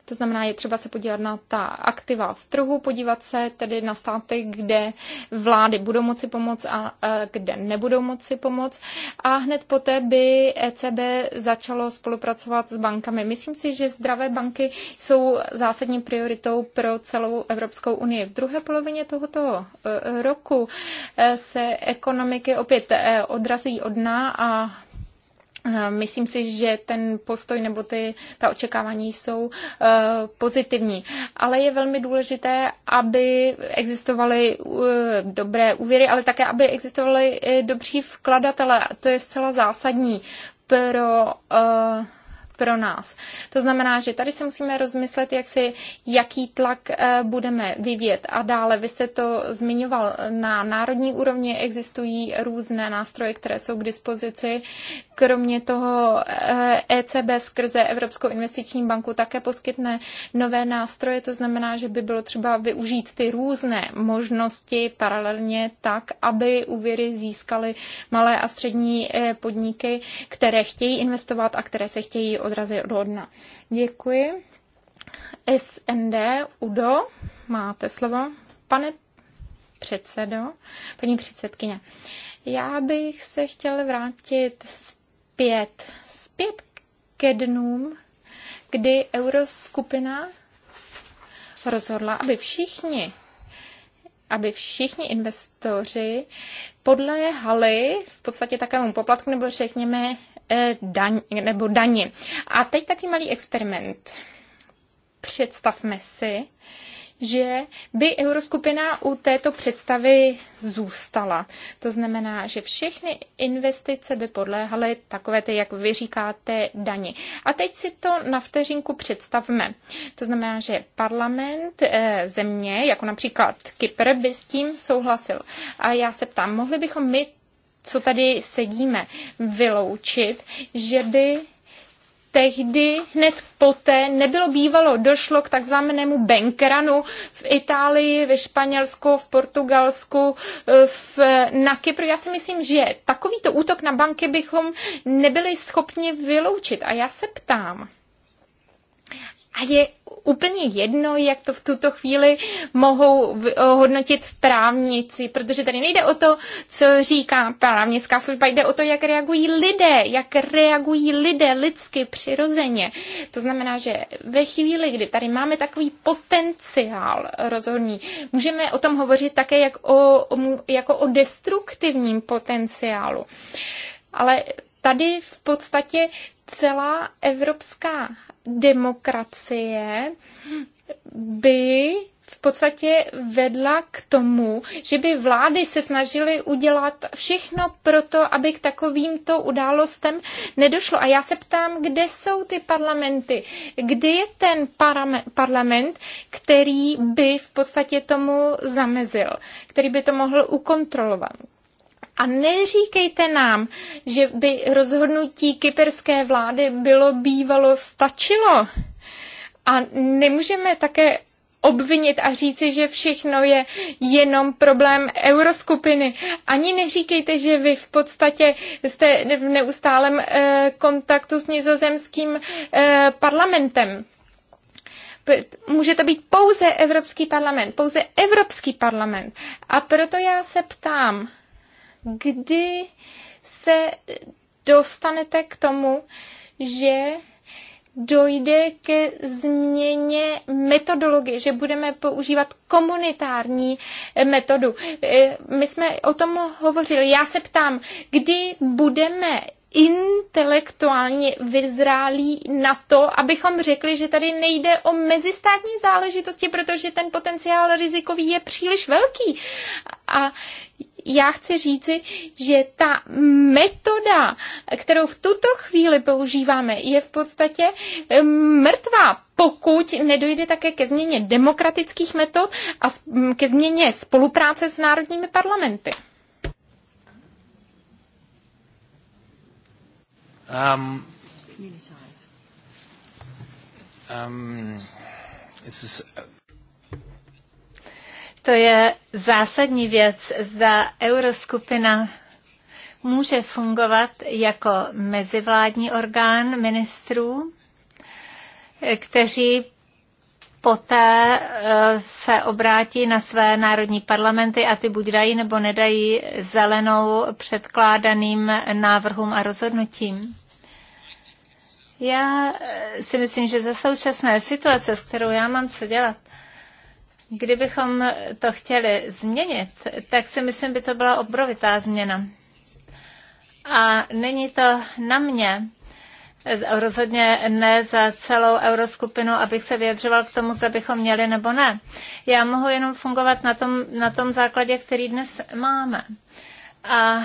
Speaker 5: To znamená, je třeba se podívat na ta aktiva v trhu, podívat se tedy na státy, kde vlády budou moci pomoct a kde nebudou moci pomoct. A hned poté by ECB začalo spolupracovat s bankami. Myslím si, že zdravé banky jsou zásadní prioritou pro celou Evropskou unii. V druhé polovině tohoto e, roku e, se ekonomiky opět e, odrazí od dna a Eh, myslím si, že ten postoj nebo ty, ta očekávání jsou uh, pozitivní. Ale je velmi důležité, aby existovaly uh, dobré úvěry, ale také, aby existovaly uh, dobří vkladatele. To je zcela zásadní pro uh, pro nás. To znamená, že tady si musíme rozmyslet, jak si, jaký tlak eh, budeme vyvět A dále, vy jste to zmiňoval, na národní úrovni existují různé nástroje, které jsou k dispozici. Kromě toho ECB eh, e skrze Evropskou investiční banku také poskytne nové nástroje, to znamená, že by bylo třeba využít ty různé možnosti paralelně tak, aby úvěry získaly malé a střední eh, podniky, které chtějí investovat a které se chtějí od odrazy od dna. Děkuji. SND, Udo, máte slovo. Pane předsedo, paní předsedkyně, já bych se chtěl vrátit zpět, zpět ke dnům, kdy euroskupina rozhodla, aby všichni aby všichni investoři podléhali v podstatě takovému poplatku nebo řekněme E, daň, nebo dani. A teď takový malý experiment. Představme si, že by euroskupina u této představy zůstala. To znamená, že všechny investice by podléhaly takové ty, jak vy říkáte, dani. A teď si to na vteřinku představme. To znamená, že parlament e, země, jako například Kypr, by s tím souhlasil. A já se ptám, mohli bychom my co tady sedíme, vyloučit, že by tehdy hned poté nebylo bývalo, došlo k takzvanému bankranu v Itálii, ve Španělsku, v Portugalsku, v, na Kypru. Já si myslím, že takovýto útok na banky bychom nebyli schopni vyloučit. A já se ptám, a je úplně jedno, jak to v tuto chvíli mohou hodnotit právníci, protože tady nejde o to, co říká právnická služba, jde o to, jak reagují lidé, jak reagují lidé lidsky, přirozeně. To znamená, že ve chvíli, kdy tady máme takový potenciál rozhodný, můžeme o tom hovořit také jak o, jako o destruktivním potenciálu. Ale tady v podstatě celá Evropská demokracie by v podstatě vedla k tomu, že by vlády se snažily udělat všechno pro to, aby k takovýmto událostem nedošlo. A já se ptám, kde jsou ty parlamenty? Kde je ten parlament, který by v podstatě tomu zamezil, který by to mohl ukontrolovat? A neříkejte nám, že by rozhodnutí kyperské vlády bylo bývalo stačilo. A nemůžeme také obvinit a říci, že všechno je jenom problém euroskupiny. Ani neříkejte, že vy v podstatě jste v neustálém eh, kontaktu s nizozemským eh, parlamentem. Může to být pouze Evropský parlament, pouze Evropský parlament. A proto já se ptám, kdy se dostanete k tomu, že dojde ke změně metodologie, že budeme používat komunitární metodu. E, my jsme o tom hovořili. Já se ptám, kdy budeme intelektuálně vyzrálí na to, abychom řekli, že tady nejde o mezistátní záležitosti, protože ten potenciál rizikový je příliš velký. A já chci říci, že ta metoda, kterou v tuto chvíli používáme, je v podstatě mrtvá, pokud nedojde také ke změně demokratických metod a ke změně spolupráce s národními parlamenty.
Speaker 2: Um, um, this is
Speaker 3: to je zásadní věc, zda euroskupina může fungovat jako mezivládní orgán ministrů, kteří poté eh, se obrátí na své národní parlamenty a ty buď dají nebo nedají zelenou předkládaným návrhům a rozhodnutím. Já eh, si myslím, že za současné situace, s kterou já mám co dělat, Kdybychom to chtěli změnit, tak si myslím, by to byla obrovitá změna. A není to na mě, Rozhodně ne za celou euroskupinu, abych se vyjadřoval k tomu, zda bychom měli nebo ne. Já mohu jenom fungovat na tom, na tom základě, který dnes máme. A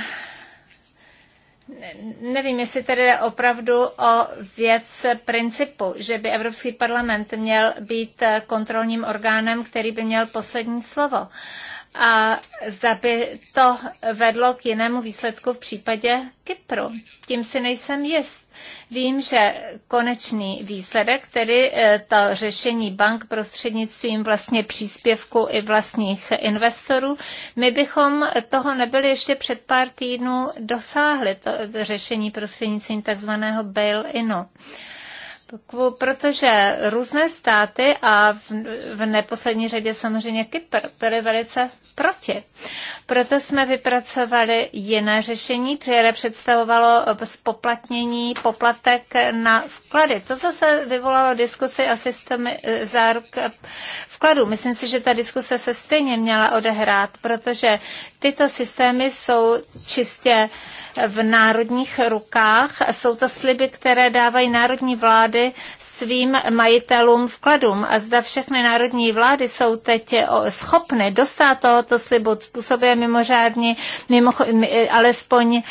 Speaker 3: nevím, jestli tedy jde opravdu o věc principu, že by Evropský parlament měl být kontrolním orgánem, který by měl poslední slovo a zda by to vedlo k jinému výsledku v případě Kypru. Tím si nejsem jist. Vím, že konečný výsledek, tedy e, to řešení bank prostřednictvím vlastně příspěvku i vlastních investorů, my bychom toho nebyli ještě před pár týdnů dosáhli, to řešení prostřednictvím takzvaného bail-inu. Protože různé státy a v, v neposlední řadě samozřejmě Kypr byly velice proti. Proto jsme vypracovali jiné řešení, které představovalo spoplatnění poplatek na vklady. To zase vyvolalo diskusy o systémy e, záruk e, vkladů. Myslím si, že ta diskuse se stejně měla odehrát, protože tyto systémy jsou čistě v národních rukách. Jsou to sliby, které dávají národní vlády svým majitelům vkladům. A zda všechny národní vlády jsou teď e, schopny dostat toho tohoto slibu způsobuje mimořádně, mimo, e, alespoň e,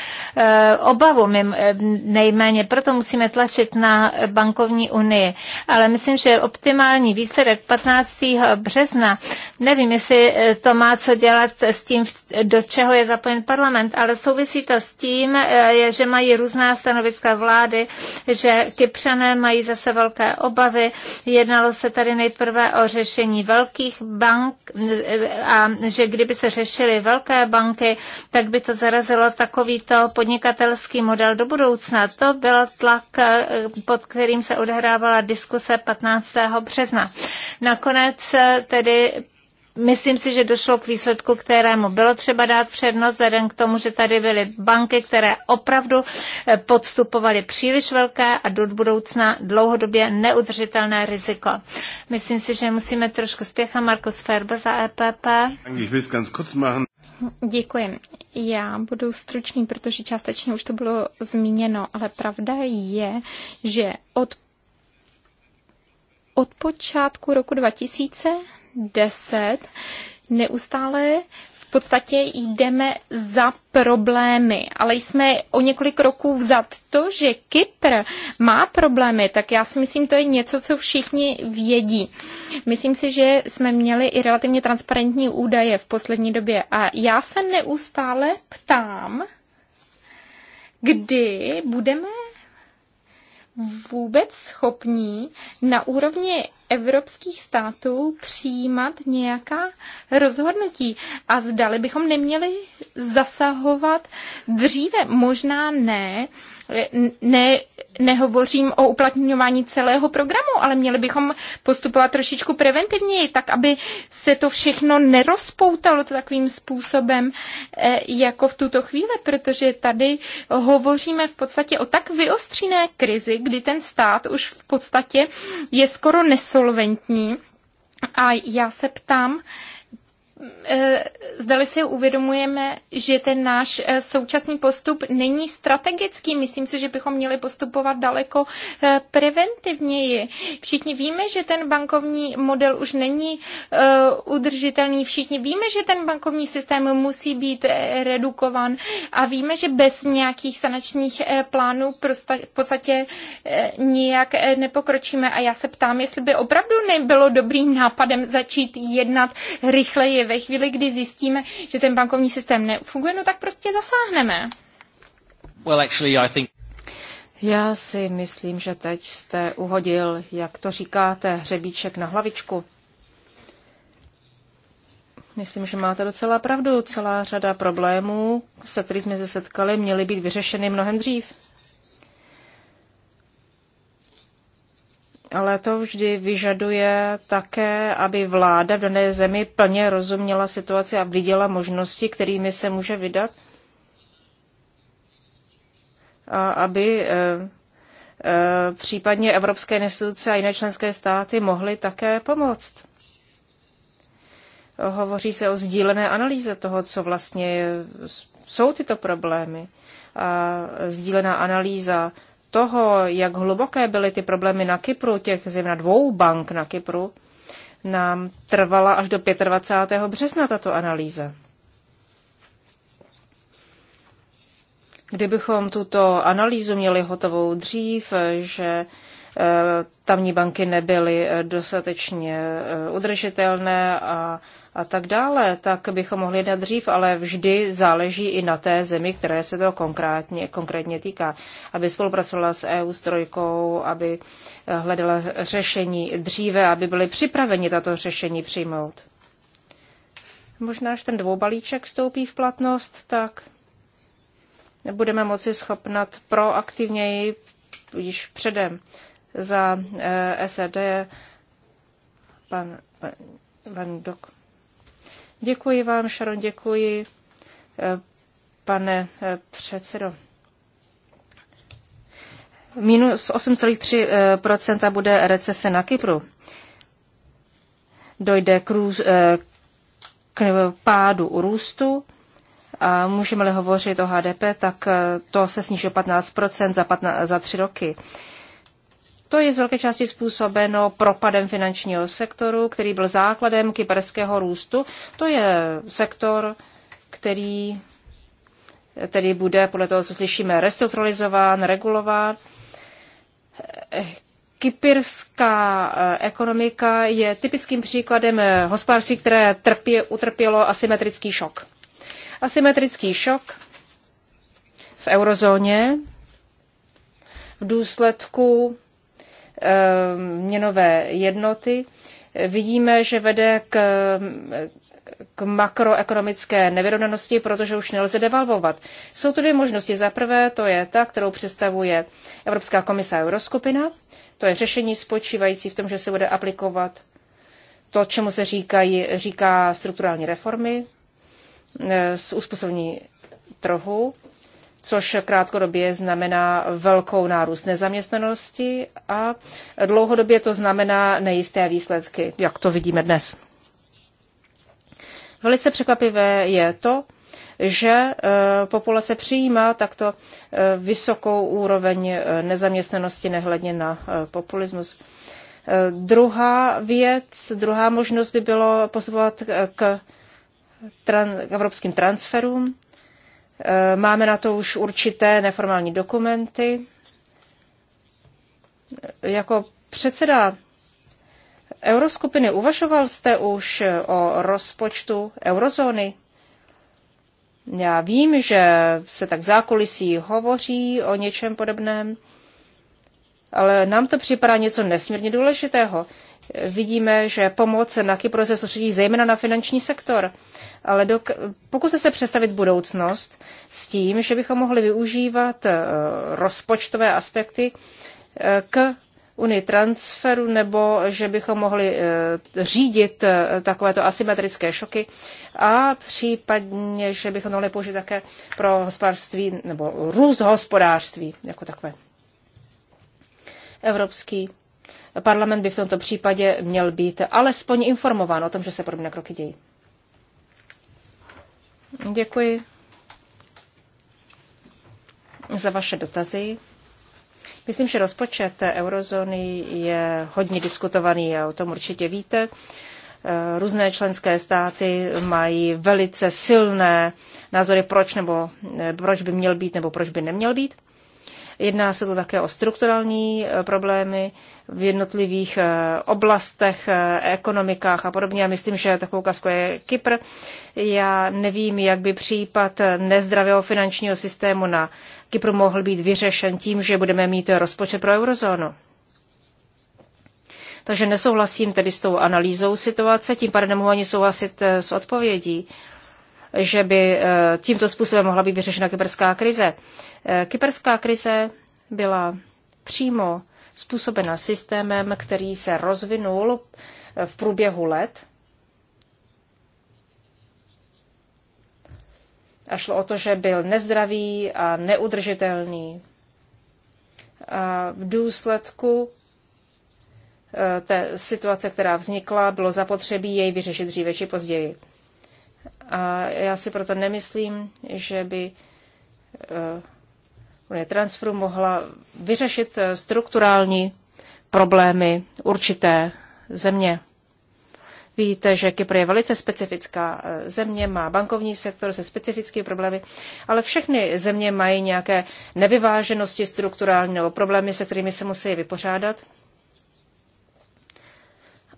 Speaker 3: obavu mimo, e, nejméně. Proto musíme tlačit na bankovní unii. Ale myslím, že optimální výsledek 15. března, nevím, jestli to má co dělat s tím, do čeho je zapojen parlament, ale souvisí to s tím, je, že mají různá stanoviska vlády, že Kypřané mají zase velké obavy. Jednalo se tady nejprve o řešení velkých bank a že že kdyby se řešily velké banky, tak by to zarazilo takovýto podnikatelský model do budoucna. To byl tlak, eh, pod kterým se odehrávala diskuse 15. března. Nakonec eh, tedy Myslím si, že došlo k výsledku, kterému bylo třeba dát přednost, vzhledem k tomu, že tady byly banky, které opravdu eh, podstupovaly příliš velké a do budoucna dlouhodobě neudržitelné riziko. Myslím si, že musíme trošku spěchat. Markus Ferber za EPP. Děkuji. Já budu stručný, protože
Speaker 5: částečně už to bylo zmíněno, ale pravda je, že od od počátku roku 2000 10 neustále v podstatě jdeme za problémy, ale jsme o několik roků vzad. To, že Kypr má problémy, tak já si myslím, to je něco, co všichni vědí. Myslím si, že jsme měli i relativně transparentní údaje v poslední době a já se neustále ptám, kdy budeme vůbec schopní na úrovni evropských států přijímat nějaká rozhodnutí a zdali bychom neměli zasahovat dříve, možná ne ne, nehovořím o uplatňování celého programu, ale měli bychom postupovat trošičku preventivněji, tak aby se to všechno nerozpoutalo takovým způsobem, eh, jako v tuto chvíli, protože tady hovoříme v podstatě o tak vyostřené krizi, kdy ten stát už v podstatě je skoro nesolventní. A já se ptám, Eh, zdali si uvědomujeme, že ten náš eh, současný postup není strategický. Myslím si, že bychom měli postupovat daleko eh, preventivněji. Všichni víme, že ten bankovní model už není udržitelný. Všichni víme, že ten bankovní systém musí být redukovan a víme, že bez nějakých sanačních plánů v podstatě nijak nepokročíme. A já se ptám, jestli by opravdu nebylo dobrým nápadem začít jednat rychleji ve chvíli, kdy zjistíme, že ten bankovní systém nefunguje, no tak prostě zasáhneme.
Speaker 2: Well, actually, I think...
Speaker 4: Já si myslím, že teď jste uhodil, jak to říkáte, hřebíček na hlavičku. Myslím, že máte docela pravdu. Celá řada problémů, se kterými jsme se setkali, měly být vyřešeny mnohem dřív. ale to vždy vyžaduje také, aby vláda v dané zemi plně rozuměla situaci a viděla možnosti, kterými se může vydat. A aby eh, eh, případně evropské instituce a jiné členské státy mohly také pomoct. Hovoří se o sdílené analýze toho, co vlastně jsou tyto problémy. A sdílená analýza toho, jak hluboké byly ty problémy na Kypru, těch zejména dvou bank na Kypru, nám trvala až do 25. března tato analýza. Kdybychom tuto analýzu měli hotovou dřív, že eh, tamní banky nebyly eh, dostatečně eh, udržitelné a a tak dále, tak bychom mohli jednat dřív, ale vždy záleží i na té zemi, které se to konkrétně, konkrétně týká. Aby spolupracovala s EU s trojkou, aby eh, hledala řešení dříve, aby byli připraveni tato řešení přijmout. Možná, až ten dvoubalíček vstoupí v platnost, tak budeme moci schopnat proaktivněji již předem za eh, SED pan, pan, pan Dok Děkuji vám, Sharon, děkuji, eh, pane eh, předsedo. Minus 8,3 eh, bude recese na Kypru. Dojde k, růz, k pádu růstu a můžeme-li hovořit o HDP, tak to se sníží o 15 za, 15, za tři roky. To je z velké části způsobeno propadem finančního sektoru, který byl základem kyperského růstu. To je sektor, který tedy bude podle toho, co slyšíme, restrukturalizován, regulován. Kypirská eh, ekonomika je typickým příkladem eh, hospodářství, které trpě, utrpělo asymetrický šok. Asymetrický šok v eurozóně v důsledku Eh, měnové jednoty, vidíme, že vede k, k makroekonomické nevyrovnanosti, protože už nelze devalvovat. Jsou tu dvě možnosti. Za prvé, to je ta, kterou představuje Evropská komisa Euroskupina. To je řešení spočívající v tom, že se bude aplikovat to, čemu se říkají, říká strukturální reformy, z eh, uspůsobení trhu což krátkodobě znamená velkou nárůst nezaměstnanosti a dlouhodobě to znamená nejisté výsledky, jak to vidíme dnes. Velice překvapivé je to, že e, populace přijímá takto e, vysokou úroveň e, nezaměstnanosti nehledně na populismus. Druhá věc, druhá možnost by bylo pozvat k, tran, k evropským transferům. Eh, máme na to už určité neformální dokumenty. Eh, jako předseda Euroskupiny uvažoval jste už eh, o rozpočtu eurozóny? Já vím, že se tak zákulisí hovoří o něčem podobném, ale nám to připadá něco nesmírně důležitého. Vidíme, že pomoc na Kypru se soustředí zejména na finanční sektor ale dok- pokuste se představit budoucnost s tím, že bychom mohli využívat eh, rozpočtové aspekty eh, k unii transferu, nebo že bychom mohli eh, řídit takovéto asymetrické šoky a případně, že bychom mohli použít také pro hospodářství nebo růst hospodářství jako takové. Evropský parlament by v tomto případě měl být alespoň informován o tom, že se podobné kroky dějí. Děkuji za vaše dotazy. Myslím, že rozpočet eurozóny je hodně diskutovaný a o tom určitě víte. Eh, různé členské státy mají velice silné názory, proč, nebo, eh, proč by měl být nebo proč by neměl být. Jedná se to také o strukturální eh, problémy v jednotlivých eh, oblastech, eh, ekonomikách a podobně. Já myslím, že takovou kasku je Kypr. Já nevím, jak by případ nezdravého finančního systému na Kypru mohl být vyřešen tím, že budeme mít rozpočet pro eurozónu. Takže nesouhlasím tedy s tou analýzou situace, tím pádem nemohu ani souhlasit s odpovědí. Uh, že by eh, tímto způsobem mohla být vyřešena kyperská krize. Eh, kyperská krize byla přímo způsobena systémem, který se rozvinul eh, v průběhu let. A šlo o to, že byl nezdravý a neudržitelný. A v důsledku té situace, která vznikla, bylo zapotřebí jej vyřešit dříve či později. A já si proto nemyslím, že by eh, Unie transferu mohla vyřešit eh, strukturální problémy určité země. Víte, že Kypr je velice specifická eh, země, má bankovní sektor se specifickými problémy, ale všechny země mají nějaké nevyváženosti strukturální nebo problémy, se kterými se musí vypořádat.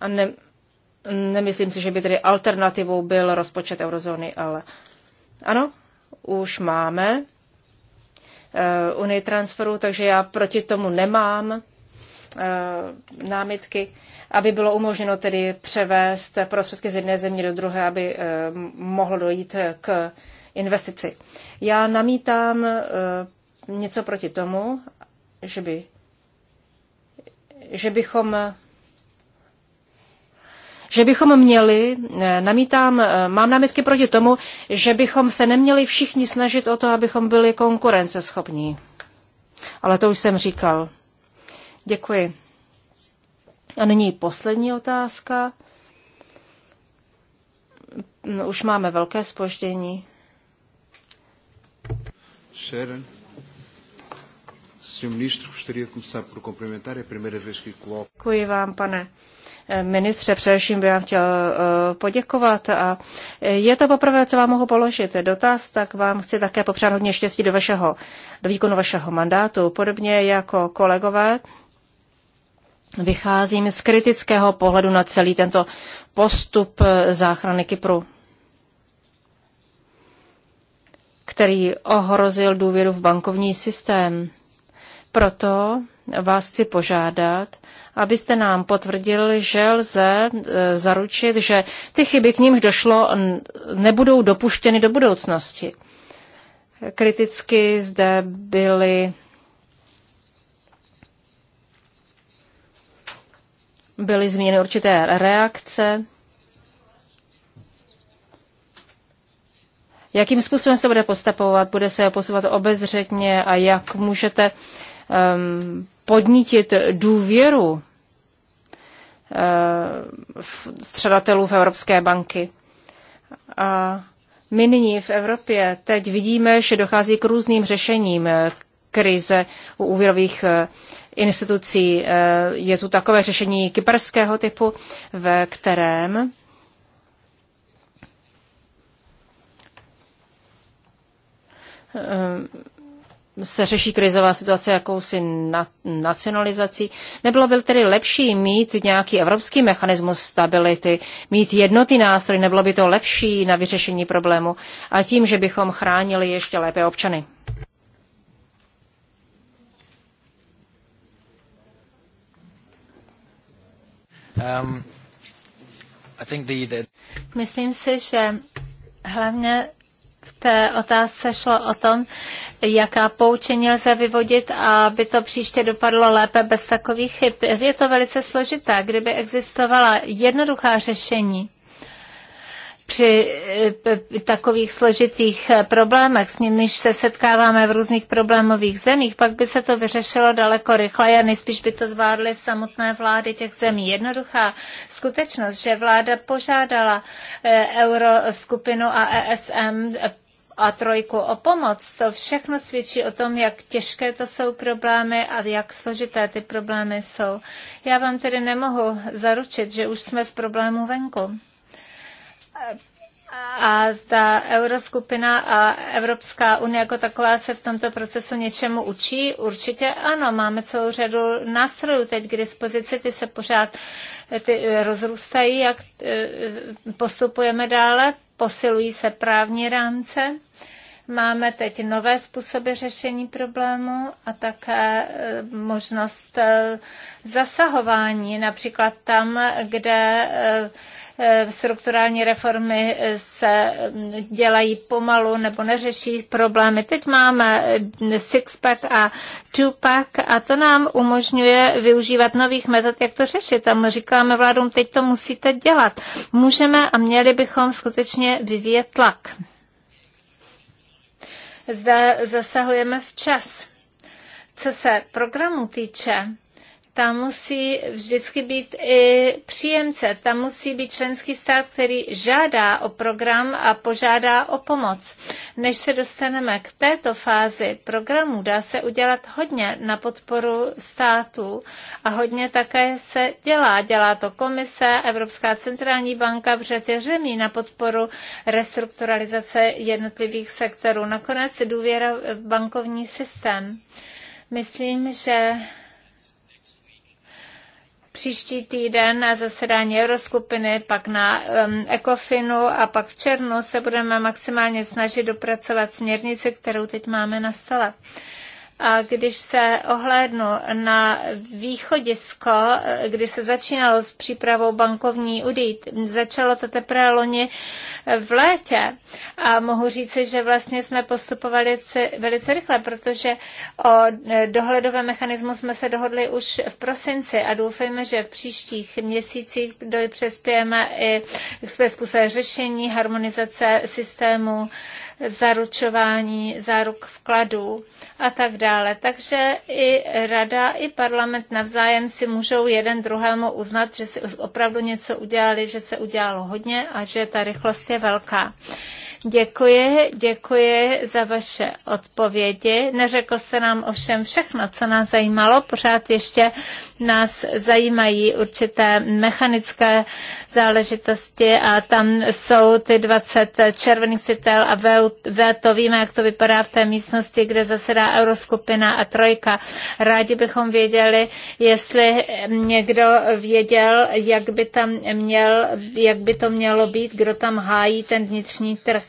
Speaker 4: A ne, Nemyslím si, že by tedy alternativou byl rozpočet eurozóny, ale ano, už máme uh, Unii transferu, takže já proti tomu nemám uh, námitky, aby bylo umožněno tedy převést prostředky z jedné země do druhé, aby uh, mohlo dojít k investici. Já namítám uh, něco proti tomu, že by že bychom že bychom měli, eh, namítám, eh, mám námitky proti tomu, že bychom se neměli všichni snažit o to, abychom byli konkurenceschopní. Ale to už jsem říkal. Děkuji. A nyní poslední otázka. No, už máme velké spoždění.
Speaker 5: Sharon. Senhor Ministro, gostaria de começar por cumprimentar. É a primeira vez que coloco.
Speaker 4: Děkuji vám, pane ministře, především bych vám chtěl eh, poděkovat. A eh, je to poprvé, co vám mohu položit dotaz, tak vám chci také popřát hodně štěstí do, vašeho, do výkonu vašeho mandátu. Podobně jako kolegové, vycházím z kritického pohledu na celý tento postup eh, záchrany Kypru, který ohrozil důvěru v bankovní systém. Proto vás chci požádat, abyste nám potvrdil, že lze e, zaručit, že ty chyby, k nímž došlo, nebudou dopuštěny do budoucnosti. Kriticky zde byly byly změny určité reakce. Jakým způsobem se bude postupovat? Bude se postupovat obezřetně a jak můžete uh, Um, podnítit důvěru uh, středatelů v Evropské banky. A my nyní v Evropě teď vidíme, že dochází k různým řešením krize u úvěrových uh, institucí. Uh, je tu takové řešení kyperského typu, ve kterém se řeší krizová situace jakousi na, nacionalizací. Nebylo by tedy lepší mít nějaký evropský mechanismus stability, mít jednotný nástroj, nebylo by to lepší na vyřešení problému a tím, že bychom chránili ještě lépe občany?
Speaker 2: Um, I think the, the...
Speaker 3: Myslím si, že hlavně té otázce šlo o tom, jaká poučení lze vyvodit, aby to příště dopadlo lépe bez takových chyb. Je to velice složité. Kdyby existovala jednoduchá řešení, při eh, takových složitých eh, problémech, s nimiž se setkáváme v různých problémových zemích, pak by se to vyřešilo daleko rychleji a nejspíš by to zvládly samotné vlády těch zemí. Jednoduchá skutečnost, že vláda požádala eh, euroskupinu a ESM a trojku o pomoc. To všechno svědčí o tom, jak těžké to jsou problémy a jak složité ty problémy jsou. Já vám tedy nemohu zaručit, že už jsme z problémů venku a zda Euroskupina a Evropská unie jako taková se v tomto procesu něčemu učí? Určitě ano, máme celou řadu nástrojů teď k dispozici, ty se pořád ty eh, rozrůstají, jak eh, postupujeme dále, posilují se právní rámce. Máme teď nové způsoby řešení problému a také eh, možnost zasahování, například tam, kde Eh, strukturální reformy eh, se mm, dělají pomalu nebo neřeší problémy. Teď máme eh, sixpack a twopack a to nám umožňuje využívat nových metod, jak to řešit. A my říkáme vládům, teď to musíte dělat. Můžeme a měli bychom skutečně vyvíjet tlak. Zde zasahujeme včas. Co se programu týče, tam musí vždycky být i příjemce, tam musí být členský stát, který žádá o program a požádá o pomoc. Než se dostaneme k této fázi programu, dá se udělat hodně na podporu států a hodně také se dělá. Dělá to komise, Evropská centrální banka v řadě řemí na podporu restrukturalizace jednotlivých sektorů. Nakonec důvěra v bankovní systém. Myslím, že příští týden na zasedání Euroskupiny, pak na um, Ekofinu a pak v černu se budeme maximálně snažit dopracovat směrnici, kterou teď máme na stole. A když se ohlédnu na východisko, kdy se začínalo s přípravou bankovní udít, začalo to teprve loni v létě a mohu říci, že vlastně jsme postupovali velice rychle, protože o dohledové mechanismu jsme se dohodli už v prosinci a doufejme, že v příštích měsících přespějeme i způsob řešení, harmonizace systému zaručování záruk vkladů a tak dále. Takže i rada, i parlament navzájem si můžou jeden druhému uznat, že si opravdu něco udělali, že se udělalo hodně a že ta rychlost je velká. Děkuji, děkuji za vaše odpovědi. Neřekl jste nám ovšem všechno, co nás zajímalo. Pořád ještě nás zajímají určité mechanické záležitosti a tam jsou ty 20 červených sitel a V, to víme, jak to vypadá v té místnosti, kde zasedá Euroskupina a Trojka. Rádi bychom věděli, jestli někdo věděl, jak by tam měl, jak by to mělo být, kdo tam hájí ten vnitřní trh.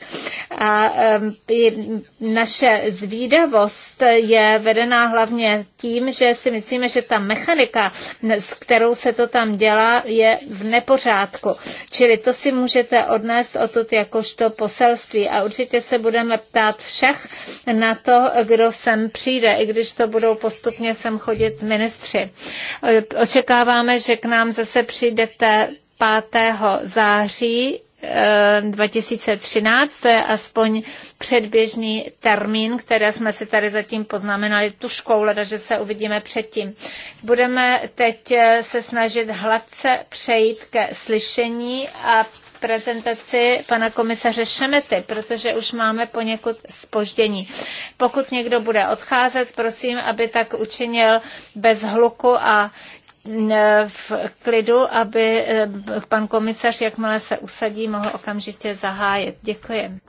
Speaker 3: A um, naše zvídavost je vedená hlavně tím, že si myslíme, že ta mechanika, s kterou se to tam dělá, je v nepořádku. Čili to si můžete odnést odtud jakožto poselství a určitě se budeme ptát všech na to, kdo sem přijde, i když to budou postupně sem chodit ministři. Očekáváme, že k nám zase přijdete 5. září 2013, to je aspoň předběžný termín, které jsme si tady zatím poznamenali tu školu, že se uvidíme předtím. Budeme teď eh, se snažit hladce přejít ke slyšení a prezentaci pana komisaře Šemety, protože už máme poněkud spoždění. Pokud někdo bude odcházet, prosím, aby tak učinil bez hluku a v klidu, aby eh, pan komisař, jakmile se usadí, mohl okamžitě zahájit. Děkuji.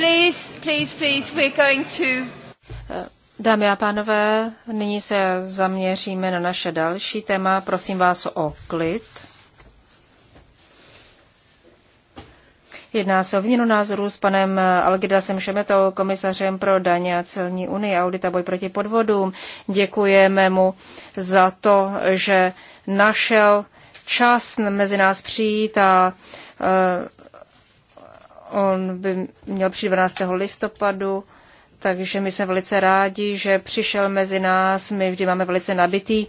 Speaker 1: Please, please, please, we're going to...
Speaker 4: Dámy a pánové, nyní se zaměříme na naše další téma. Prosím vás o klid. Jedná se o výměnu názorů s panem Algidasem Šemetou, komisařem pro daně a celní unii a audita boj proti podvodům. Děkujeme mu za to, že našel čas mezi nás přijít a eh, On by měl přijít 12. listopadu, takže my jsme velice rádi, že přišel mezi nás. My vždy máme velice nabitý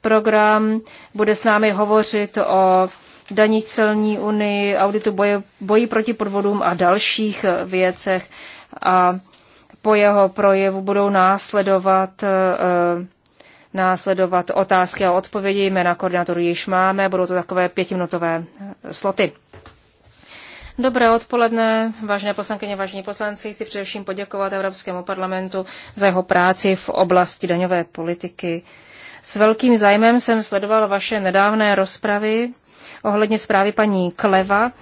Speaker 4: program. Bude s námi hovořit o daní celní unii, auditu boje, boji proti podvodům a dalších věcech. A po jeho projevu budou následovat eh, následovat otázky a odpovědi. Jména koordinátorů již máme, budou to takové pětiminutové eh, sloty. Dobré odpoledne, vážené poslankyně, vážení poslanci. Chci především poděkovat Evropskému parlamentu za jeho práci v oblasti daňové politiky. S velkým zájmem jsem sledoval vaše nedávné rozpravy ohledně zprávy paní Kleva,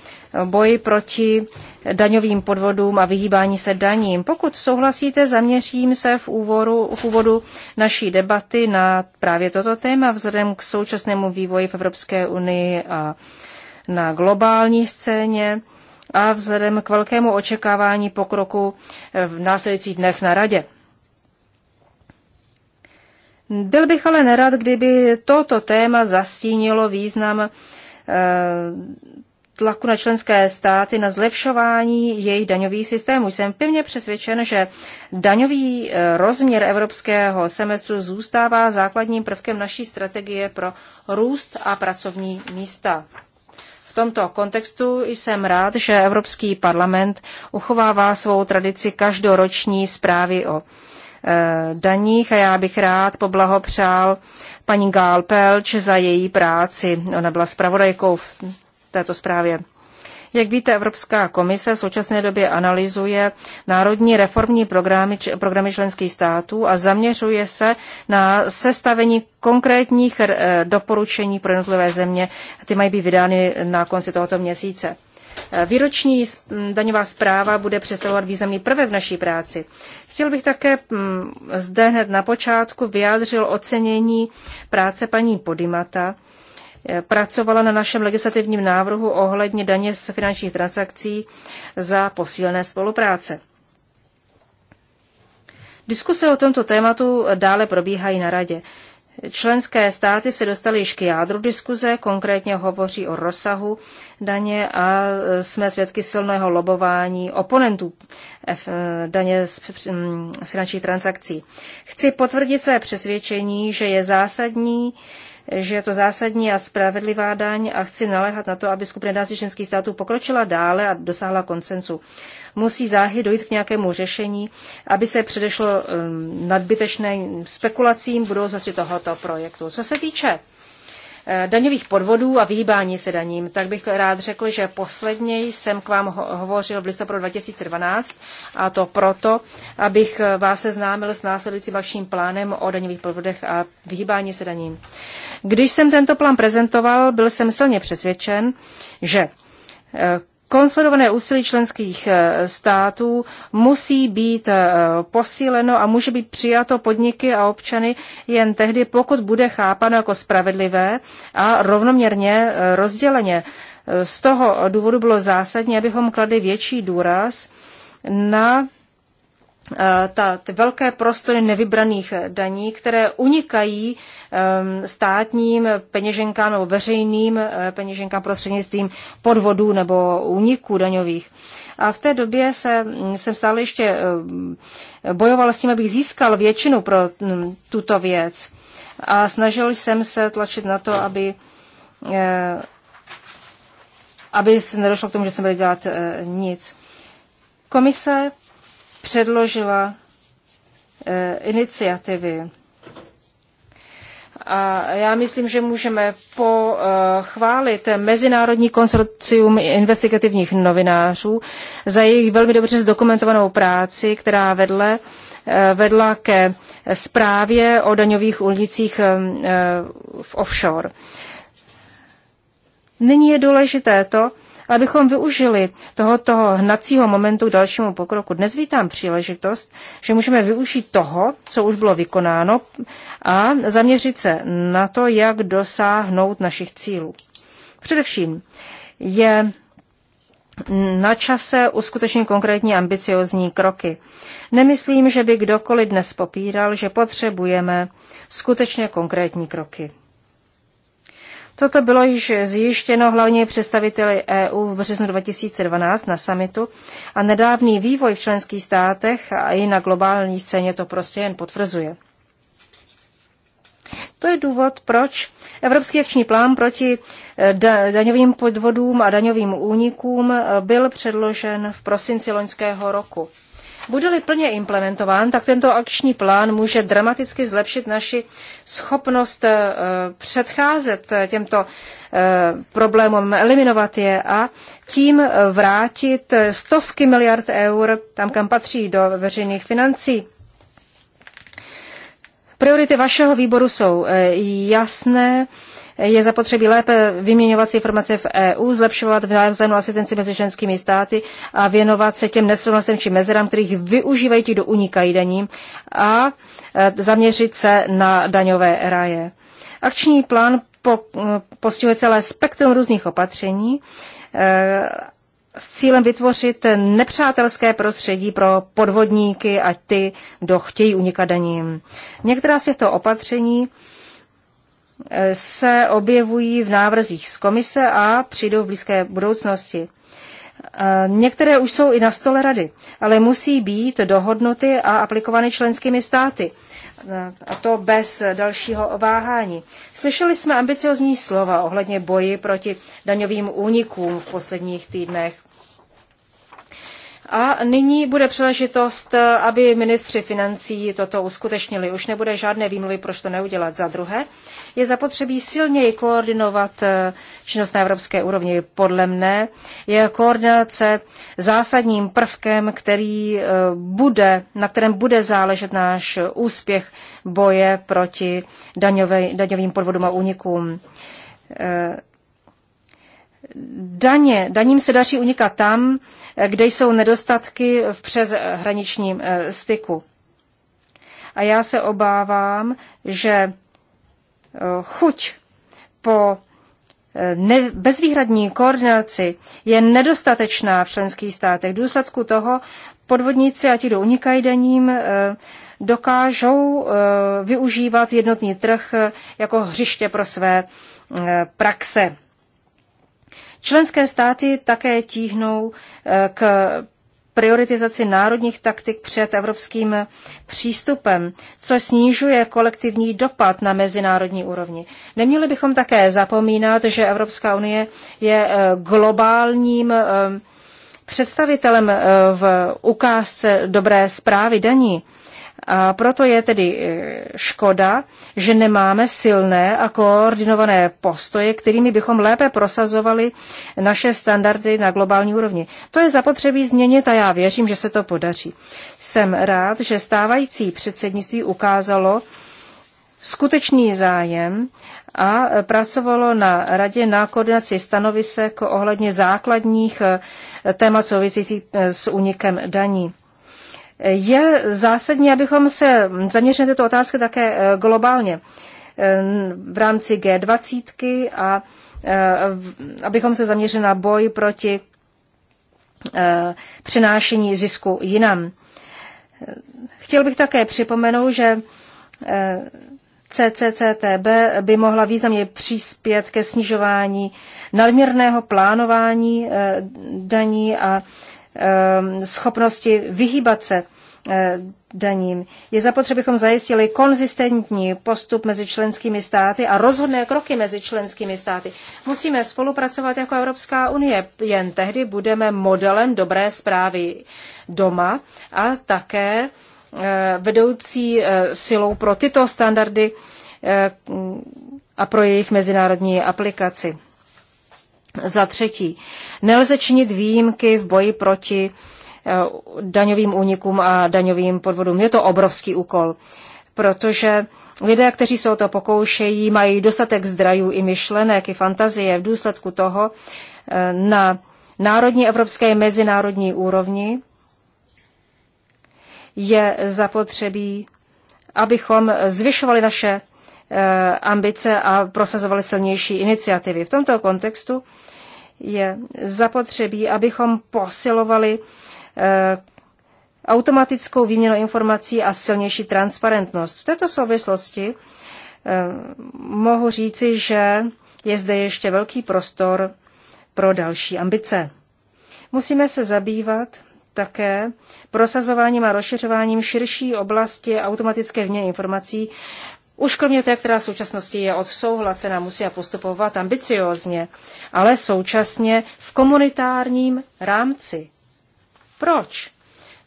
Speaker 4: boji proti daňovým podvodům a vyhýbání se daním. Pokud souhlasíte, zaměřím se v úvodu, v úvodu naší debaty na právě toto téma vzhledem k současnému vývoji v Evropské unii a na globální scéně a vzhledem k velkému očekávání pokroku v následujících dnech na radě. Byl bych ale nerad, kdyby toto téma zastínilo význam eh, tlaku na členské státy na zlepšování jejich daňových systémů. Jsem pevně přesvědčen, že daňový eh, rozměr evropského semestru zůstává základním prvkem naší strategie pro růst a pracovní místa. V tomto kontextu jsem rád, že Evropský parlament uchovává svou tradici každoroční zprávy o e, daních a já bych rád poblahopřál paní Gálpelč za její práci. Ona byla spravodajkou v této zprávě. Jak víte, Evropská komise v současné době analyzuje národní reformní programy, programy členských států a zaměřuje se na sestavení konkrétních e, doporučení pro jednotlivé země. Ty mají být vydány na konci tohoto měsíce. E, výroční daňová zpráva bude představovat významný prvek v naší práci. Chtěl bych také zde hned na počátku vyjádřil ocenění práce paní Podimata, Eh, pracovala na našem legislativním návrhu ohledně daně z finančních transakcí za posílené spolupráce. Diskuse o tomto tématu dále probíhají na radě. Členské státy se dostaly již k jádru diskuze, konkrétně hovoří o rozsahu daně a eh, jsme svědky silného lobování oponentů eh, daně z mm, finančních transakcí. Chci potvrdit své přesvědčení, že je zásadní že je to zásadní a spravedlivá daň a chci naléhat na to, aby skupina nás členských států pokročila dále a dosáhla konsensu. Musí záhy dojít k nějakému řešení, aby se předešlo um, nadbytečným spekulacím budoucnosti tohoto projektu. Co se týče Eh, daňových podvodů a vyhýbání se daním, tak bych rád řekl, že posledně jsem k vám hovořil v listopadu 2012 a to proto, abych eh, vás seznámil s následujícím vaším plánem o daňových podvodech a vyhýbání se daním. Když jsem tento plán prezentoval, byl jsem silně přesvědčen, že eh, Konsolidované úsilí členských eh, států musí být eh, posíleno a může být přijato podniky a občany jen tehdy, pokud bude chápano jako spravedlivé a rovnoměrně eh, rozděleně. Z toho důvodu bylo zásadní, abychom kladli větší důraz na Eh, ta, ty velké prostory nevybraných eh, daní, které unikají ehm, státním peněženkám nebo veřejným eh, peněženkám prostřednictvím podvodů nebo úniků daňových. A v té době se, mm, jsem stále ještě ehm, bojoval s tím, abych získal většinu pro mm, tuto věc. A snažil jsem se tlačit na to, aby aby se nedošlo k tomu, že jsem byl dělat nic. Komise předložila eh, iniciativy. A já myslím, že můžeme pochválit Mezinárodní konsorcium investigativních novinářů za jejich velmi dobře zdokumentovanou práci, která vedle, eh, vedla ke zprávě o daňových ulicích eh, v offshore. Nyní je důležité to, abychom využili tohoto hnacího momentu k dalšímu pokroku. Dnes vítám příležitost, že můžeme využít toho, co už bylo vykonáno a zaměřit se na to, jak dosáhnout našich cílů. Především je na čase uskutečnit konkrétní ambiciozní kroky. Nemyslím, že by kdokoliv dnes popíral, že potřebujeme skutečně konkrétní kroky. Toto bylo již zjištěno hlavně představiteli EU v březnu 2012 na samitu a nedávný vývoj v členských státech a i na globální scéně to prostě jen potvrzuje. To je důvod, proč Evropský akční plán proti eh, daňovým podvodům a daňovým únikům eh, byl předložen v prosinci loňského roku. Bude-li plně implementován, tak tento akční plán může dramaticky zlepšit naši schopnost eh, předcházet eh, těmto eh, problémům, eliminovat je a tím vrátit stovky miliard eur tam, kam patří, do veřejných financí. Priority vašeho výboru jsou jasné. Je zapotřebí lépe vyměňovat si informace v EU, zlepšovat vzájemnou asistenci mezi ženskými státy a věnovat se těm nesrovnostem či mezerám, kterých využívají ti do unikají daním a e, zaměřit se na daňové ráje. Akční plán po, e, postihuje celé spektrum různých opatření e, s cílem vytvořit nepřátelské prostředí pro podvodníky a ty, kdo chtějí unikat daním. Některá z těchto opatření se objevují v návrzích z komise a přijdou v blízké budoucnosti. E, některé už jsou i na stole rady, ale musí být dohodnuty a aplikovány členskými státy. E, a to bez dalšího váhání. Slyšeli jsme ambiciozní slova ohledně boji proti daňovým únikům v posledních týdnech. A nyní bude příležitost, aby ministři financí toto uskutečnili. Už nebude žádné výmluvy, proč to neudělat. Za druhé, je zapotřebí silněji koordinovat eh, činnost na evropské úrovni. Podle mne je koordinace zásadním prvkem, který eh, bude, na kterém bude záležet náš úspěch boje proti daňové, daňovým podvodům a únikům eh, daně, daním se daří unikat tam, kde jsou nedostatky v přeshraničním styku. A já se obávám, že chuť po eh, ne, bezvýhradní koordinaci je nedostatečná v členských státech. V důsledku toho podvodníci a ti, kdo unikají daním, eh, dokážou eh, využívat jednotný trh jako hřiště pro své praxe. Členské státy také tíhnou k prioritizaci národních taktik před evropským přístupem, což snižuje kolektivní dopad na mezinárodní úrovni. Neměli bychom také zapomínat, že Evropská unie je eh, globálním eh, představitelem eh, v ukázce dobré zprávy daní. A proto je tedy e, škoda, že nemáme silné a koordinované postoje, kterými bychom lépe prosazovali naše standardy na globální úrovni. To je zapotřebí změnit a já věřím, že se to podaří. Jsem rád, že stávající předsednictví ukázalo skutečný zájem a pracovalo na radě na koordinaci stanovisek ohledně základních e, témat souvisící e, s únikem daní. Je zásadní, abychom se zaměřili na tyto otázky také eh, globálně eh, v rámci G20 a eh, abychom se zaměřili na boj proti přinášení zisku jinam. Chtěl bych také připomenout, že CCCTB by mohla významně přispět ke snižování nadměrného plánování daní a Ehm, schopnosti vyhýbat se eh, daním. Je zapotřebí, abychom zajistili konzistentní postup mezi členskými státy a rozhodné kroky mezi členskými státy. Musíme spolupracovat jako Evropská unie. Jen tehdy budeme modelem dobré zprávy doma a také eh, vedoucí eh, silou pro tyto standardy a pro jejich mezinárodní aplikaci. Za třetí, nelze činit výjimky v boji proti eh, daňovým únikům a daňovým podvodům. Je to obrovský úkol, protože lidé, kteří se o to pokoušejí, mají dostatek zdrajů i myšlenek, i fantazie v důsledku toho eh, na národní, evropské i mezinárodní úrovni je zapotřebí, abychom zvyšovali naše Eh, ambice a prosazovali silnější iniciativy. V tomto kontextu je zapotřebí, abychom posilovali eh, automatickou výměnu informací a silnější transparentnost. V této souvislosti eh, mohu říci, že je zde ještě velký prostor pro další ambice. Musíme se zabývat také prosazováním a rozšiřováním širší oblasti automatické vně informací už kromě té, která v současnosti je odsouhlasena, musí postupovat ambiciozně, ale současně v komunitárním rámci. Proč?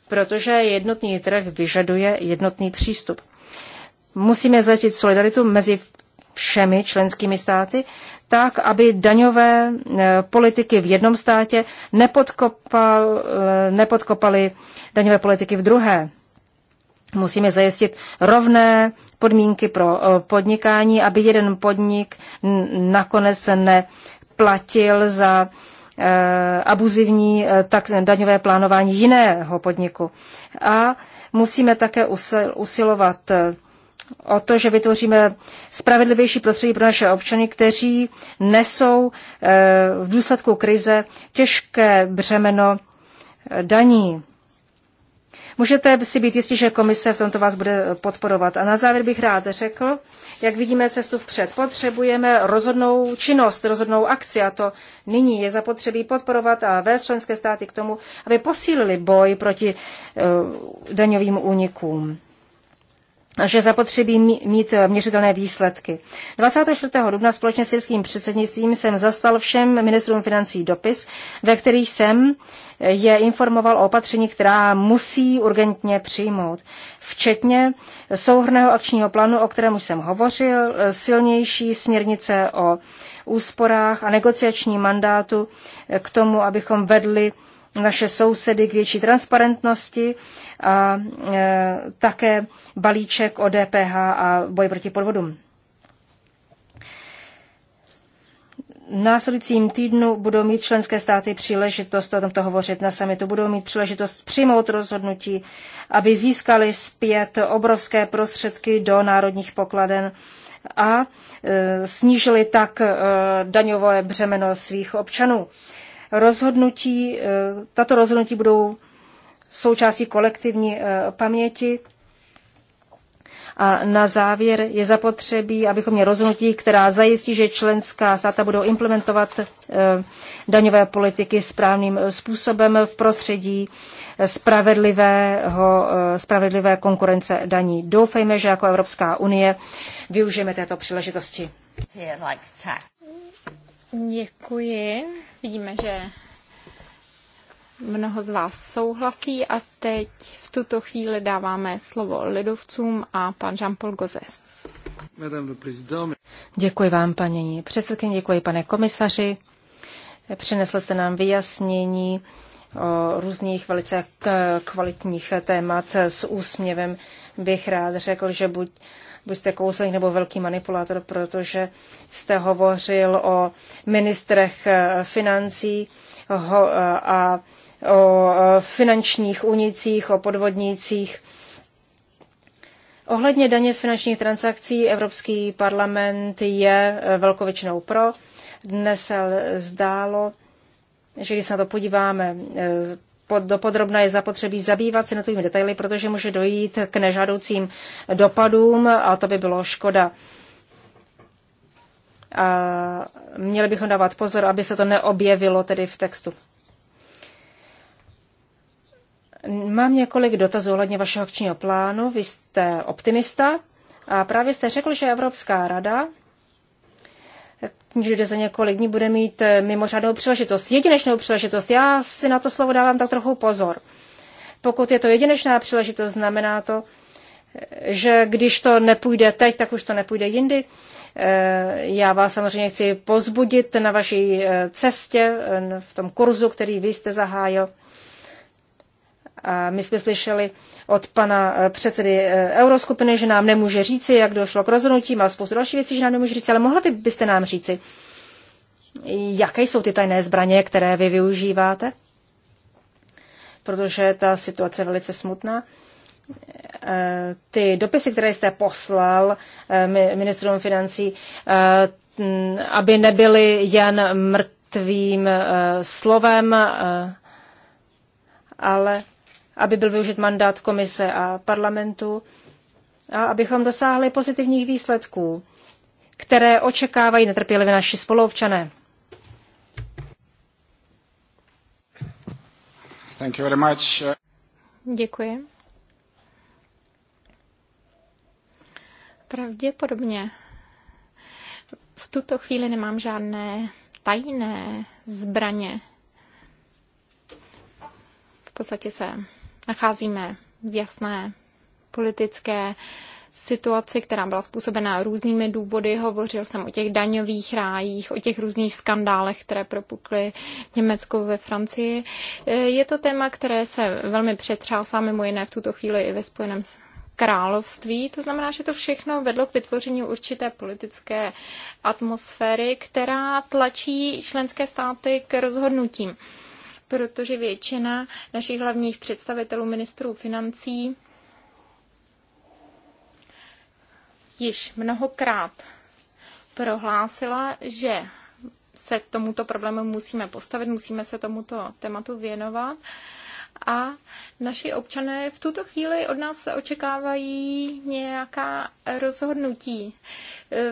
Speaker 4: Protože jednotný trh vyžaduje jednotný přístup. Musíme zajistit solidaritu mezi všemi členskými státy, tak, aby daňové e, politiky v jednom státě nepodkopal, e, nepodkopaly daňové politiky v druhé. Musíme zajistit rovné podmínky pro eh, podnikání, aby jeden podnik nakonec neplatil za eh, abuzivní eh, tak daňové plánování jiného podniku. A musíme také usilovat o to, že vytvoříme spravedlivější prostředí pro naše občany, kteří nesou v důsledku krize těžké břemeno daní. Můžete si být jistí, že komise v tomto vás bude podporovat. A na závěr bych rád řekl, jak vidíme cestu vpřed, potřebujeme rozhodnou činnost, rozhodnou akci a to nyní je zapotřebí podporovat a vést členské státy k tomu, aby posílili boj proti uh, daňovým únikům a že zapotřebí mít eh, měřitelné výsledky. 24. dubna společně s českým předsednictvím jsem zastal všem ministrům financí dopis, ve kterých jsem eh, je informoval o opatření, která musí urgentně přijmout, včetně souhrného akčního plánu, o kterém už jsem hovořil, eh, silnější směrnice o úsporách a negociační mandátu k tomu, abychom vedli naše sousedy k větší transparentnosti a e, také balíček o DPH a boj proti podvodům. V následujícím týdnu budou mít členské státy příležitost o tomto hovořit na samitu. Budou mít příležitost přijmout rozhodnutí, aby získali zpět obrovské prostředky do národních pokladen a e, snížili tak e, daňové břemeno svých občanů. E, rozhodnutí, eh, tato rozhodnutí budou součástí kolektivní eh, paměti. A na závěr je zapotřebí, abychom měli rozhodnutí, která zajistí, že členská státa budou implementovat eh, daňové politiky správným způsobem v prostředí spravedlivého, spravedlivé konkurence daní. Doufejme, že jako Evropská unie využijeme této příležitosti.
Speaker 5: Děkuji. Vidíme, že mnoho z vás souhlasí a teď v tuto chvíli dáváme slovo lidovcům a pan Jean-Paul Gozes.
Speaker 4: Děkuji vám, paní předsedkyně, děkuji, pane komisaři. Přinesl jste nám vyjasnění o různých velice kvalitních témat. S úsměvem bych rád řekl, že buď byl jste kouzelník nebo velký manipulátor, protože jste hovořil o ministrech eh, financí eh, a o eh, finančních unicích, o podvodnících. Ohledně daně z finančních transakcí Evropský parlament je velkovětšinou pro. Dnes se zdálo, že když se na to podíváme dopodrobna je zapotřebí zabývat se jednotlivými detaily, protože může dojít k nežádoucím dopadům a to by bylo škoda. A měli bychom dávat pozor, aby se to neobjevilo tedy v textu. Mám několik dotazů ohledně vašeho akčního plánu. Vy jste optimista a právě jste řekl, že Evropská rada že za několik dní bude mít eh, mimořádnou příležitost, jedinečnou příležitost. Já si na to slovo dávám tak trochu pozor. Pokud je to jedinečná příležitost, znamená to, eh, že když to nepůjde teď, tak už to nepůjde jindy. Eh, já vás samozřejmě chci pozbudit na vaší cestě, v tom kurzu, který vy jste zahájil my jsme slyšeli od pana eh, předsedy eh, Euroskupiny, že nám nemůže říci, jak došlo k rozhodnutím a spoustu dalších věcí, že nám nemůže říci, ale mohla byste nám říci, jaké jsou ty tajné zbraně, které vy využíváte? Protože ta situace je velice smutná. Eh, ty dopisy, které jste poslal ministrům financí, aby nebyly jen mrtvým slovem, ale aby byl využit mandát komise a parlamentu a abychom dosáhli pozitivních výsledků, které očekávají netrpělivě naši spoluobčané.
Speaker 2: Thank you very much.
Speaker 5: Děkuji. Pravděpodobně v tuto chvíli nemám žádné tajné zbraně. V podstatě se nacházíme v jasné politické situaci, která byla způsobena různými důvody. Hovořil jsem o těch daňových rájích, o těch různých skandálech, které propukly v Německu, ve Francii. Je to téma, které se velmi přetřásá mimo jiné v tuto chvíli i ve Spojeném království. To znamená, že to všechno vedlo k vytvoření určité politické atmosféry, která tlačí členské státy k rozhodnutím protože většina našich hlavních představitelů ministrů financí již mnohokrát prohlásila, že se tomuto problému musíme postavit, musíme se tomuto tématu věnovat. A naši občané v tuto chvíli od nás se očekávají nějaká rozhodnutí.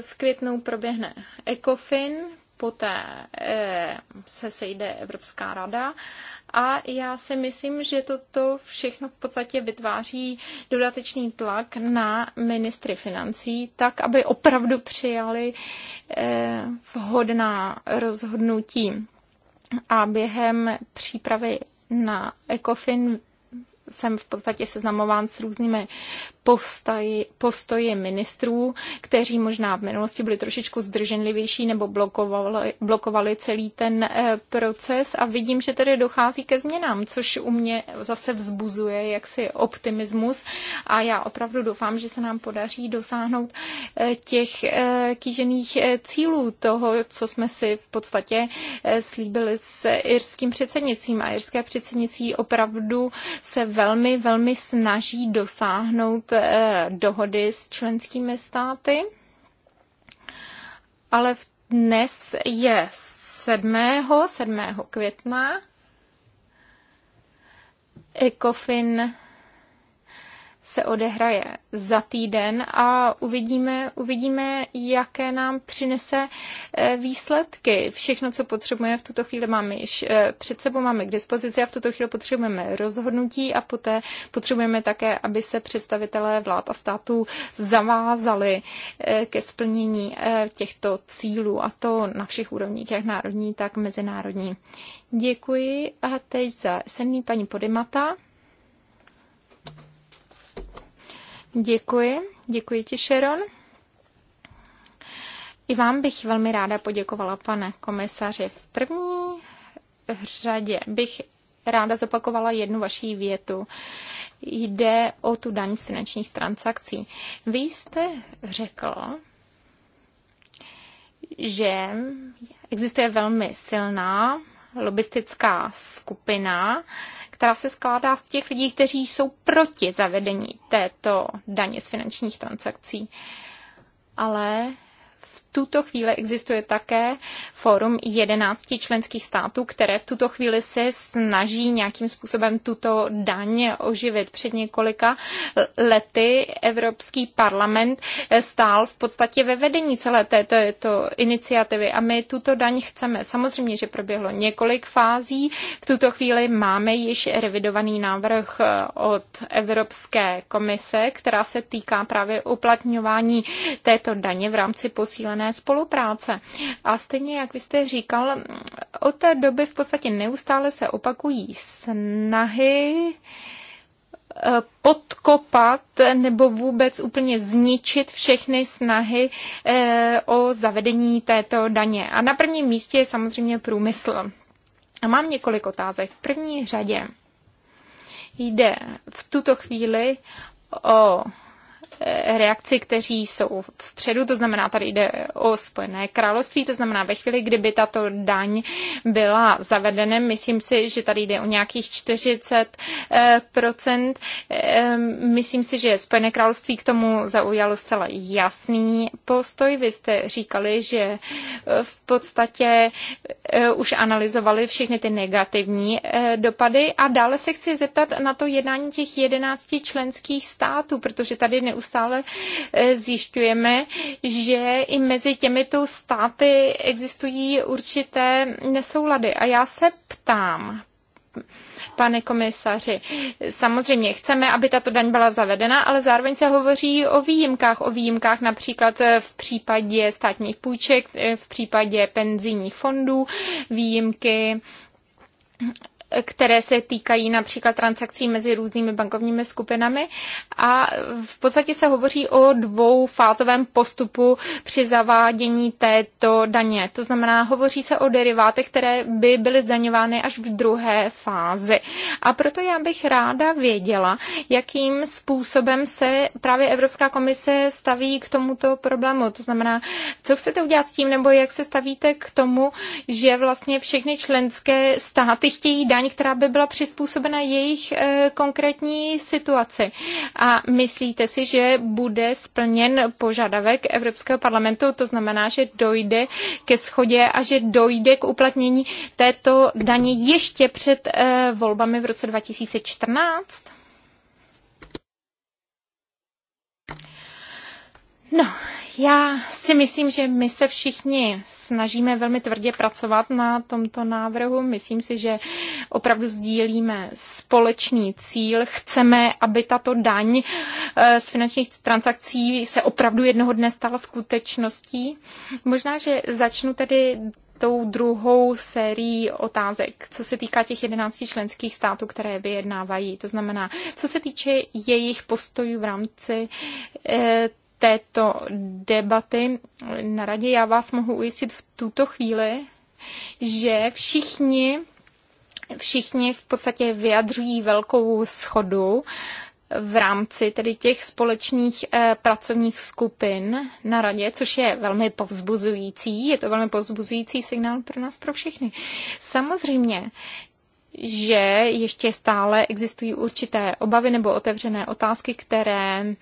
Speaker 5: V květnu proběhne ECOFIN, poté eh, se sejde Evropská rada a já si myslím, že toto všechno v podstatě vytváří dodatečný tlak na ministry financí, tak aby opravdu přijali eh, vhodná rozhodnutí. A během přípravy na ECOFIN jsem v podstatě seznamován s různými postoji, postoji ministrů, kteří možná v minulosti byli trošičku zdrženlivější nebo blokovali, blokovali celý ten eh, proces a vidím, že tedy dochází ke změnám, což u mě zase vzbuzuje jaksi optimismus a já opravdu doufám, že se nám podaří dosáhnout eh, těch eh, kýžených cílů toho, co jsme si v podstatě slíbili s irským předsednictvím a irské předsednictví opravdu se velmi velmi, velmi snaží dosáhnout eh, dohody s členskými státy. Ale dnes je 7. 7. května. ECOFIN se odehraje za týden a uvidíme, uvidíme, jaké nám přinese e, výsledky. Všechno, co potřebujeme v tuto chvíli, máme již e, před sebou, máme k dispozici a v tuto chvíli potřebujeme rozhodnutí a poté potřebujeme také, aby se představitelé vlád a států zavázali e, ke splnění těchto cílů a to na všech úrovních, jak národní, tak mezinárodní. Děkuji a teď za semní paní Podimata. Děkuji, děkuji ti, Sharon. I vám bych velmi ráda poděkovala, pane komisaři. V první řadě bych ráda zopakovala jednu vaší větu. Jde o tu daň z finančních transakcí. Vy jste řekl, že existuje velmi silná lobistická skupina, která se skládá z těch lidí, kteří jsou proti zavedení této daně z finančních transakcí. Ale v tuto chvíli existuje také fórum 11 členských států, které v tuto chvíli se snaží nějakým způsobem tuto daň oživit. Před několika lety Evropský parlament stál v podstatě ve vedení celé této, této iniciativy a my tuto daň chceme. Samozřejmě, že proběhlo několik fází. V tuto chvíli máme již revidovaný návrh od Evropské komise, která se týká právě uplatňování této daně v rámci posílení cílené spolupráce. A stejně, jak vy jste říkal, od té doby v podstatě neustále se opakují snahy eh, podkopat nebo vůbec úplně zničit všechny snahy eh, o zavedení této daně. A na prvním místě je samozřejmě průmysl. A mám několik otázek. V první řadě jde v tuto chvíli o Eh, reakci, kteří jsou vpředu, to znamená, tady jde o Spojené království, to znamená, ve chvíli, kdyby tato daň byla zavedena, myslím si, že tady jde o nějakých 40%. Eh, eh, myslím si, že Spojené království k tomu zaujalo zcela jasný postoj. Vy jste říkali, že v podstatě už analyzovali všechny ty negativní dopady a dále se chci zeptat na to jednání těch 11 členských států, protože tady neustále eh, zjišťujeme, že i mezi těmito státy existují určité nesoulady. A já se ptám, pane komisaři. Samozřejmě chceme, aby tato daň byla zavedena, ale zároveň se hovoří o výjimkách. O výjimkách například v případě státních půjček, v případě penzijních fondů, výjimky které se týkají například transakcí mezi různými bankovními skupinami a v podstatě se hovoří o dvoufázovém postupu při zavádění této daně. To znamená, hovoří se o derivátech, které by byly zdaňovány až v druhé fázi. A proto já bych ráda věděla, jakým způsobem se právě Evropská komise staví k tomuto problému. To znamená, co chcete udělat s tím, nebo jak se stavíte k tomu, že vlastně všechny členské státy chtějí daň jednání, která by byla přizpůsobena jejich eh, konkrétní situaci. A myslíte si, že bude splněn požadavek Evropského parlamentu, to znamená, že dojde ke schodě a že dojde k uplatnění této daně ještě před eh, volbami v roce 2014? No, já si myslím, že my se všichni snažíme velmi tvrdě pracovat na tomto návrhu. Myslím si, že opravdu sdílíme společný cíl. Chceme, aby tato daň eh, z finančních transakcí se opravdu jednoho dne stala skutečností. Možná, že začnu tedy tou druhou sérií otázek, co se týká těch 11 členských států, které vyjednávají. To znamená, co se týče jejich postojů v rámci eh, této debaty na radě. Já vás mohu ujistit v tuto chvíli, že všichni, všichni v podstatě vyjadřují velkou schodu v rámci tedy těch společných eh, pracovních skupin na radě, což je velmi povzbuzující, je to velmi povzbuzující signál pro nás, pro všechny. Samozřejmě, že ještě stále existují určité obavy nebo otevřené otázky, které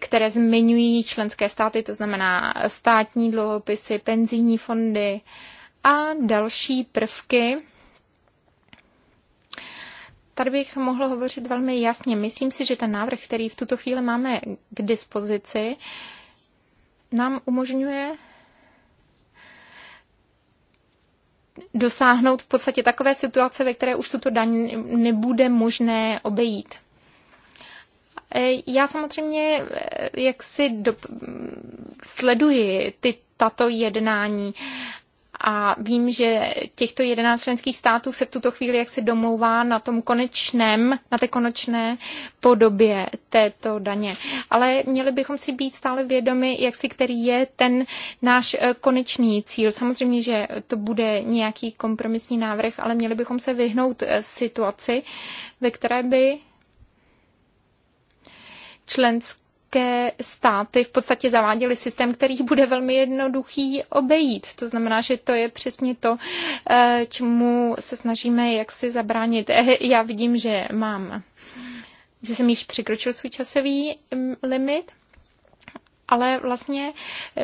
Speaker 5: které zmiňují členské státy, to znamená státní dluhopisy, penzijní fondy a další prvky. Tady bych mohla hovořit velmi jasně. Myslím si, že ten návrh, který v tuto chvíli máme k dispozici, nám umožňuje dosáhnout v podstatě takové situace, ve které už tuto daň nebude možné obejít. E, já samozřejmě e, jak si do, sleduji ty, tato jednání a vím, že těchto 11 členských států se v tuto chvíli jak si domlouvá na tom konečném, na té konečné podobě této daně. Ale měli bychom si být stále vědomi, jak si který je ten náš e, konečný cíl. Samozřejmě, že to bude nějaký kompromisní návrh, ale měli bychom se vyhnout situaci, ve které by členské státy v podstatě zaváděly systém, který bude velmi jednoduchý obejít. To znamená, že to je přesně to, eh, čemu se snažíme jak si zabránit. Eh, já vidím, že mám, že jsem již překročil svůj časový mm, limit ale vlastně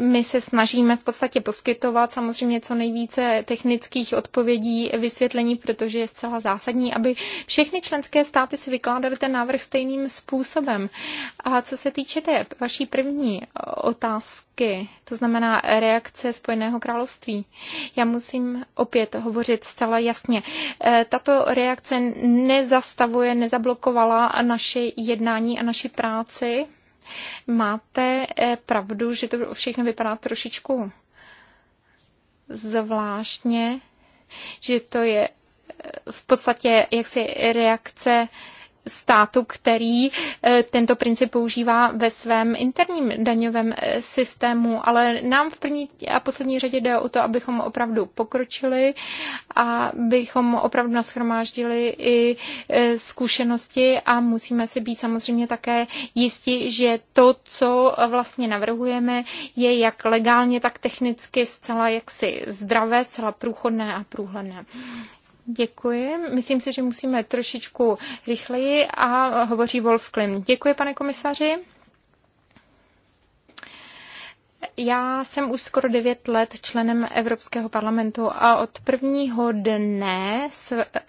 Speaker 5: my se snažíme v podstatě poskytovat samozřejmě co nejvíce technických odpovědí, vysvětlení, protože je zcela zásadní, aby všechny členské státy si vykládaly ten návrh stejným způsobem. A co se týče té vaší první otázky, to znamená reakce Spojeného království, já musím opět hovořit zcela jasně. E, tato reakce nezastavuje, nezablokovala naše jednání a naši práci Máte eh, pravdu, že to všechno vypadá trošičku zvláštně, že to je eh, v podstatě jaksi reakce státu, který eh, tento princip používá ve svém interním daňovém eh, systému, ale nám v první a poslední řadě jde o to, abychom opravdu pokročili a bychom opravdu nashromáždili i eh, zkušenosti a musíme si být samozřejmě také jisti, že to, co vlastně navrhujeme, je jak legálně, tak technicky zcela jaksi zdravé, zcela průchodné a průhledné. Děkuji. Myslím si, že musíme trošičku rychleji a hovoří Wolf Klim. Děkuji, pane komisaři. Já jsem už skoro devět let členem Evropského parlamentu a od prvního dne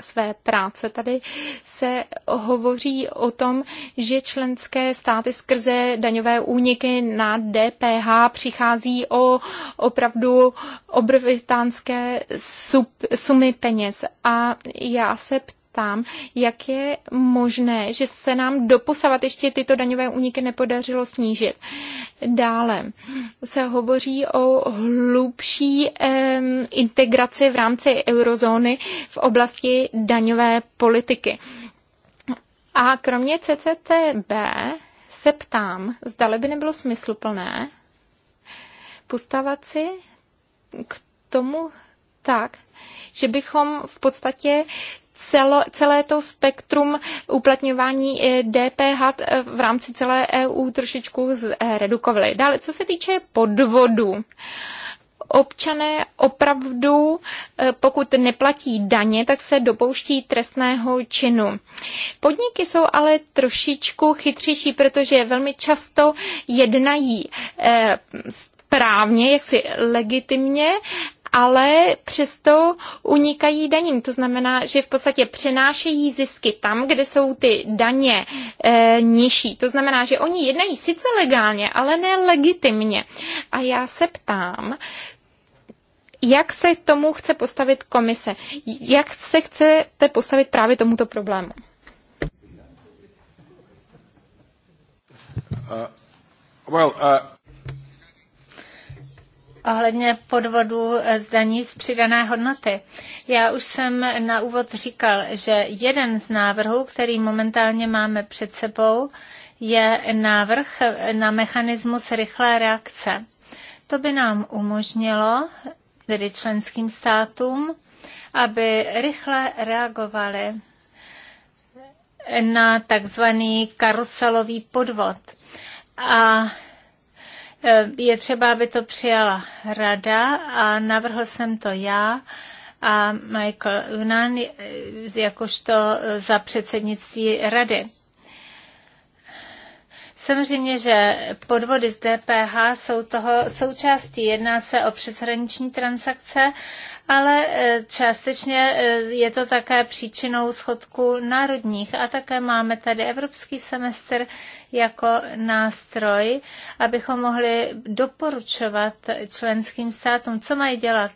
Speaker 5: své práce tady se hovoří o tom, že členské státy skrze daňové úniky na DPH přichází o opravdu obrovitánské sumy peněz. A já se ptám, ptám, jak je možné, že se nám doposavat ještě tyto daňové úniky nepodařilo snížit. Dále se hovoří o hlubší um, integraci v rámci eurozóny v oblasti daňové politiky. A kromě CCTB se ptám, zdali by nebylo smysluplné postavat si k tomu tak, že bychom v podstatě celo, celé to spektrum uplatňování DPH eh, eh, v rámci celé EU trošičku zredukovali. Eh, Dále, co se týče podvodu, občané opravdu, pokud neplatí daně, tak se dopouští trestného činu. Podniky jsou ale trošičku chytřejší, protože velmi často jednají správně, jaksi legitimně ale přesto unikají daním. To znamená, že v podstatě přenášejí zisky tam, kde jsou ty daně e, nižší. To znamená, že oni jednají sice legálně, ale ne legitimně. A já se ptám, jak se tomu chce postavit komise? Jak se chcete postavit právě tomuto problému?
Speaker 2: Uh, well, uh
Speaker 3: ohledně podvodu eh, z daní z přidané hodnoty. Já už jsem na úvod říkal, že jeden z návrhů, který momentálně máme před sebou, je návrh eh, na mechanismus rychlé reakce. To by nám umožnilo, tedy členským státům, aby rychle reagovali na takzvaný karuselový podvod. A Eh, je třeba, aby to přijala rada a navrhl jsem to já a Michael Unan eh, jakožto eh, za předsednictví rady. Samozřejmě, že podvody z DPH jsou toho součástí. Jedná se o přeshraniční transakce ale e, částečně e, je to také příčinou schodku národních. A také máme tady evropský semestr jako nástroj, abychom mohli doporučovat členským státům, co mají dělat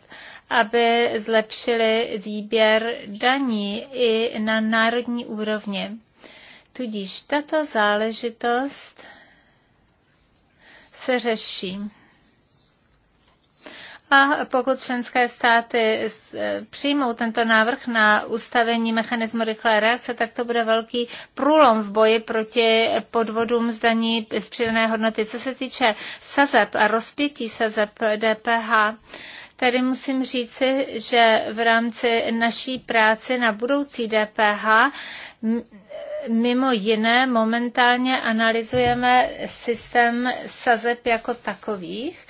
Speaker 3: aby zlepšili výběr daní i na národní úrovni. Tudíž tato záležitost se řeší. A pokud členské státy e, přijmou tento návrh na ustavení mechanismu rychlé reakce, tak to bude velký průlom v boji proti podvodům zdaní z přidané hodnoty. Co se týče sazeb a rozpětí sazeb DPH, Tady musím říci, že v rámci naší práce na budoucí DPH mimo jiné momentálně analyzujeme systém sazeb jako takových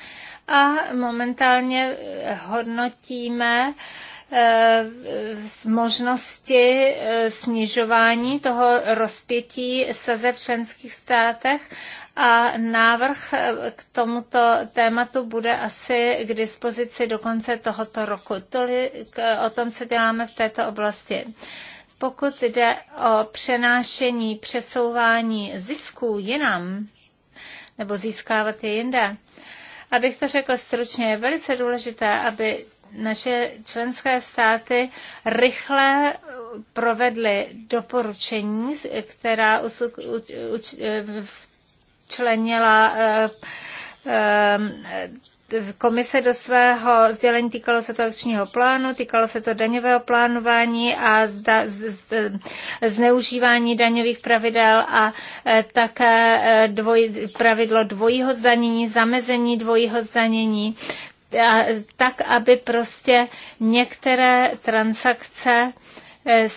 Speaker 3: a momentálně eh, hodnotíme eh, z možnosti eh, snižování toho rozpětí sazeb v členských státech a návrh k tomuto tématu bude asi k dispozici do konce tohoto roku. Tolik o tom, co děláme v této oblasti. Pokud jde o přenášení, přesouvání zisků jinam, nebo získávat je jinde, Abych to řekl stručně, je velice důležité, aby naše členské státy rychle provedly doporučení, která eh, členila eh, eh, komise do svého sdělení týkalo se to akčního plánu, týkalo se to daňového plánování a zda, z, z, zneužívání daňových pravidel a e, také e, dvoj, pravidlo dvojího zdanění, zamezení dvojího zdanění, a, tak aby prostě některé transakce e,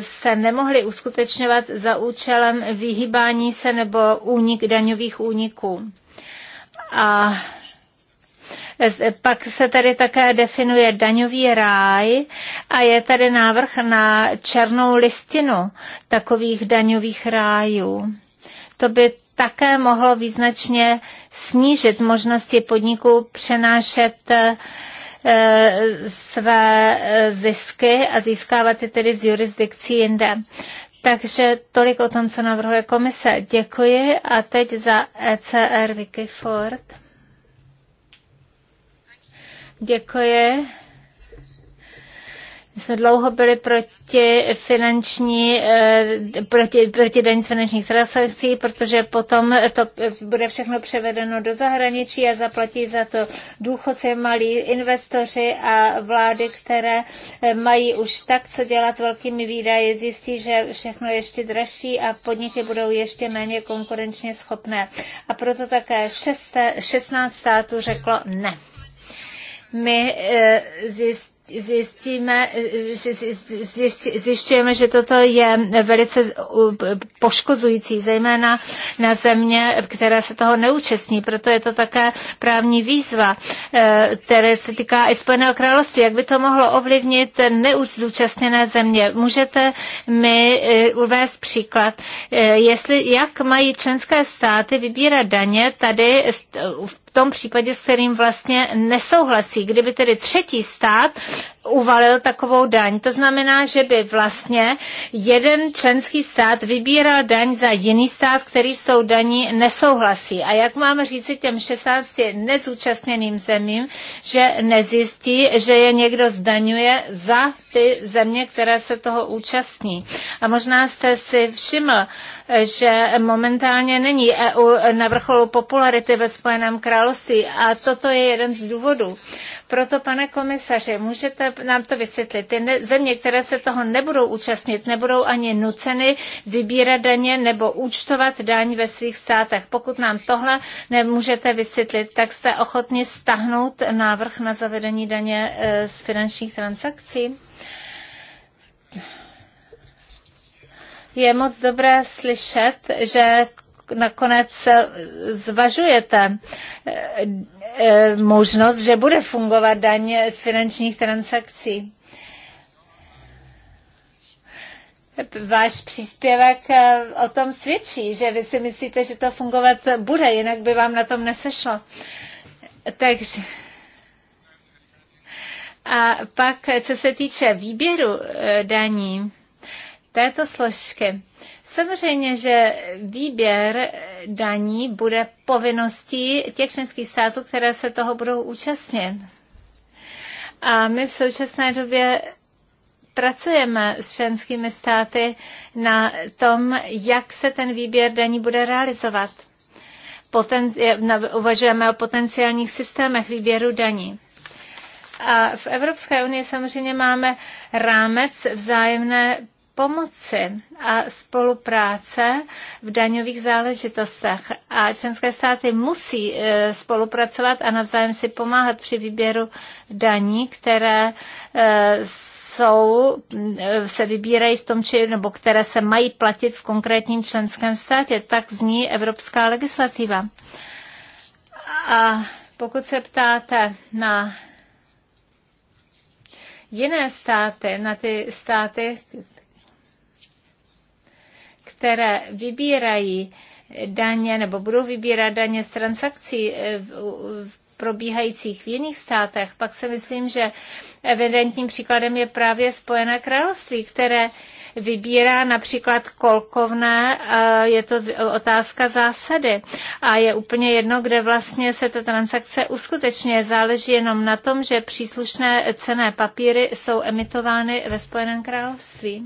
Speaker 3: se nemohly uskutečňovat za účelem vyhýbání se nebo únik daňových úniků. A pak se tady také definuje daňový ráj a je tady návrh na černou listinu takových daňových rájů. To by také mohlo význačně snížit možnosti podniků přenášet eh, své eh, zisky a získávat je tedy z jurisdikcí jinde. Takže tolik o tom, co navrhuje komise. Děkuji a teď za ECR Vicky Ford. Děkuji. My jsme dlouho byli proti finanční, eh, proti, proti daní z finančních transakcí, protože potom to eh, bude všechno převedeno do zahraničí a zaplatí za to důchodci, malí investoři a vlády, které eh, mají už tak, co dělat s velkými výdaji, zjistí, že všechno je ještě dražší a podniky budou ještě méně konkurenčně schopné. A proto také 6, 16 států řeklo ne my eh, zjistíme, eh, zjišťujeme, že toto je velice poškozující, zejména na země, které se toho neúčastní. Proto je to také právní výzva, eh, které se týká i Spojeného království. Jak by to mohlo ovlivnit neúčastněné země? Můžete mi uvést příklad, jestli, jak mají členské státy vybírat daně tady v tom případě, s kterým vlastně nesouhlasí. Kdyby tedy třetí stát uvalil takovou daň. To znamená, že by vlastně jeden členský stát vybíral daň za jiný stát, který s tou daní nesouhlasí. A jak máme říci těm 16 nezúčastněným zemím, že nezjistí, že je někdo zdaňuje za ty země, které se toho účastní. A možná jste si všiml, že momentálně není EU na vrcholu popularity ve Spojeném království a toto je jeden z důvodů. Proto, pane komisaři, můžete nám to vysvětlit. Ty ne, země, které se toho nebudou účastnit, nebudou ani nuceny vybírat daně nebo účtovat daň ve svých státech. Pokud nám tohle nemůžete vysvětlit, tak jste ochotni stahnout návrh na zavedení daně e, z finančních transakcí? Je moc dobré slyšet, že nakonec zvažujete eh, eh, možnost, že bude fungovat daň z finančních transakcí. Váš příspěvek eh, o tom svědčí, že vy si myslíte, že to fungovat bude, jinak by vám na tom nesešlo. Takže. A pak, co se týče výběru daní této složky, Samozřejmě, že výběr daní bude povinností těch členských států, které se toho budou účastnit. A my v současné době pracujeme s členskými státy na tom, jak se ten výběr daní bude realizovat. Poten, uvažujeme o potenciálních systémech výběru daní. A v Evropské unii samozřejmě máme rámec vzájemné pomoci a spolupráce v daňových záležitostech. A členské státy musí e, spolupracovat a navzájem si pomáhat při výběru daní, které e, jsou, e, se vybírají v tom, či, nebo které se mají platit v konkrétním členském státě. Tak zní evropská legislativa. A pokud se ptáte na jiné státy, na ty státy, které vybírají daně nebo budou vybírat daně z transakcí eh, probíhajících v jiných státech, pak si myslím, že evidentním příkladem je právě Spojené království, které vybírá například kolkovné, je to otázka zásady. A je úplně jedno, kde vlastně se ta transakce uskutečně záleží jenom na tom, že příslušné cené papíry jsou emitovány ve Spojeném království.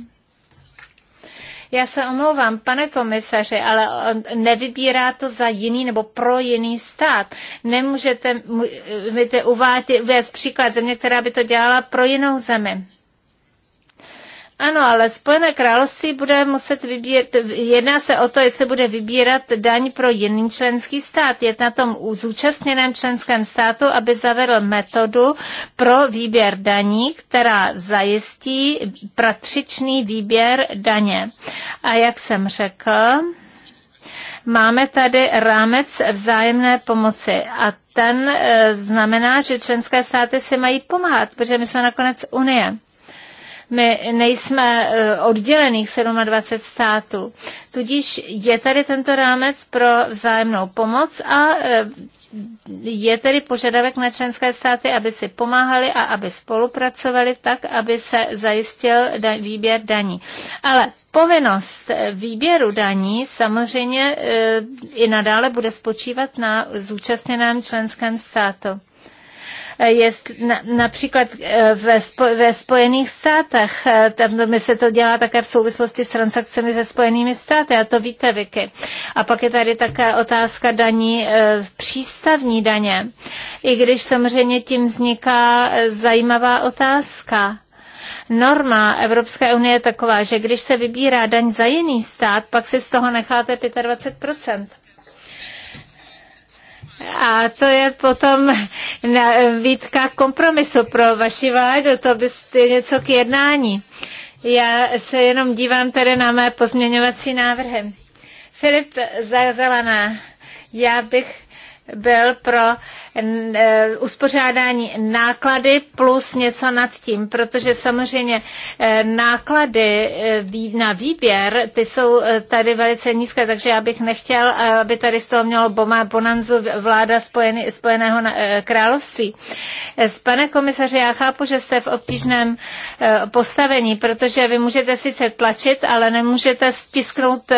Speaker 3: Já se omlouvám, pane komisaři, ale on eh, nevybírá to za jiný nebo pro jiný stát. Nemůžete mít eh, uvést příklad země, která by to dělala pro jinou zemi. Ano, ale Spojené království bude muset vybírat, jedná se o to, jestli bude vybírat daň pro jiný členský stát. Je na tom zúčastněném členském státu, aby zavedl metodu pro výběr daní, která zajistí patřičný výběr daně. A jak jsem řekl, máme tady rámec vzájemné pomoci a ten eh, znamená, že členské státy si mají pomáhat, protože my jsme nakonec Unie. My nejsme eh, oddělených 27 států. Tudíž je tady tento rámec pro vzájemnou pomoc a eh, je tedy požadavek na členské státy, aby si pomáhali a aby spolupracovali tak, aby se zajistil da- výběr daní. Ale povinnost eh, výběru daní samozřejmě i nadále bude spočívat na zúčastněném členském státu. Eh, jest, například ve, eh, spo, ve Spojených státech, eh, tam my se to dělá také v souvislosti s transakcemi ze Spojenými státy, a to víte, Vicky. A pak je tady také otázka daní, přístavní daně. I když samozřejmě tím vzniká zajímavá otázka norma Evropské unie je taková, že když se vybírá daň za jiný stát, pak si z toho necháte 25 a to je potom výtka kompromisu pro vaši vládu, to byste něco k jednání. Já se jenom dívám tady na mé pozměňovací návrhy. Filip Zazelaná, já bych byl pro e, uspořádání náklady plus něco nad tím, protože samozřejmě e, náklady e, na výběr, ty jsou tady velice nízké, takže já bych nechtěl, aby tady z toho mělo bomá bonanzu vláda spojený, Spojeného království. pane komisaře, já chápu, že jste v obtížném postavení, protože vy můžete sice tlačit, ale nemůžete stisknout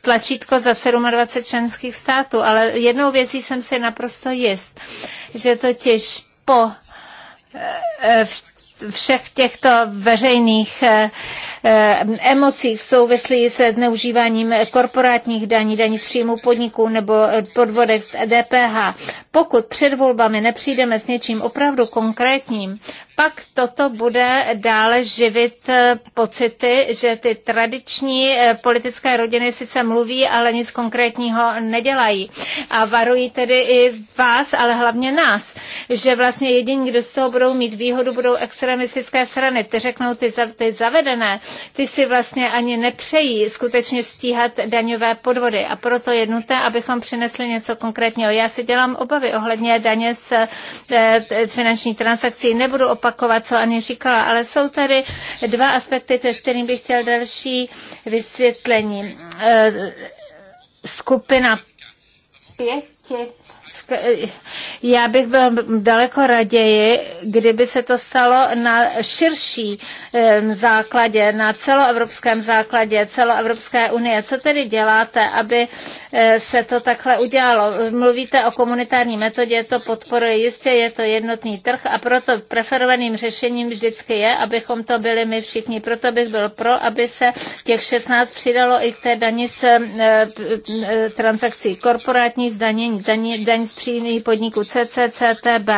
Speaker 3: tlačítko za 27 členských států, ale jednou věcí jsem se si naprosto jist, že totiž po eh, všech těchto veřejných eh, Eh, emocí v souvislí se zneužíváním korporátních daní, daní z příjmu podniků nebo podvodech z DPH. Pokud před volbami nepřijdeme s něčím opravdu konkrétním, pak toto bude dále živit eh, pocity, že ty tradiční eh, politické rodiny sice mluví, ale nic konkrétního nedělají. A varují tedy i vás, ale hlavně nás, že vlastně jediní, kdo z toho budou mít výhodu, budou extremistické strany. Ty řeknou ty, ty zavedené ty si vlastně ani nepřejí skutečně stíhat daňové podvody a proto je nutné, abychom přinesli něco konkrétního. Já si dělám obavy ohledně daně z eh, finanční transakcí. Nebudu opakovat, co ani říkala, ale jsou tady dva aspekty, kterým bych chtěl další vysvětlení. Eh, skupina pěti já bych byl daleko raději, kdyby se to stalo na širší základě, na celoevropském základě, celoevropské unie. Co tedy děláte, aby eh, se to takhle udělalo? Mluvíte o komunitární metodě, to podporuje jistě, je to jednotný trh a proto preferovaným řešením vždycky je, abychom to byli my všichni. Proto bych byl pro, aby se těch 16 přidalo i k té dani z eh, eh, transakcí korporátní zdanění, daní, daní. z přímých podniku CCCTB.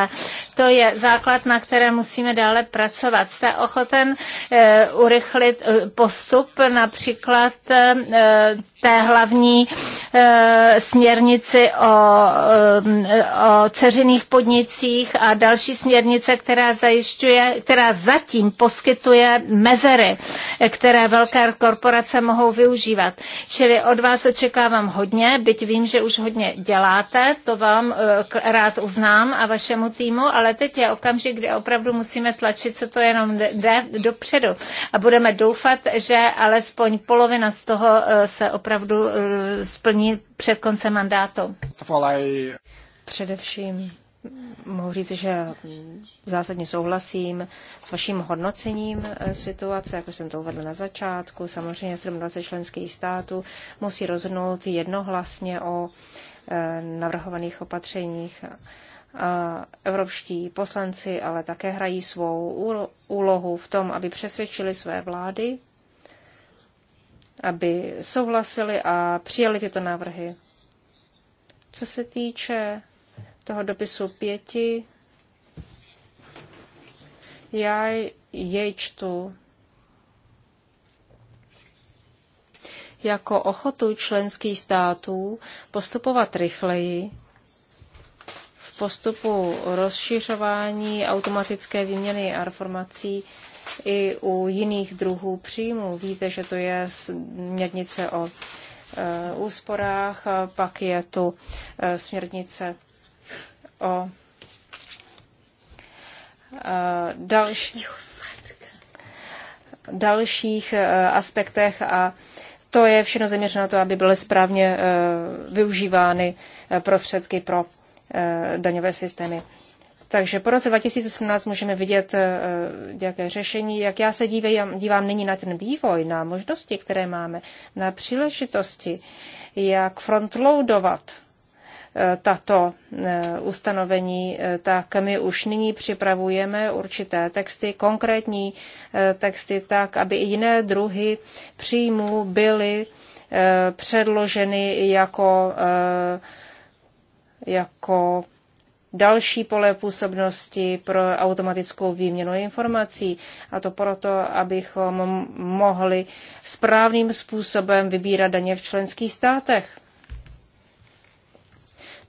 Speaker 3: To je základ, na které musíme dále pracovat. Jste ochoten eh, urychlit eh, postup, například eh, té hlavní eh, směrnici o, eh, o ceřiných podnicích a další směrnice, která zajišťuje, která zatím poskytuje mezery, eh, které velké korporace mohou využívat. Čili od vás očekávám hodně, byť vím, že už hodně děláte, to vám rád uznám a vašemu týmu, ale teď je okamžik, kdy opravdu musíme tlačit, co to jenom jde dopředu. A budeme doufat, že alespoň polovina z toho se opravdu opravdu eh, splní před koncem mandátu? Především mohu říct, že
Speaker 4: zásadně souhlasím s vaším hodnocením eh, situace, jako jsem to uvedl na začátku. Samozřejmě 27 členských států musí rozhodnout jednohlasně o eh, navrhovaných opatřeních. A evropští poslanci ale také hrají svou úlohu v tom, aby přesvědčili své vlády aby souhlasili a přijali tyto návrhy. Co se týče toho dopisu pěti, já jej čtu jako ochotu členských států postupovat rychleji v postupu rozšiřování automatické výměny informací i u jiných druhů příjmů. Víte, že to je směrnice o e, úsporách, pak je tu e, směrnice o e, dalších, dalších aspektech a to je všechno zaměřeno na to, aby byly správně využívány prostředky pro daňové systémy. Takže po roce 2018 můžeme vidět eh, nějaké řešení. Jak já se dívám, dívám nyní na ten vývoj, na možnosti, které máme, na příležitosti, jak frontloadovat eh, tato eh, ustanovení, tak my už nyní připravujeme určité texty, konkrétní texty, tak, aby i jiné druhy příjmů byly předloženy jako, jako další pole působnosti pro automatickou výměnu informací. A to proto, abychom mohli správným způsobem vybírat daně v členských státech.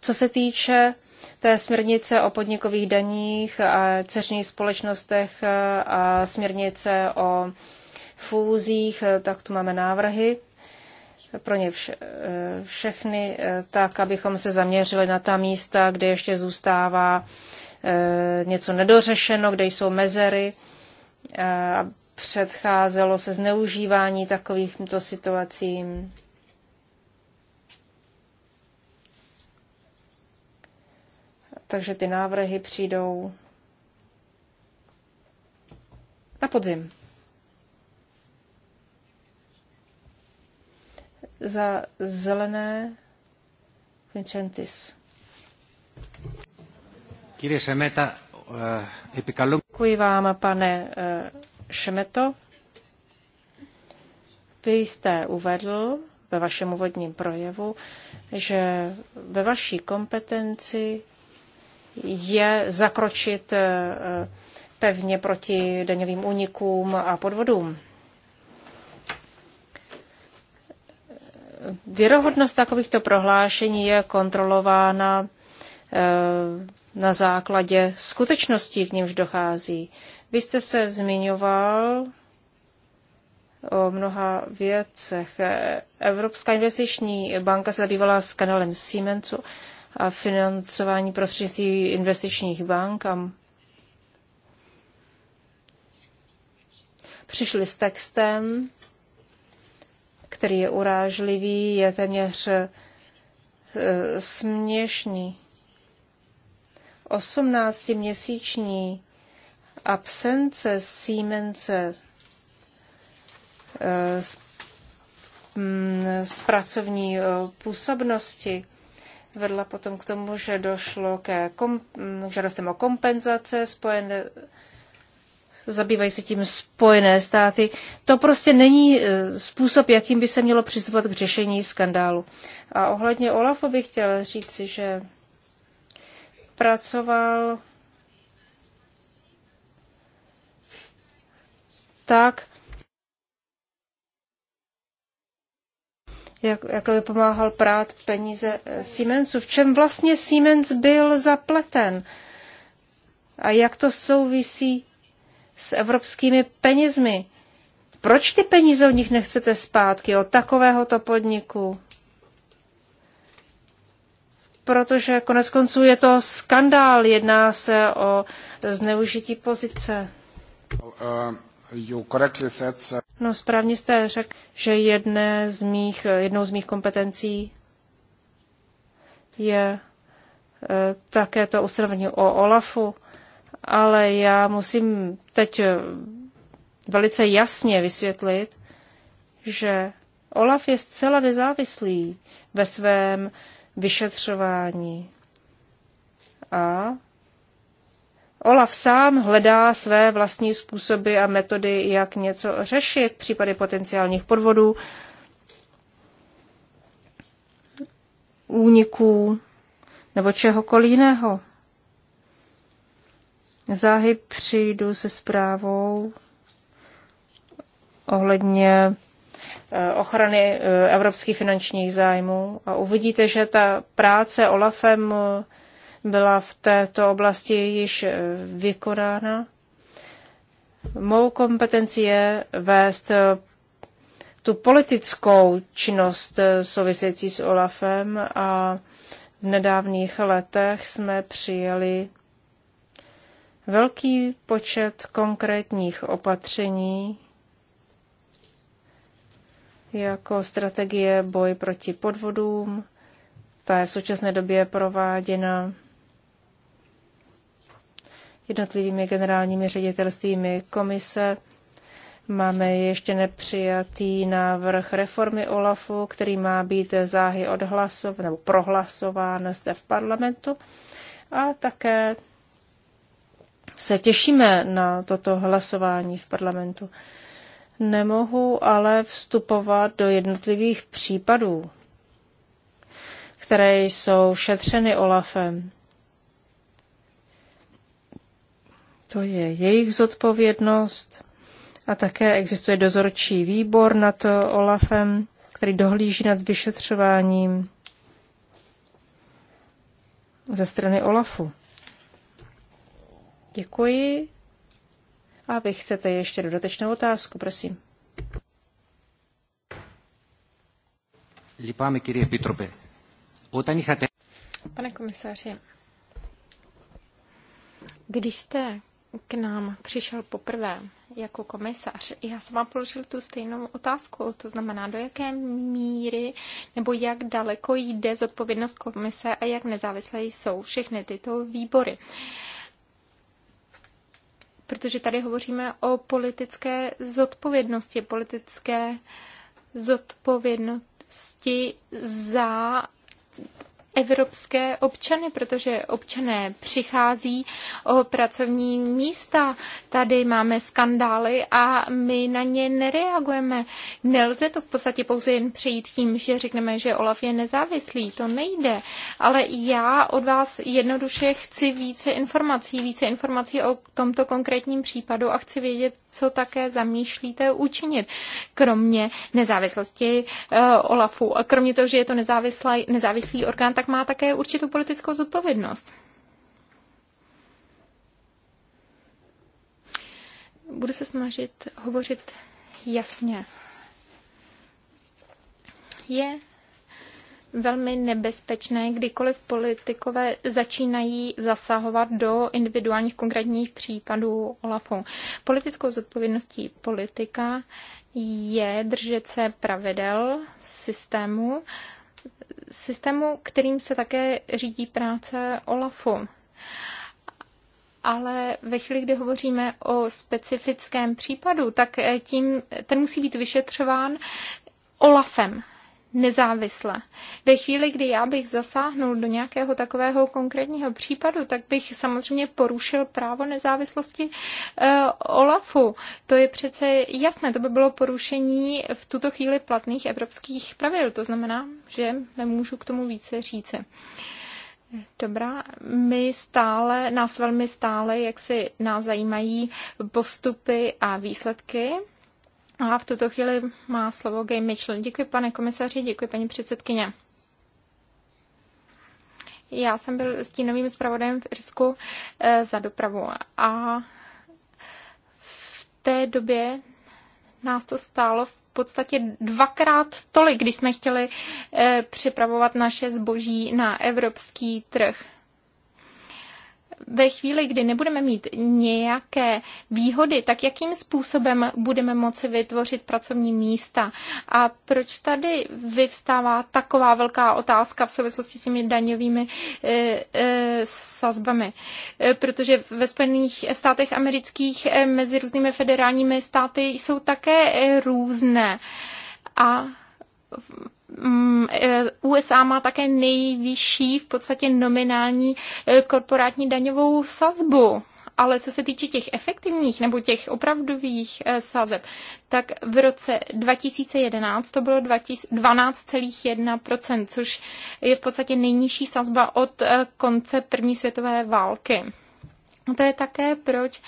Speaker 4: Co se týče té směrnice o podnikových daních a ceřních společnostech a směrnice o fúzích, tak tu máme návrhy pro ně vše, eh, všechny, eh, tak abychom se zaměřili na ta místa, kde ještě zůstává eh, něco nedořešeno, kde jsou mezery a předcházelo se zneužívání takovýchto situacím. Takže ty návrhy přijdou na podzim. Za zelené Vincentis. Děkuji vám, pane Šemeto. Vy jste uvedl ve vašem úvodním projevu, že ve vaší kompetenci je zakročit e, e, pevně proti daňovým únikům a podvodům. věrohodnost takovýchto prohlášení je kontrolována eh, na základě skutečností, k nímž dochází. Vy jste se zmiňoval o mnoha věcech. Evropská investiční banka se zabývala s kanálem Siemensu a financování prostřednictví investičních bank a přišli s textem, který je urážlivý, je téměř eh, směšný. osmnáctiměsíční absence Siemense eh, z, mm, z pracovní eh, působnosti vedla potom k tomu, že došlo ke kom, k mm, žádostem o kompenzace spojené zabývají se tím Spojené státy. To prostě není e, způsob, jakým by se mělo přistupovat k řešení skandálu. A ohledně Olafa bych chtěl říci, že pracoval tak, jak, jak by pomáhal prát peníze e, Siemensu. V čem vlastně Siemens byl zapleten? A jak to souvisí s evropskými penězmi. Proč ty peníze od nich nechcete zpátky, od takovéhoto podniku? Protože konec konců je to skandál, jedná se o zneužití pozice. No správně jste řekl, že jedné z mých, jednou z mých kompetencí je eh, také to ustanovení o OLAFu ale já musím teď eh, velice jasně vysvětlit, že Olaf je zcela nezávislý ve svém vyšetřování. A Olaf sám hledá své vlastní způsoby a metody, jak něco řešit, případy potenciálních podvodů, úniků nebo čehokoliv jiného. Záhy přijdu se zprávou ohledně eh, ochrany eh, evropských finančních zájmů a uvidíte, že ta práce Olafem eh, byla v této oblasti již vykonána. Mou kompetencí je vést tu politickou činnost související s Olafem a v nedávných letech jsme přijeli velký počet konkrétních opatření, jako strategie boj proti podvodům. Ta je v současné době prováděna jednotlivými generálními ředitelstvími komise. Máme ještě nepřijatý návrh reformy OLAFu, který má být záhy odhlasován nebo prohlasován zde v parlamentu. A také se těšíme na toto hlasování v parlamentu. Nemohu ale vstupovat do jednotlivých případů, které jsou šetřeny Olafem. To je jejich zodpovědnost a také existuje dozorčí výbor nad Olafem, který dohlíží nad vyšetřováním ze strany Olafu. Děkuji. A vy chcete ještě dodatečnou otázku, prosím.
Speaker 5: Pane komisáři, když jste k nám přišel poprvé jako komisař, já jsem vám položil tu stejnou otázku, to znamená, do jaké míry nebo jak daleko jde zodpovědnost komise a jak nezávislé jsou všechny tyto výbory. Uh, protože tady hovoříme o politické zodpovědnosti, politické zodpovědnosti za evropské občany, protože občané přichází o pracovní místa. Tady máme skandály a my na ně nereagujeme. Nelze to v podstatě pouze jen přijít tím, že řekneme, že Olaf je nezávislý. To nejde. Ale já od vás jednoduše chci více informací, více informací o tomto konkrétním případu a chci vědět, co také zamýšlíte učinit, kromě nezávislosti uh, Olafu. A kromě toho, že je to nezávislý orgán, tak tak má také určitou politickou zodpovědnost. Budu se snažit hovořit jasně. Je velmi nebezpečné, kdykoliv politikové začínají zasahovat do individuálních konkrétních případů OLAFu. Politickou zodpovědností politika je držet se pravidel systému, systému, kterým se také řídí práce OLAFu. Ale ve chvíli, kdy hovoříme o specifickém případu, tak eh, tím ten musí být vyšetřován OLAFem nezávisle. Ve chvíli, kdy já bych zasáhnul do nějakého takového konkrétního případu, tak bych samozřejmě porušil právo nezávislosti e, OLAFu. To je přece jasné, to by bylo porušení v tuto chvíli platných evropských pravidel. To znamená, že nemůžu k tomu více říci. Dobrá, my stále, nás velmi stále, jak si nás zajímají postupy a výsledky a v tuto chvíli má slovo Gay Mitchell. Děkuji, pane komisaři, děkuji, paní předsedkyně. Já jsem byl s tím novým zpravodajem v Irsku eh, za dopravu a v té době nás to stálo v podstatě dvakrát tolik, když jsme chtěli eh, připravovat naše zboží na evropský trh ve chvíli, kdy nebudeme mít nějaké výhody, tak jakým způsobem budeme moci vytvořit pracovní místa? A proč tady vyvstává taková velká otázka v souvislosti s těmi daňovými e, e, sazbami? E, protože ve Spojených státech amerických e, mezi různými federálními státy jsou také e, různé. A Mm, e, USA má také nejvyšší v podstatě nominální e, korporátní daňovou sazbu ale co se týče těch efektivních nebo těch opravdových e, sazeb, tak v roce 2011 to bylo 12,1%, což je v podstatě nejnižší sazba od konce první světové války. To je také, proč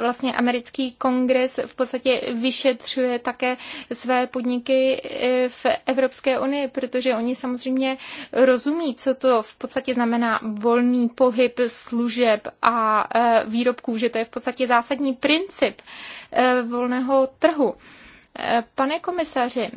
Speaker 5: vlastně americký kongres v podstatě vyšetřuje také své podniky e, v Evropské unii, protože oni samozřejmě rozumí, co to v podstatě znamená volný pohyb služeb a e, výrobků, že to je v podstatě zásadní princip e, volného trhu. Pane komisaři,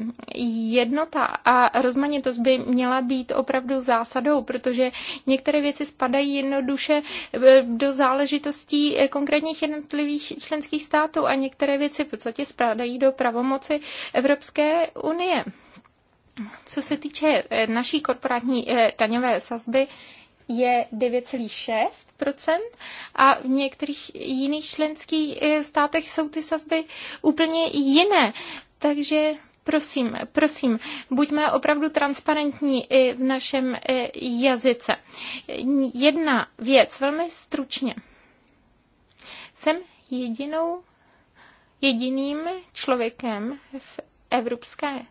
Speaker 5: jednota a rozmanitost by měla být opravdu zásadou, protože některé věci spadají jednoduše eh, do záležitostí eh, konkrétních jednotlivých členských států a některé věci v podstatě spadají do pravomoci Evropské unie. Co se týče eh, naší korporátní daňové sazby, je 9,6% a v některých jiných členských eh, státech jsou ty sazby úplně jiné. Takže prosím, prosím, buďme opravdu transparentní i v našem eh, jazyce. Jedna věc, velmi stručně. Jsem jedinou, jediným člověkem v Evropské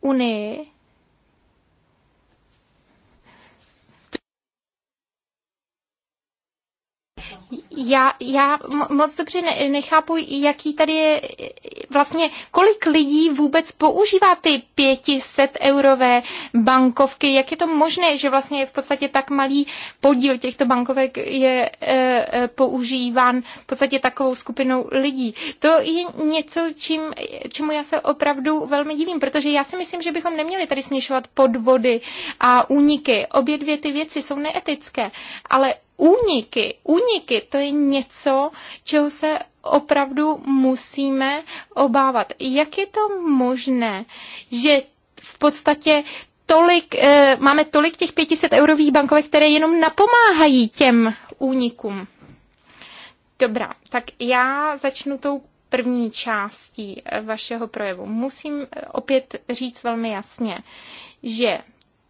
Speaker 5: unii, Já, já moc dobře ne, nechápu, jaký tady je vlastně, kolik lidí vůbec používá ty 500 eurové bankovky. Jak je to možné, že vlastně v podstatě tak malý podíl těchto bankovek je e, e používán v podstatě takovou skupinou lidí. To je něco, čím, čemu já se opravdu velmi divím, protože já si myslím, že bychom neměli tady směšovat podvody a úniky. Obě dvě ty věci jsou neetické, ale úniky, úniky, to je něco, čeho se opravdu musíme obávat. Jak je to možné, že v podstatě tolik, eh, máme tolik těch 500 eurových bankovek, které jenom napomáhají těm únikům? Dobrá, tak já začnu tou první částí eh, vašeho projevu. Musím eh, opět říct velmi jasně, že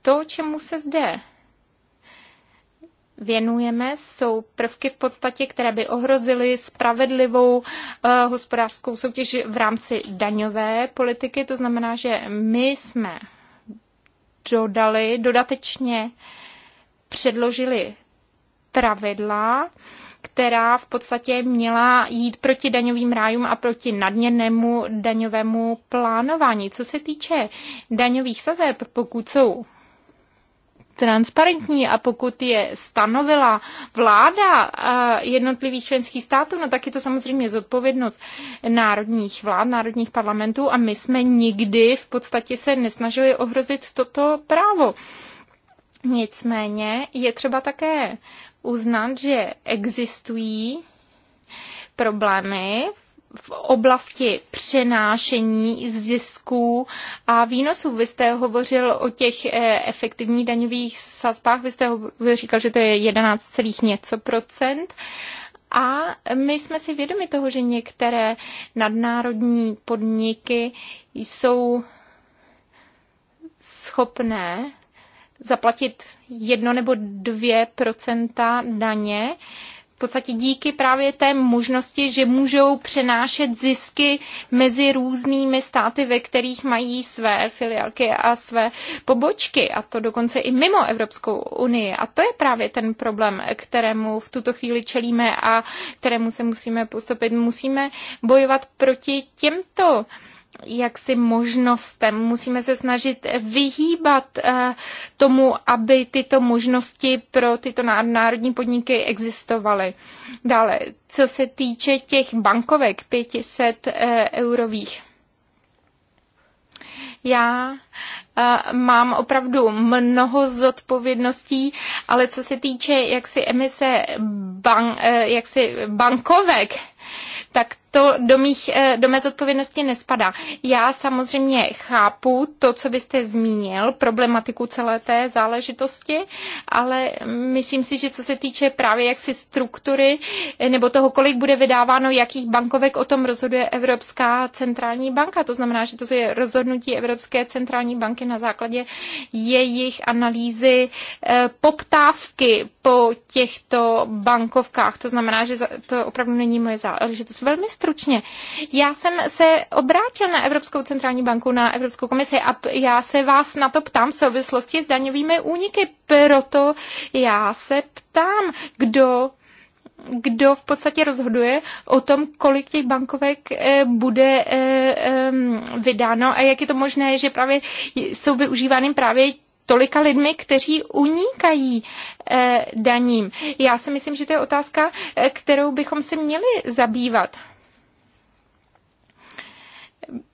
Speaker 5: to, čemu se zde věnujeme, jsou prvky v podstatě, které by ohrozily spravedlivou eh, hospodářskou soutěž v rámci daňové politiky. To znamená, že my jsme dodali, dodatečně předložili pravidla, která v podstatě měla jít proti daňovým rájům a proti nadměrnému daňovému plánování. Co se týče daňových sazeb, pokud jsou transparentní a pokud je stanovila vláda eh, jednotlivých členských států, no tak je to samozřejmě zodpovědnost národních vlád, národních parlamentů a my jsme nikdy v podstatě se nesnažili ohrozit toto právo. Nicméně je třeba také uznat, že existují problémy v oblasti přenášení zisků a výnosů. Vy jste hovořil o těch eh, efektivních daňových sazbách, vy jste říkal, že to je 11, něco procent. A my jsme si vědomi toho, že některé nadnárodní podniky jsou schopné zaplatit jedno nebo dvě procenta daně, v podstatě díky právě té možnosti, že můžou přenášet zisky mezi různými státy, ve kterých mají své filiálky a své pobočky, a to dokonce i mimo Evropskou unii. A to je právě ten problém, kterému v tuto chvíli čelíme a kterému se musíme postupit. Musíme bojovat proti těmto jaksi možnostem. Musíme se snažit vyhýbat eh, tomu, aby tyto možnosti pro tyto národní podniky existovaly. Dále, co se týče těch bankovek 500 eh, eurových. Já eh, mám opravdu mnoho zodpovědností, ale co se týče jaksi emise bank, jaksi bankovek, tak to do, mých, eh, do mé zodpovědnosti nespadá. Já samozřejmě chápu to, co byste zmínil, problematiku celé té záležitosti, ale myslím si, že co se týče právě jaksi struktury eh, nebo toho, kolik bude vydáváno, jakých bankovek, o tom rozhoduje Evropská centrální banka. To znamená, že to je rozhodnutí Evropské centrální banky na základě jejich analýzy eh, poptávky po těchto bankovkách. To znamená, že to opravdu není moje záležitost. Velmi stručně. Já jsem se obrátil na Evropskou centrální banku, na Evropskou komisi a já se vás na to ptám v souvislosti s daňovými úniky. Proto já se ptám, kdo kdo v podstatě rozhoduje o tom, kolik těch bankovek eh, bude eh, vydáno a jak je to možné, že právě jsou využívány právě tolika lidmi, kteří unikají eh, daním. Já si myslím, že to je otázka, kterou bychom se měli zabývat.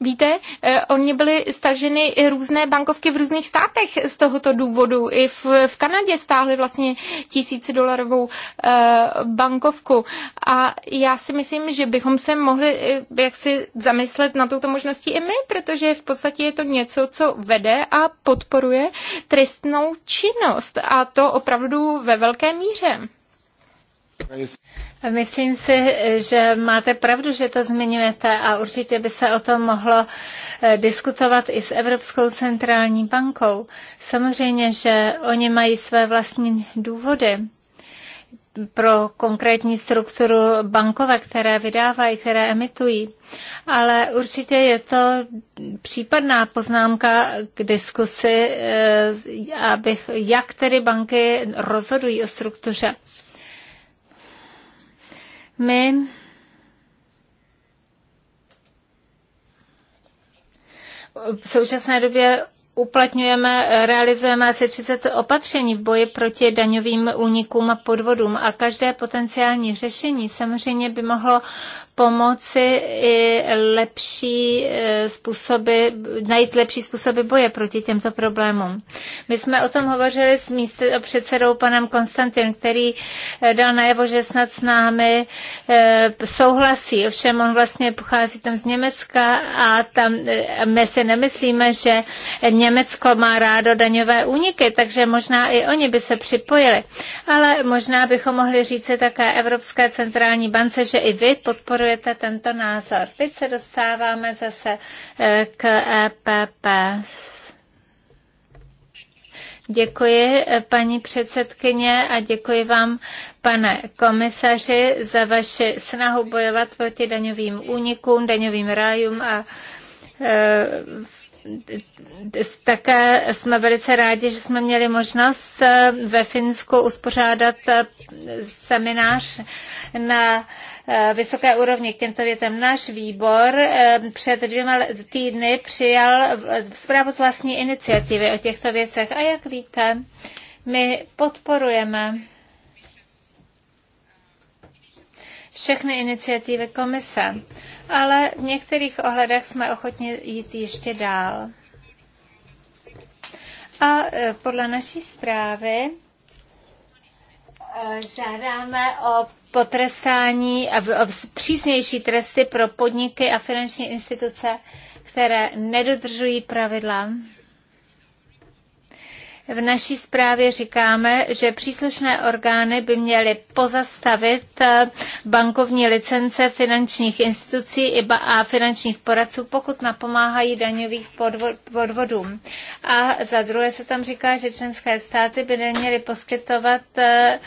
Speaker 5: Víte, eh, oni byly staženy různé bankovky v různých státech z tohoto důvodu. I v, v Kanadě stáhli vlastně tisícidolarovou eh, bankovku. A já si myslím, že bychom se mohli eh, jaksi zamyslet na touto možností i my, protože v podstatě je to něco, co vede a podporuje
Speaker 3: trestnou činnost. A to opravdu ve velké míře. Myslím si, že máte pravdu, že to zmiňujete a určitě by se o tom mohlo eh, diskutovat i s Evropskou centrální bankou. Samozřejmě, že oni mají své vlastní důvody pro konkrétní strukturu bankové, které vydávají, které emitují. Ale určitě je to případná poznámka k diskusi, eh, abych, jak tedy banky rozhodují o struktuře my v současné době uplatňujeme, realizujeme asi 30 opatření v boji proti daňovým únikům a podvodům a každé potenciální řešení samozřejmě by mohlo pomoci i lepší e, způsoby, najít lepší způsoby boje proti těmto problémům. My jsme o tom hovořili s o předsedou panem Konstantin, který e, dal najevo, že snad s námi e, souhlasí. Ovšem on vlastně pochází tam z Německa a tam my si nemyslíme, že Německo má rádo daňové úniky, takže možná i oni by se připojili. Ale možná bychom mohli říct také Evropské centrální bance, že i vy podporujete podporujete tento názor. Teď se dostáváme zase eh, k EPP. Děkuji, eh, paní předsedkyně, a děkuji vám, pane komisaři, za vaši snahu bojovat proti daňovým únikům, daňovým rájům a eh, také jsme velice rádi, že jsme měli možnost ve Finsku uspořádat seminář na Eh, vysoké úrovni k těmto věcem. Náš výbor eh, před dvěma týdny přijal zprávu z vlastní iniciativy o těchto věcech. A jak víte, my podporujeme všechny iniciativy komise, ale v některých ohledech jsme ochotni jít ještě dál. A eh, podle naší zprávy žádáme o potrestání a přísnější tresty pro podniky a finanční instituce, které nedodržují pravidla v naší zprávě říkáme, že příslušné orgány by měly pozastavit eh, bankovní licence finančních institucí a finančních poradců, pokud napomáhají daňových podvodům. A za druhé se tam říká, že členské státy by neměly poskytovat eh,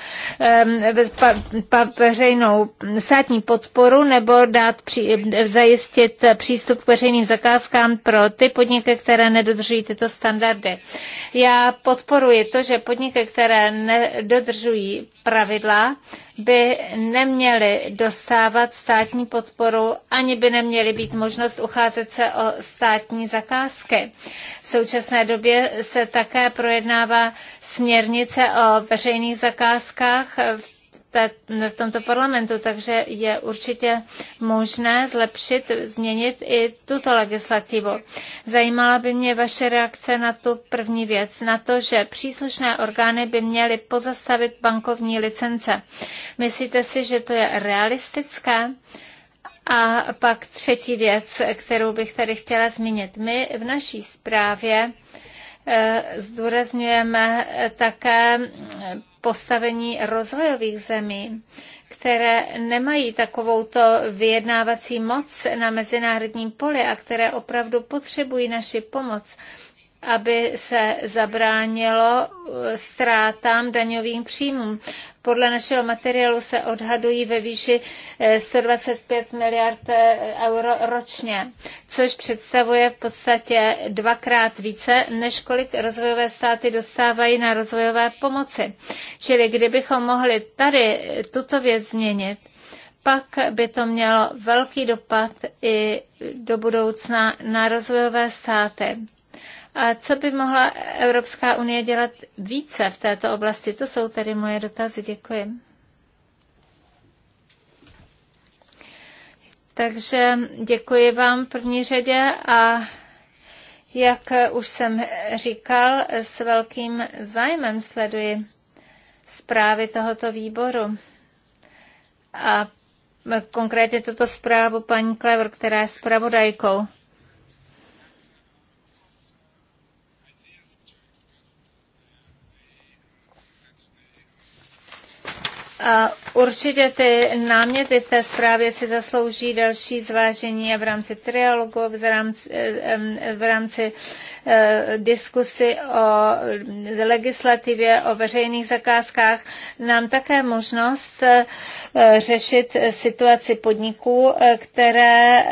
Speaker 3: veřejnou státní podporu nebo dát při, zajistit přístup k veřejným zakázkám pro ty podniky, které nedodržují tyto standardy. Já podporuji to, že podniky, které nedodržují pravidla, by neměly dostávat státní podporu, ani by neměly být možnost ucházet se o státní zakázky. V současné době se také projednává směrnice o veřejných zakázkách v v tomto parlamentu, takže je určitě možné zlepšit, změnit i tuto legislativu. Zajímala by mě vaše reakce na tu první věc, na to, že příslušné orgány by měly pozastavit bankovní licence. Myslíte si, že to je realistické? A pak třetí věc, kterou bych tady chtěla zmínit. My v naší zprávě eh, zdůrazňujeme také postavení rozvojových zemí, které nemají takovouto vyjednávací moc na mezinárodním poli a které opravdu potřebují naši pomoc aby se zabránilo uh, ztrátám daňovým příjmům. Podle našeho materiálu se odhadují ve výši 125 eh, miliard eh, euro ročně, což představuje v podstatě dvakrát více, než kolik rozvojové státy dostávají na rozvojové pomoci. Čili kdybychom mohli tady eh, tuto věc změnit, pak by to mělo velký dopad i do budoucna na rozvojové státy. A co by mohla Evropská unie dělat více v této oblasti? To jsou tedy moje dotazy. Děkuji. Takže děkuji vám v první řadě a jak už jsem říkal, s velkým zájmem sleduji zprávy tohoto výboru. A konkrétně tuto zprávu paní Klever, která je zpravodajkou. určitě ty náměty té zprávy si zaslouží další zvážení a v rámci trialogu, v rámci, eh, v rámci Eh, diskusi o legislativě, o veřejných zakázkách nám také možnost eh, řešit situaci podniků, eh, které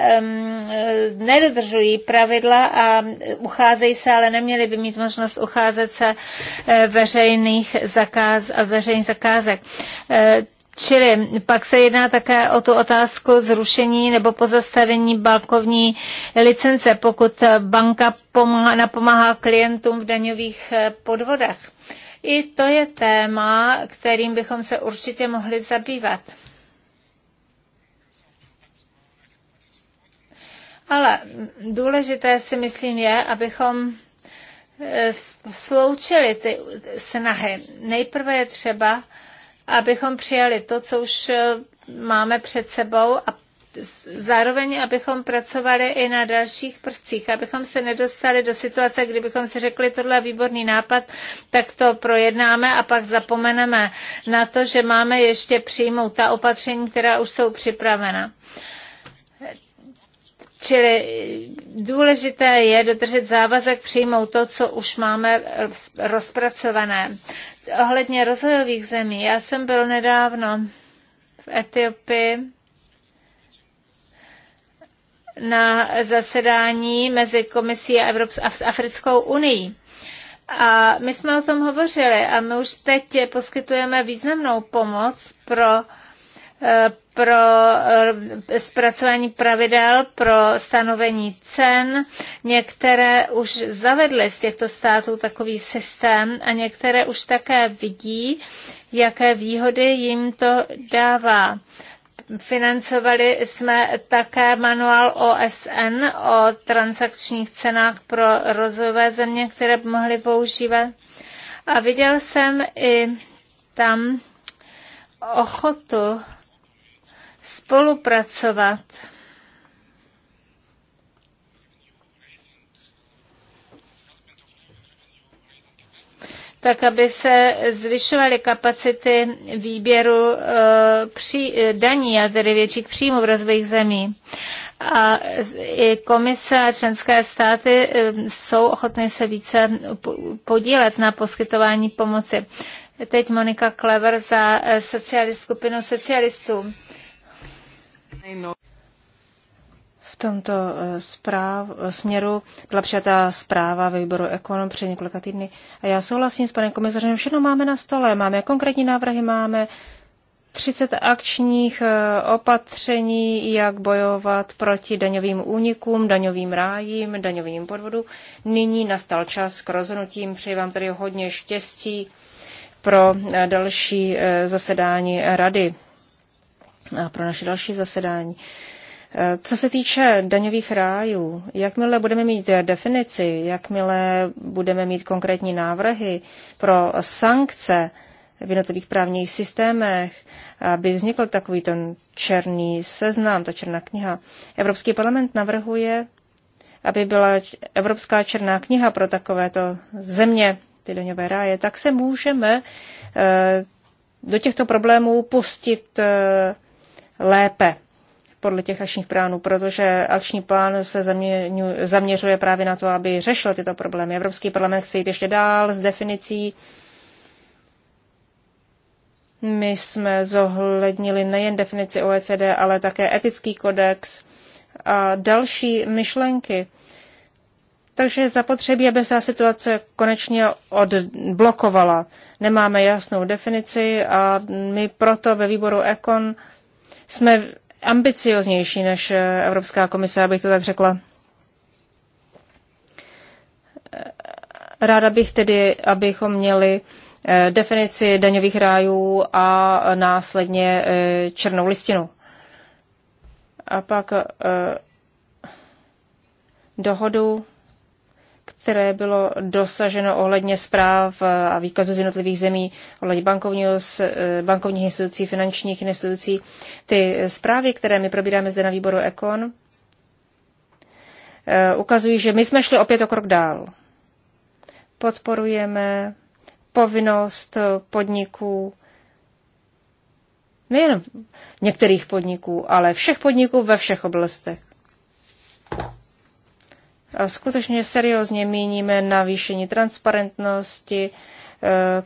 Speaker 3: nedodržují pravidla a ucházejí se, ale neměli by mít možnost ucházet se veřejných zakáz, veřejných zakázek. Čili pak se jedná také o tu otázku zrušení nebo pozastavení bankovní licence, pokud banka pomáhá, napomáhá klientům v daňových eh, podvodech. I to je téma, kterým bychom se určitě mohli zabývat. Ale důležité si myslím je, abychom eh, sloučili ty snahy. Nejprve je třeba abychom přijali to, co už eh, máme před sebou a zároveň, abychom pracovali i na dalších prvcích, abychom se nedostali do situace, kdybychom si řekli, tohle je výborný nápad, tak to projednáme a pak zapomeneme na to, že máme ještě přijmout ta opatření, která už jsou připravena. Čili důležité je dodržet závazek přijmout to, co už máme eh, rozpracované ohledně rozvojových zemí. Já jsem byl nedávno v Etiopii na zasedání mezi komisí a, Evrops- a Africkou unii. A my jsme o tom hovořili a my už teď poskytujeme významnou pomoc pro eh, pro eh, zpracování pravidel pro stanovení cen. Některé už zavedly z těchto států takový systém a některé už také vidí, jaké výhody jim to dává. Financovali jsme také manuál OSN o transakčních cenách pro rozvojové země, které by mohly používat. A viděl jsem i tam ochotu spolupracovat. tak aby se zvyšovaly kapacity výběru eh, eh, daní a tedy větších příjmů v rozvojích zemí. A i komise a členské státy eh, jsou ochotné se více podílet na poskytování pomoci. Teď Monika Klever za e, skupinu socialistů. V tomto
Speaker 4: zpráv, eh, eh, směru byla přijatá zpráva výboru ekonom před několika týdny. A já souhlasím s panem komisařem, všechno máme na stole, máme konkrétní návrhy, máme 30 akčních eh, opatření, jak bojovat proti daňovým únikům, daňovým rájím, daňovým podvodům. Nyní nastal čas k rozhodnutím. Přeji vám tady hodně štěstí pro další zasedání rady pro naše další zasedání. Eh, co se týče daňových rájů, jakmile budeme mít eh, definici, jakmile budeme mít konkrétní návrhy pro sankce v jednotlivých právních systémech, aby vznikl takový ten černý seznam, ta černá kniha, Evropský parlament navrhuje, aby byla Evropská černá kniha pro takovéto země, ty daňové ráje, tak se můžeme eh, do těchto problémů pustit lépe podle těch akčních plánů, protože akční plán se zaměřuje právě na to, aby řešil tyto problémy. Evropský parlament chce jít ještě dál s definicí. My jsme zohlednili nejen definici OECD, ale také etický kodex a další myšlenky. Takže zapotřebí, aby se situace konečně odblokovala. Nemáme jasnou definici a my proto ve výboru ECON jsme ambicioznější než eh, Evropská komise, abych to tak řekla. Ráda bych tedy, abychom měli eh, definici daňových rájů a následně eh, černou listinu. A pak dohodu které bylo dosaženo ohledně zpráv a výkazu z jednotlivých zemí, ohledně bankovního, eh, bankovních institucí, finančních institucí. Ty zprávy, které my probíráme zde na výboru Ekon, eh, ukazují, že my jsme šli opět o krok dál. Podporujeme povinnost podniků, nejen některých podniků, ale všech podniků ve všech oblastech. A skutečně seriózně míníme navýšení transparentnosti, e,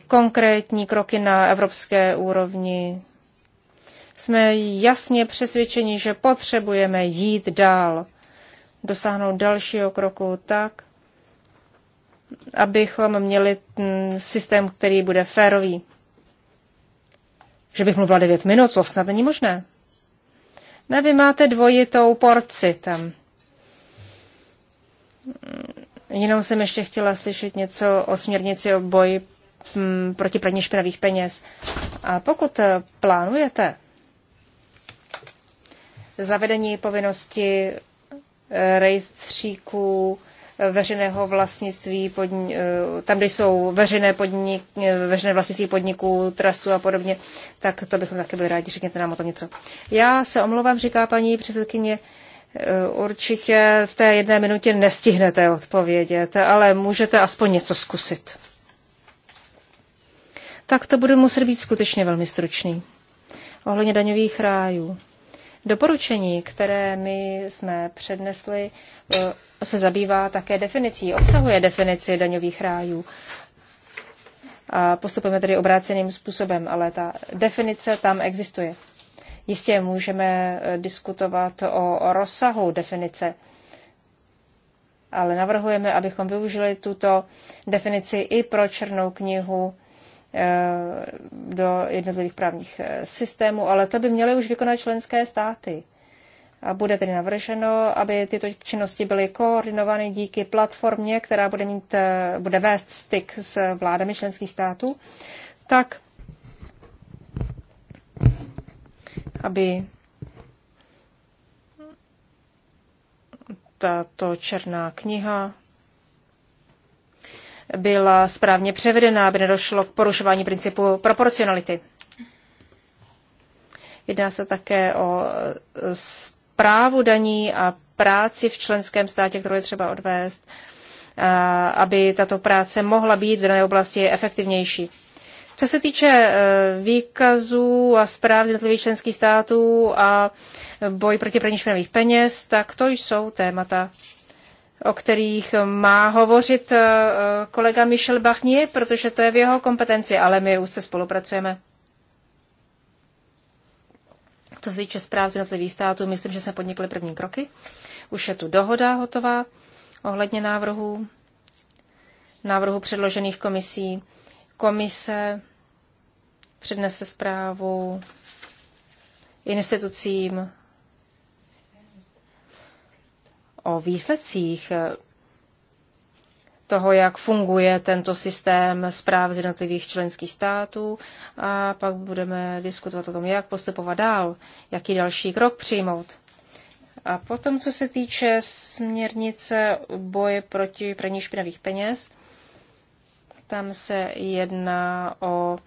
Speaker 4: konkrétní kroky na evropské úrovni. Jsme jasně přesvědčeni, že potřebujeme jít dál, dosáhnout dalšího kroku tak, abychom měli systém, který bude férový. Že bych mluvila 9 minut, co snad není možné. Ne, vy máte dvojitou porci tam. Jenom jsem ještě chtěla slyšet něco o směrnici o boji mm, proti praní špinavých peněz. A pokud eh, plánujete zavedení povinnosti eh, rejstříků eh, veřejného vlastnictví, podni- tam, kde jsou veřejné, podnik, veřejné vlastnictví podniků, trustů a podobně, tak to bychom také byli rádi, řekněte nám o tom něco. Já se omlouvám, říká paní předsedkyně, Eh, určitě v té jedné minutě nestihnete odpovědět, ale můžete aspoň něco zkusit. Tak to budu muset být skutečně velmi stručný. Ohledně daňových rájů. Doporučení, které my jsme přednesli, eh, se zabývá také definicí, obsahuje definici daňových rájů. A postupujeme tedy obráceným způsobem, ale ta definice tam existuje. Jistě můžeme eh, diskutovat o rozsahu definice, ale navrhujeme, abychom využili tuto definici i pro černou knihu eh, do jednotlivých právních eh, systémů, ale to by měly už vykonat členské státy. A bude tedy navrženo, aby tyto činnosti byly koordinovány díky platformě, která bude, mít, bude vést styk s vládami členských států, tak aby tato černá kniha byla správně převedena, aby nedošlo k porušování principu proporcionality. Jedná se také o zprávu daní a práci v členském státě, kterou je třeba odvést, aby tato práce mohla být v dané oblasti efektivnější. Co se týče e, výkazů a zpráv jednotlivých členských států a boj proti praní špinavých peněz, tak to jsou témata, o kterých má hovořit e, kolega Michel Bachni, protože to je v jeho kompetenci, ale my už se spolupracujeme. Co se týče zpráv z jednotlivých států, myslím, že jsme podnikli první kroky. Už je tu dohoda hotová ohledně návrhů, návrhů předložených komisí. Komise přednese zprávu institucím o výsledcích toho, jak funguje tento systém zpráv z jednotlivých členských států a pak budeme diskutovat o tom, jak postupovat dál, jaký další krok přijmout. A potom, co se týče směrnice boje proti praní špinavých peněz, tam se jedná o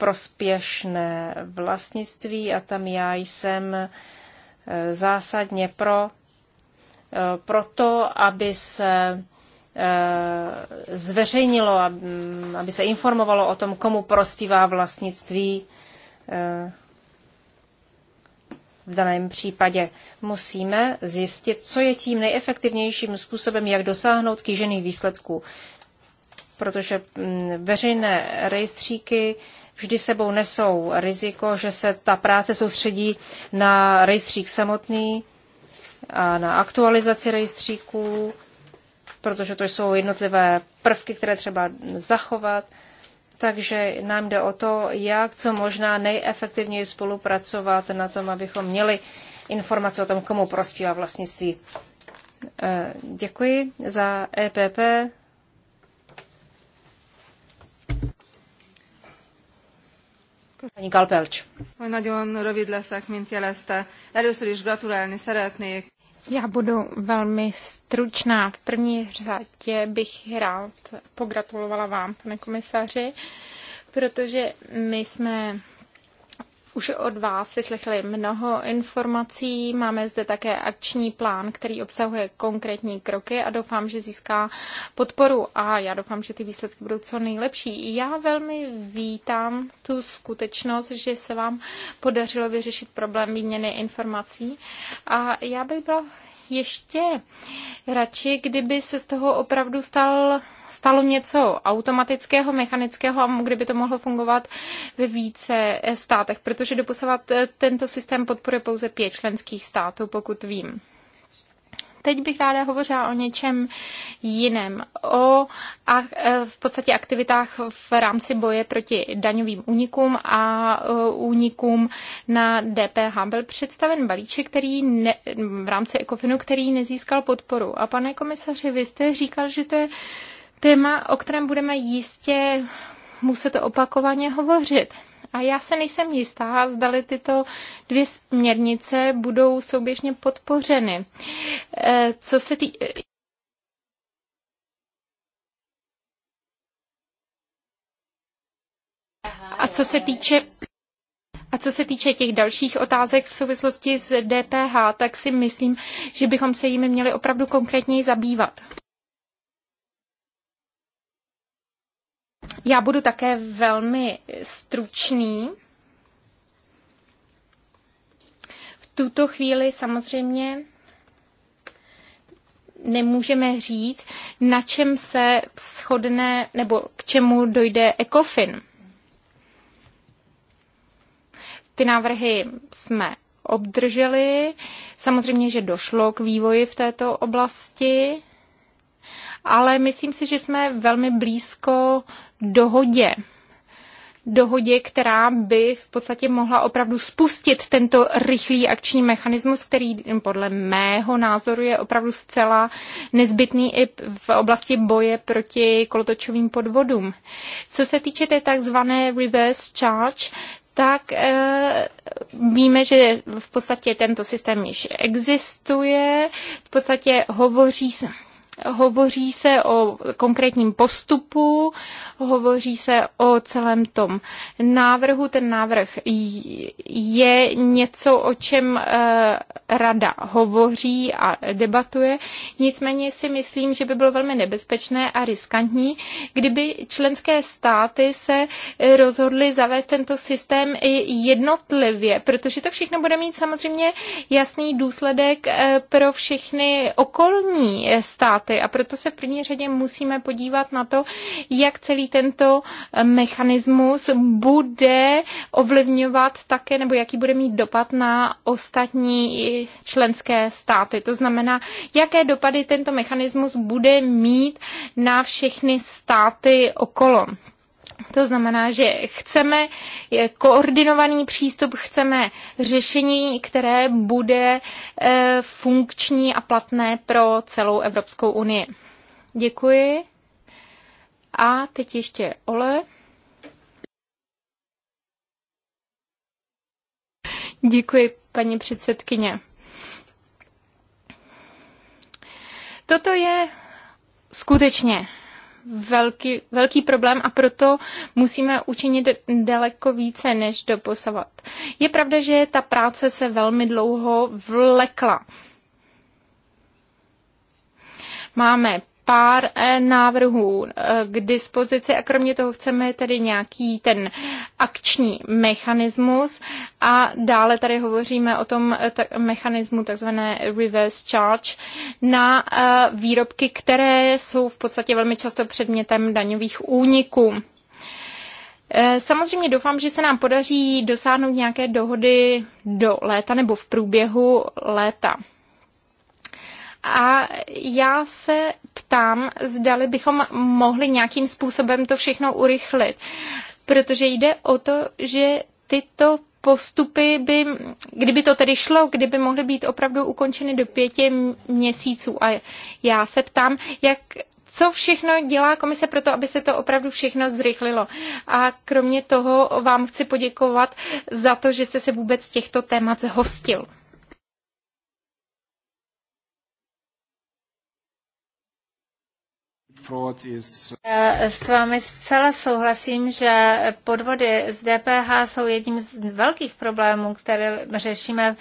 Speaker 4: prospěšné vlastnictví a tam já jsem e, zásadně pro, e, proto, aby se e, zveřejnilo, aby se informovalo o tom, komu prospívá vlastnictví v daném případě. Musíme zjistit, co je tím nejefektivnějším způsobem, jak dosáhnout kýžených výsledků. Protože veřejné rejstříky vždy sebou nesou riziko, že se ta práce soustředí na rejstřík samotný, a na aktualizaci rejstříků, protože to jsou jednotlivé prvky, které třeba zachovat. Takže nám jde o to, jak co možná nejefektivněji spolupracovat na tom, abychom měli informace o tom, komu prospívá vlastnictví. Eh, děkuji za EPP. Pani Galpelcs. Nagyon rövid leszek, mint jelezte. Először is gratulálni szeretnék.
Speaker 5: Já budu velmi stručná. V první řadě bych rád pogratulovala vám, pane komisaři, protože my jsme už od vás vyslechli mnoho informací. Máme zde také akční plán, který obsahuje konkrétní kroky a doufám, že získá podporu a já doufám, že ty výsledky budou co nejlepší. Já velmi vítám tu skutečnost, že se vám podařilo vyřešit problém výměny informací a já bych byla ještě radši, kdyby se z toho opravdu stal, stalo něco automatického, mechanického a kdyby to mohlo fungovat ve více státech, protože doposovat tento systém podporuje pouze pět členských států, pokud vím. Teď bych ráda hovořila o něčem jiném, o a, e, v podstatě aktivitách v rámci boje proti daňovým únikům a e, únikům na DPH. Byl představen balíček, který ne, v rámci Ekofinu, který nezískal podporu. A pane komisaři, vy jste říkal, že to je téma, o kterém budeme jistě muset opakovaně hovořit. A já se nejsem jistá, zdali tyto dvě směrnice budou souběžně podpořeny. Eh, co se týče. A co se týče a co se týče těch dalších otázek v souvislosti s DPH, tak si myslím, že bychom se jimi měli opravdu konkrétněji zabývat. Já budu také velmi stručný. V tuto chvíli samozřejmě nemůžeme říct, na čem se shodne nebo k čemu dojde ECOFIN. Ty návrhy jsme obdrželi. Samozřejmě, že došlo k vývoji v této oblasti ale myslím si, že jsme velmi blízko dohodě. Dohodě, která by v podstatě mohla opravdu spustit tento rychlý akční mechanismus, který podle mého názoru je opravdu zcela nezbytný i v oblasti boje proti kolotočovým podvodům. Co se týče té takzvané reverse charge, tak e, víme, že v podstatě tento systém již existuje. V podstatě hovoří se Hovoří se o konkrétním postupu, hovoří se o celém tom návrhu. Ten návrh je něco, o čem eh, rada hovoří a debatuje. Nicméně si myslím, že by bylo velmi nebezpečné a riskantní, kdyby členské státy se rozhodly zavést tento systém jednotlivě, protože to všechno bude mít samozřejmě jasný důsledek eh, pro všechny okolní státy státy. A proto se v první řadě musíme podívat na to, jak celý tento eh, mechanismus bude ovlivňovat také, nebo jaký bude mít dopad na ostatní členské státy. To znamená, jaké dopady tento mechanismus bude mít na všechny státy okolo. To znamená, že chceme koordinovaný přístup, chceme řešení, které bude eh, funkční a platné pro celou Evropskou unii. Děkuji. A teď ještě Ole. Děkuji, paní předsedkyně. Toto je skutečně velký, velký problém a proto musíme učinit daleko více než doposavat. Je pravda, že ta práce se velmi dlouho vlekla. Máme pár eh, návrhů eh, k dispozici a kromě toho chceme tedy nějaký ten akční mechanismus a dále tady hovoříme o tom eh, mechanismu takzvané reverse charge na výrobky, které jsou v podstatě velmi často předmětem daňových úniků. Samozřejmě doufám, že se nám podaří dosáhnout nějaké dohody do léta nebo v průběhu léta. A já se ptám, zdali bychom mohli nějakým způsobem to všechno urychlit. Protože jde o to, že tyto postupy by, kdyby to tedy šlo, kdyby mohly být opravdu ukončeny do pěti měsíců. A já se ptám, jak, co všechno dělá komise pro to, aby se to opravdu všechno zrychlilo. A kromě toho vám chci poděkovat za to, že jste se vůbec těchto témat
Speaker 3: zhostil. S vámi zcela souhlasím, že podvody z DPH jsou jedním z velkých problémů, které řešíme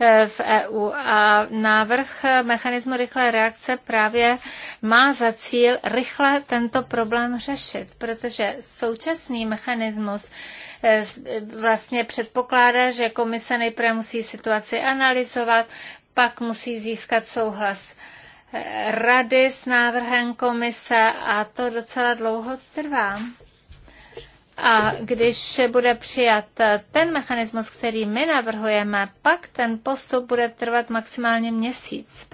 Speaker 3: eh, v EU. A návrh mechanismu rychlé reakce právě má za cíl rychle tento problém řešit, protože současný mechanismus eh, vlastně předpokládá, že komise nejprve musí situaci analyzovat, pak musí získat souhlas rady s návrhem komise a to docela dlouho trvá. A když bude přijat ten mechanismus, který my navrhujeme, pak ten postup bude trvat maximálně měsíc.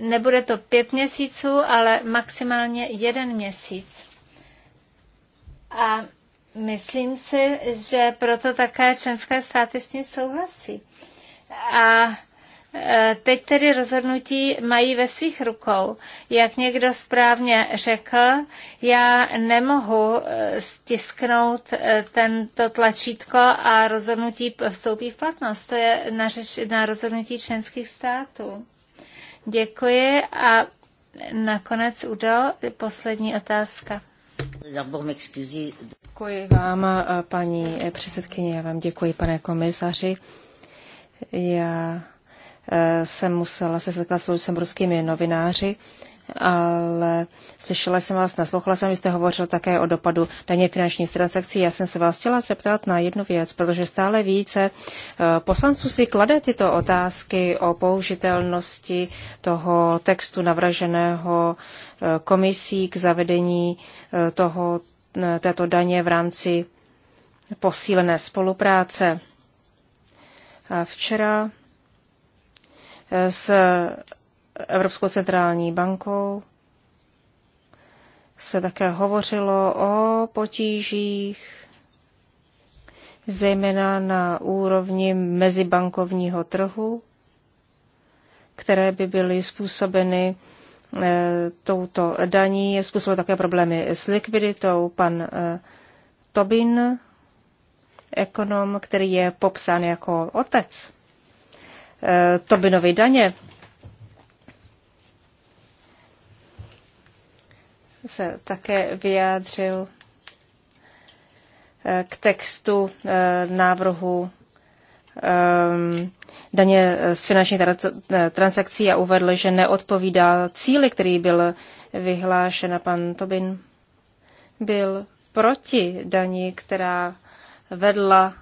Speaker 3: Nebude to pět měsíců, ale maximálně jeden měsíc. A myslím si, že proto také členské státy s tím souhlasí. A Eh, teď tedy rozhodnutí mají ve svých rukou. Jak někdo správně řekl, já nemohu eh, stisknout eh, tento tlačítko a rozhodnutí vstoupí v platnost. To je na, řeč, na rozhodnutí členských států. Děkuji a nakonec Udo, poslední otázka.
Speaker 4: Děkuji vám, paní předsedkyně, já vám děkuji, pane komisaři. Já Eh, jsem musela se setkat s lucemburskými novináři, ale slyšela jsem vás, naslouchala jsem, vy jste hovořil také o dopadu daně finančních transakcí. Já jsem se vás chtěla zeptat na jednu věc, protože stále více eh, poslanců si klade tyto otázky o použitelnosti toho textu navraženého eh, komisí k zavedení toho, této daně v rámci posílené spolupráce. A včera s Evropskou centrální bankou se také hovořilo o potížích, zejména na úrovni mezibankovního trhu, které by byly způsobeny e, touto daní. Způsobily také problémy s likviditou. Pan e, Tobin, ekonom, který je popsán jako otec Eh, Tobinovy daně, se také vyjádřil eh, k textu eh, návrhu ehm, daně z finančních transakcí a uvedl, že neodpovídá cíli, který byl vyhlášen a pan Tobin byl proti daní, která vedla,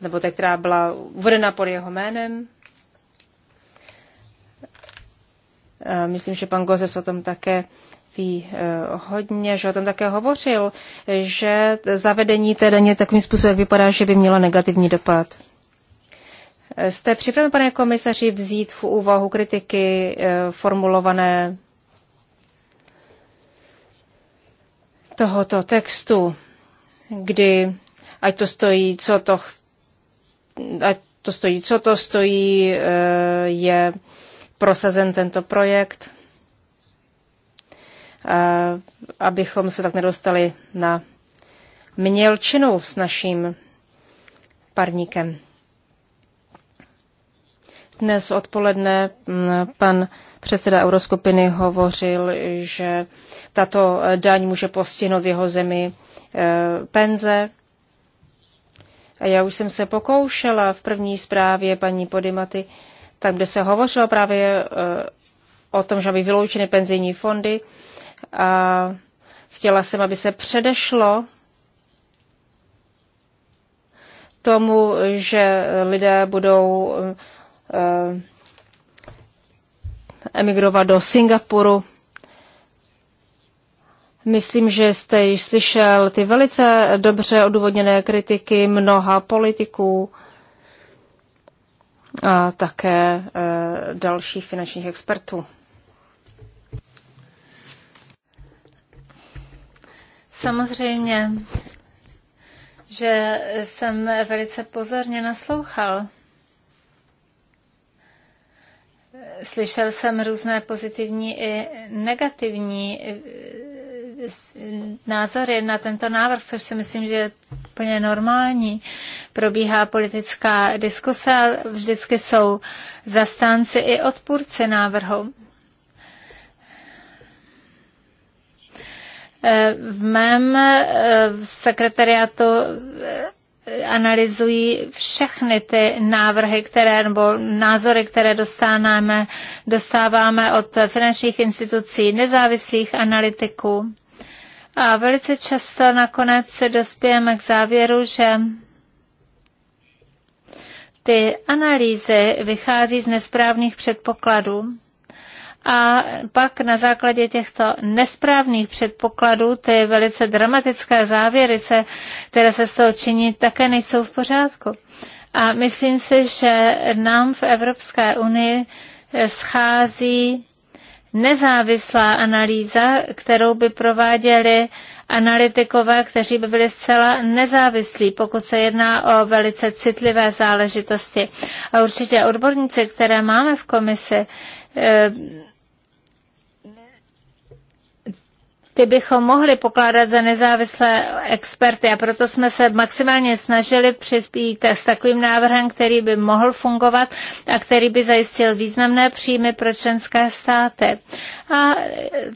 Speaker 4: nebo ta, která byla uvedena pod jeho jménem. Eh, myslím, že pan Gozes o tom také ví eh, hodně, že o tom také hovořil, že zavedení té daně takovým způsobem vypadá, že by mělo negativní dopad. Eh, jste připraven, pane komisaři, vzít v úvahu kritiky formulované tohoto textu, kdy ať to stojí, co to, ať to stojí, co to stojí, je prosazen tento projekt, abychom se tak nedostali na mělčinu s naším parníkem. Dnes odpoledne pan předseda Euroskupiny hovořil, že tato daň může postihnout v jeho zemi e, penze. A já už jsem se pokoušela v první zprávě paní Podimaty tam, kde se hovořilo právě eh, o tom, že aby vyloučeny penzijní fondy. A chtěla jsem, aby se předešlo tomu, že lidé budou eh, emigrovat do Singapuru. Myslím, že jste již slyšel ty velice dobře odůvodněné kritiky mnoha politiků a také eh, dalších finančních expertů.
Speaker 3: Samozřejmě, že jsem velice pozorně naslouchal. Slyšel jsem různé pozitivní i negativní názory na tento návrh, což si myslím, že je úplně normální. Probíhá politická diskuse a vždycky jsou zastánci i odpůrci návrhu. Eh, v mém eh, sekretariátu eh, analyzují všechny ty návrhy, které, nebo názory, které dostáváme, dostáváme od finančních institucí, nezávislých analytiků. A velice často nakonec se dospějeme k závěru, že ty analýzy vychází z nesprávných předpokladů. A pak na základě těchto nesprávných předpokladů ty velice dramatické závěry, se, které se z toho činí, také nejsou v pořádku. A myslím si, že nám v Evropské unii schází nezávislá analýza, kterou by prováděli analytikové, kteří by byli zcela nezávislí, pokud se jedná o velice citlivé záležitosti. A určitě odborníci, které máme v komisi, eh, ty bychom mohli pokládat za nezávislé experty a proto jsme se maximálně snažili přispít s takovým návrhem, který by mohl fungovat a který by zajistil významné příjmy pro členské státy. A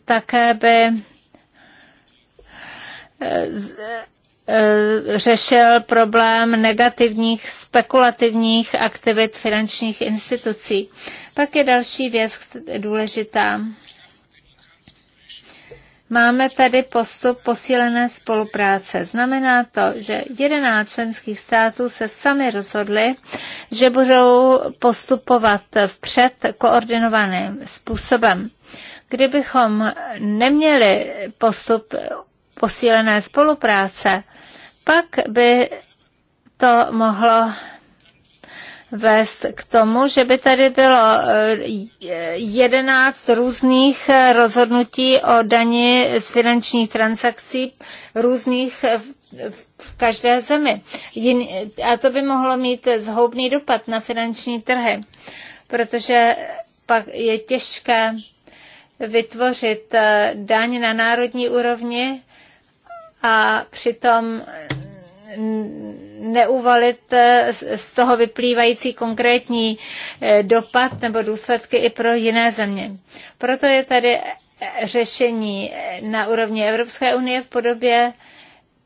Speaker 3: také by e, e, řešil problém negativních spekulativních aktivit finančních institucí. Pak je další věc důležitá. Máme tady postup posílené spolupráce. Znamená to, že 11 členských států se sami rozhodli, že budou postupovat vpřed koordinovaným způsobem. Kdybychom neměli postup posílené spolupráce, pak by to mohlo vést k tomu, že by tady bylo eh, jedenáct různých eh, rozhodnutí o dani z finančních transakcí různých eh, v každé zemi. A to by mohlo mít zhoubný dopad na finanční trhy, protože pak je těžké vytvořit daň na národní úrovni a přitom neuvalit eh, z toho vyplývající konkrétní eh, dopad nebo důsledky i pro jiné země. Proto je tady eh, řešení na úrovni Evropské unie v podobě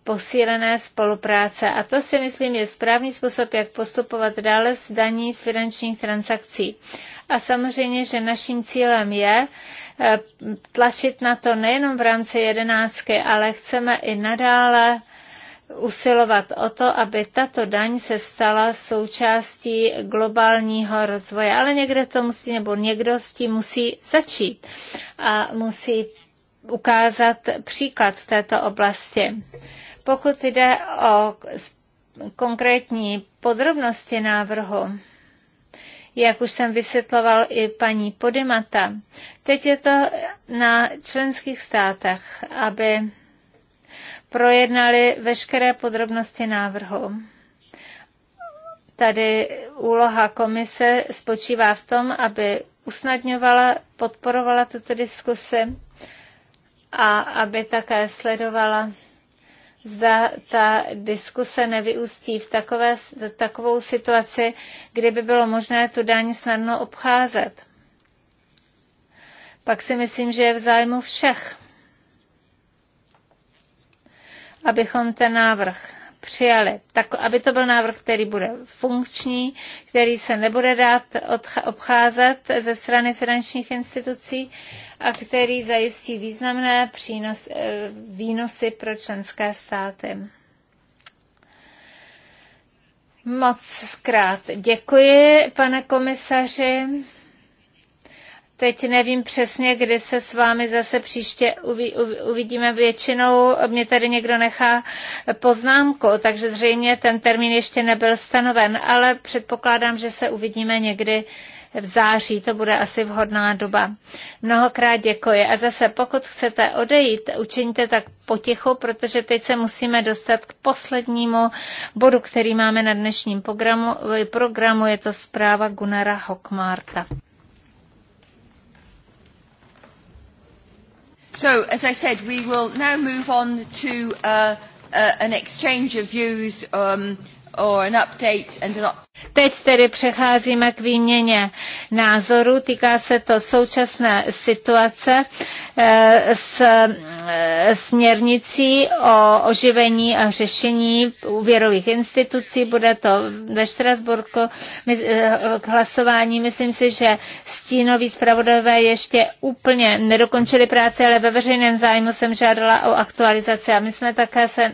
Speaker 3: posílené spolupráce. A to si myslím je správný způsob, jak postupovat dále s daní z finančních transakcí. A samozřejmě, že naším cílem je tlačit na to nejenom v rámci jedenáctky, ale chceme i nadále usilovat o to, aby tato daň se stala součástí globálního rozvoje. Ale někde to musí, nebo někdo s tím musí začít a musí ukázat příklad v této oblasti. Pokud jde o konkrétní podrobnosti návrhu, jak už jsem vysvětloval i paní Podimata, teď je to na členských státech, aby projednali veškeré podrobnosti návrhu. Tady úloha komise spočívá v tom, aby usnadňovala, podporovala tuto diskusi a aby také sledovala, zda ta diskuse nevyústí v takové, v takovou situaci, kdy by bylo možné tu daň snadno obcházet. Pak si myslím, že je v zájmu všech abychom ten návrh přijali, tak aby to byl návrh, který bude funkční, který se nebude dát obcházet ze strany finančních institucí a který zajistí významné přínos, eh, výnosy pro členské státy. Moc zkrát děkuji, pane komisaři. Teď nevím přesně, kdy se s vámi zase příště uvidíme. Většinou mě tady někdo nechá poznámku, takže zřejmě ten termín ještě nebyl stanoven, ale předpokládám, že se uvidíme někdy v září, to bude asi vhodná doba. Mnohokrát děkuji. A zase, pokud chcete odejít, učiňte tak potichu, protože teď se musíme dostat k poslednímu bodu, který máme na dnešním programu. programu je to zpráva Gunara Hockmarta.
Speaker 1: So, as I said, we will now move on to uh, uh, an exchange of views um, Teď tedy přecházíme
Speaker 3: k výměně názorů. Týká se to současné situace eh, s eh, směrnicí o oživení a řešení úvěrových institucí. Bude to ve Štrasburku eh, k hlasování. Myslím si, že stínoví zpravodové ještě úplně nedokončili práci, ale ve veřejném zájmu jsem žádala o aktualizaci a my jsme také se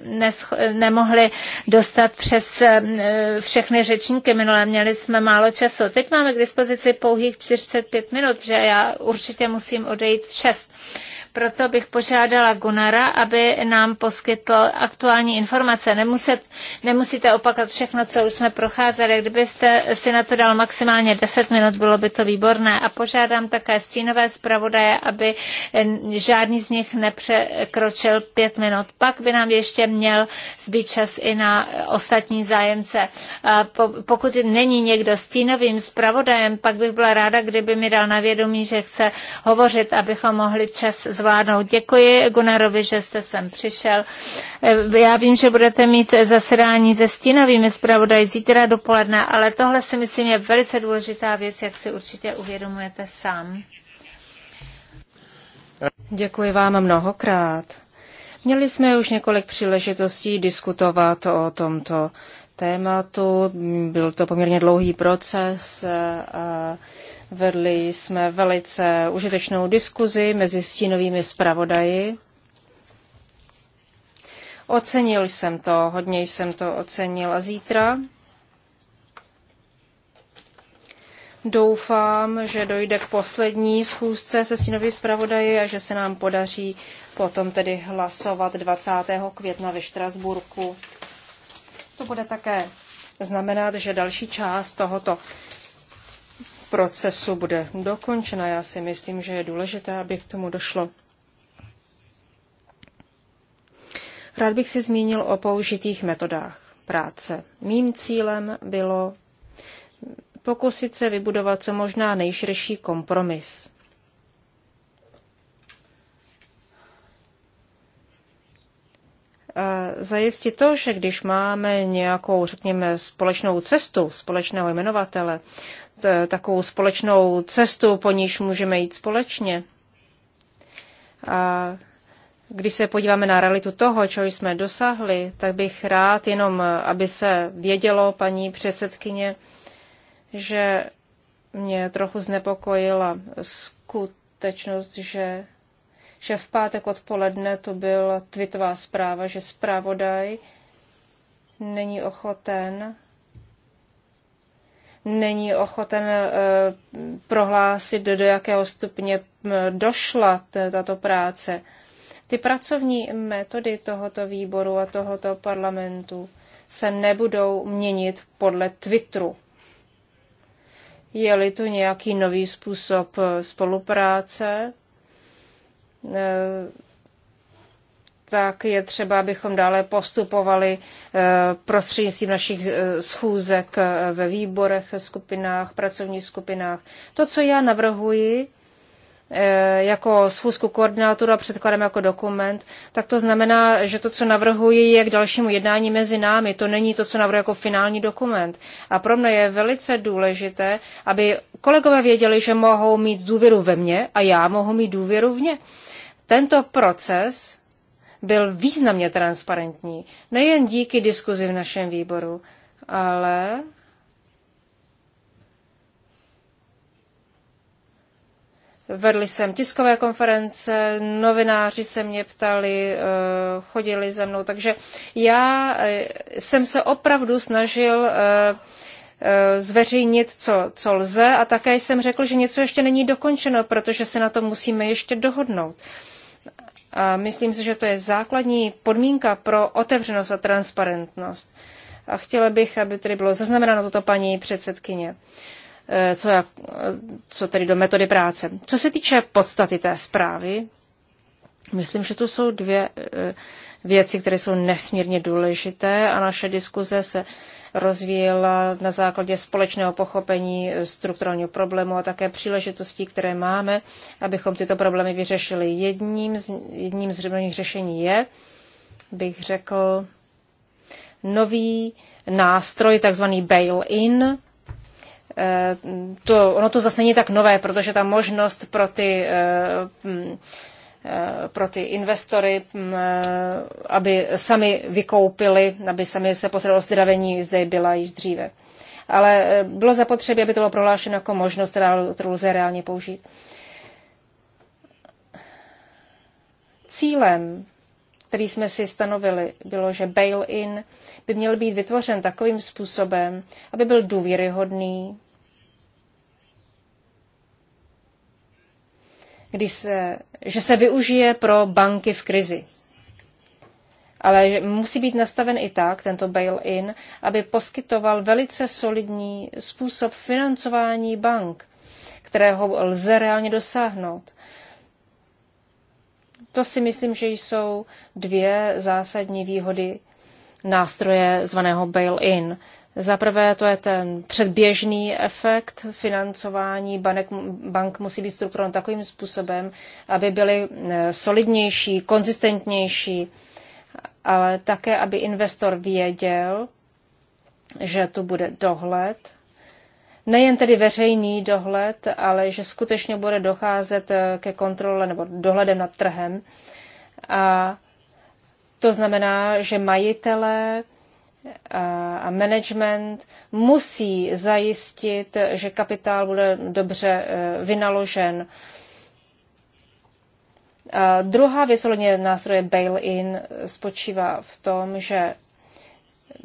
Speaker 3: nemohli dostat přes Eh, všechny řečníky. minulé, měli jsme málo času. Teď máme k dispozici pouhých 45 minut, že? já určitě musím odejít v 6. Proto bych požádala Gunara, aby nám poskytl aktuální informace. Nemuset, nemusíte opakovat všechno, co už jsme procházeli. Kdybyste si na to dal maximálně 10 minut, bylo by to výborné. A požádám také stínové zpravodaje, aby eh, žádný z nich nepřekročil 5 minut. Pak by nám ještě měl zbýt čas i na ostatní zájemce. A pokud není někdo stínovým zpravodajem, pak bych byla ráda, kdyby mi dal na vědomí, že chce hovořit, abychom mohli čas zvládnout zvládnout. Děkuji Gunarovi, že jste sem přišel. Eh, já vím, že budete mít zasedání se stínovými zpravodaji zítra dopoledne, ale tohle si myslím je velice důležitá věc, jak si určitě uvědomujete sám.
Speaker 4: Děkuji vám mnohokrát. Měli jsme už několik příležitostí diskutovat o tomto tématu. Byl to poměrně dlouhý proces. Eh, a Vedli jsme velice užitečnou diskuzi mezi stínovými zpravodaji. Ocenil jsem to, hodně jsem to ocenil a zítra Doufám, že dojde k poslední schůzce se stínovým zpravodaji a že se nám podaří potom tedy hlasovat 20. května ve Štrasburku. To bude také znamenat, že další část tohoto procesu bude dokončena. Já si myslím, že je důležité, aby k tomu došlo. Rád bych si zmínil o použitých metodách práce. Mým cílem bylo pokusit se vybudovat co možná nejširší kompromis. Zajistit to, že když máme nějakou, řekněme, společnou cestu, společného jmenovatele, E, takovou společnou cestu, po níž můžeme jít společně. A když se podíváme na realitu toho, čeho jsme dosáhli, tak bych rád jenom, aby se vědělo, paní předsedkyně, že mě trochu znepokojila skutečnost, že, že v pátek odpoledne to byla tvitová zpráva, že zpravodaj není ochoten není ochoten eh, prohlásit, do jakého stupně eh, došla tato práce. Ty pracovní metody tohoto výboru a tohoto parlamentu se nebudou měnit podle Twitteru. Je-li tu nějaký nový způsob eh, spolupráce, tak je třeba, abychom dále postupovali eh, prostřednictvím našich eh, schůzek eh, ve výborech, skupinách, pracovních skupinách. To, co já navrhuji, jako schůzku koordinátora předkladem jako dokument, tak to znamená, že to, co navrhuji, je k dalšímu jednání mezi námi. To není to, co navrhuji jako finální dokument. A pro mě je velice důležité, aby kolegové věděli, že mohou mít důvěru ve mně a já mohu mít důvěru v ně. Tento proces byl významně transparentní. Nejen díky diskuzi v našem výboru, ale Vedli jsem tiskové konference, novináři se mě ptali, eh, chodili ze mnou, takže já eh, jsem se opravdu snažil eh, zveřejnit, co, co lze a také jsem řekl, že něco ještě není dokončeno, protože se na to musíme ještě dohodnout myslím si, že to je základní podmínka pro otevřenost a transparentnost. A chtěla bych, aby tedy bylo zaznamenáno toto paní předsedkyně, eh, co, já, eh, co tedy do metody práce. Co se týče podstaty té zprávy, myslím, že tu jsou dvě eh, věci, které jsou nesmírně důležité a naše diskuze se rozvíjela na základě společného pochopení strukturálního problému a také příležitostí, které máme, abychom tyto problémy vyřešili. Jedním z, jedním z možných řešení je, bych řekl, nový nástroj, takzvaný bail-in, eh, to, ono to zase není tak nové, protože ta možnost pro ty eh, Eh, pro ty investory, mm, eh, aby sami vykoupili, aby sami se postarali zdravení, zde byla již dříve. Ale eh, bylo zapotřebí, aby to bylo prohlášeno jako možnost, kterou lze reálně použít. Cílem, který jsme si stanovili, bylo, že bail-in by měl být vytvořen takovým způsobem, aby byl důvěryhodný, kdy se, že se využije pro banky v krizi. Ale musí být nastaven i tak, tento bail-in, aby poskytoval velice solidní způsob financování bank, kterého lze reálně dosáhnout. To si myslím, že jsou dvě zásadní výhody nástroje zvaného bail-in. Za prvé to je ten předběžný efekt financování. bank. bank musí být strukturovan takovým způsobem, aby byly eh, solidnější, konzistentnější, ale také, aby investor věděl, že tu bude dohled. Nejen tedy veřejný dohled, ale že skutečně bude docházet eh, ke kontrole nebo dohledem nad trhem. A to znamená, že majitelé a management musí zajistit, že kapitál bude dobře e, vynaložen. A druhá věc ohledně nástroje bail-in spočívá v tom, že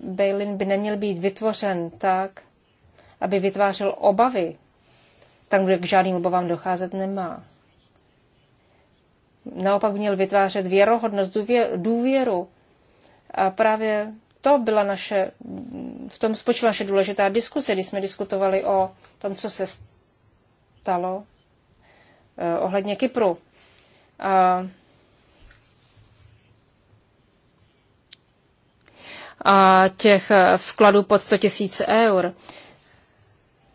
Speaker 4: bail-in by neměl být vytvořen tak, aby vytvářel obavy. Tam, kde k žádným obavám docházet nemá. Naopak měl vytvářet věrohodnost, důvěru. A právě to byla naše, v tom spočívala naše důležitá diskuse, když jsme diskutovali o tom, co se stalo eh, ohledně Kypru. A, a těch eh, vkladů pod 100 tisíc eur.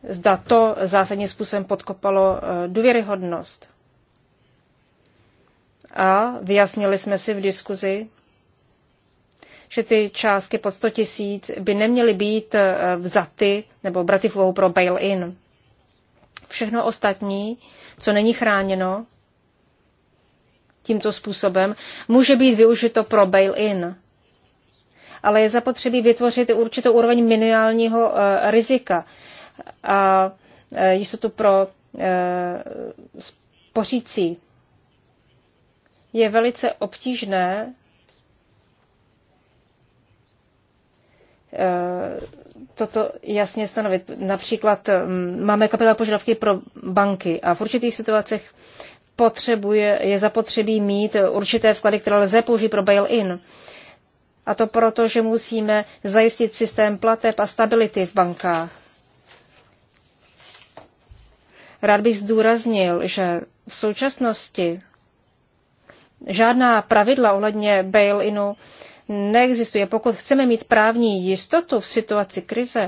Speaker 4: Zda to zásadním způsobem podkopalo eh, důvěryhodnost. A vyjasnili jsme si v diskuzi, že ty částky pod 100 tisíc by neměly být eh, vzaty nebo braty v pro bail-in. Všechno ostatní, co není chráněno tímto způsobem, může být využito pro bail-in. Ale je zapotřebí vytvořit určitou úroveň minimálního eh, rizika. A eh, jsou to pro spořící. Je velice obtížné Eh, toto jasně stanovit. Například mm, máme kapitál požadavky pro banky a v určitých situacích potřebuje, je zapotřebí mít určité vklady, které lze použít pro bail-in. A to proto, že musíme zajistit systém plateb a stability v bankách. Rád bych zdůraznil, že v současnosti žádná pravidla ohledně bail-inu neexistuje. Pokud chceme mít právní jistotu v situaci krize,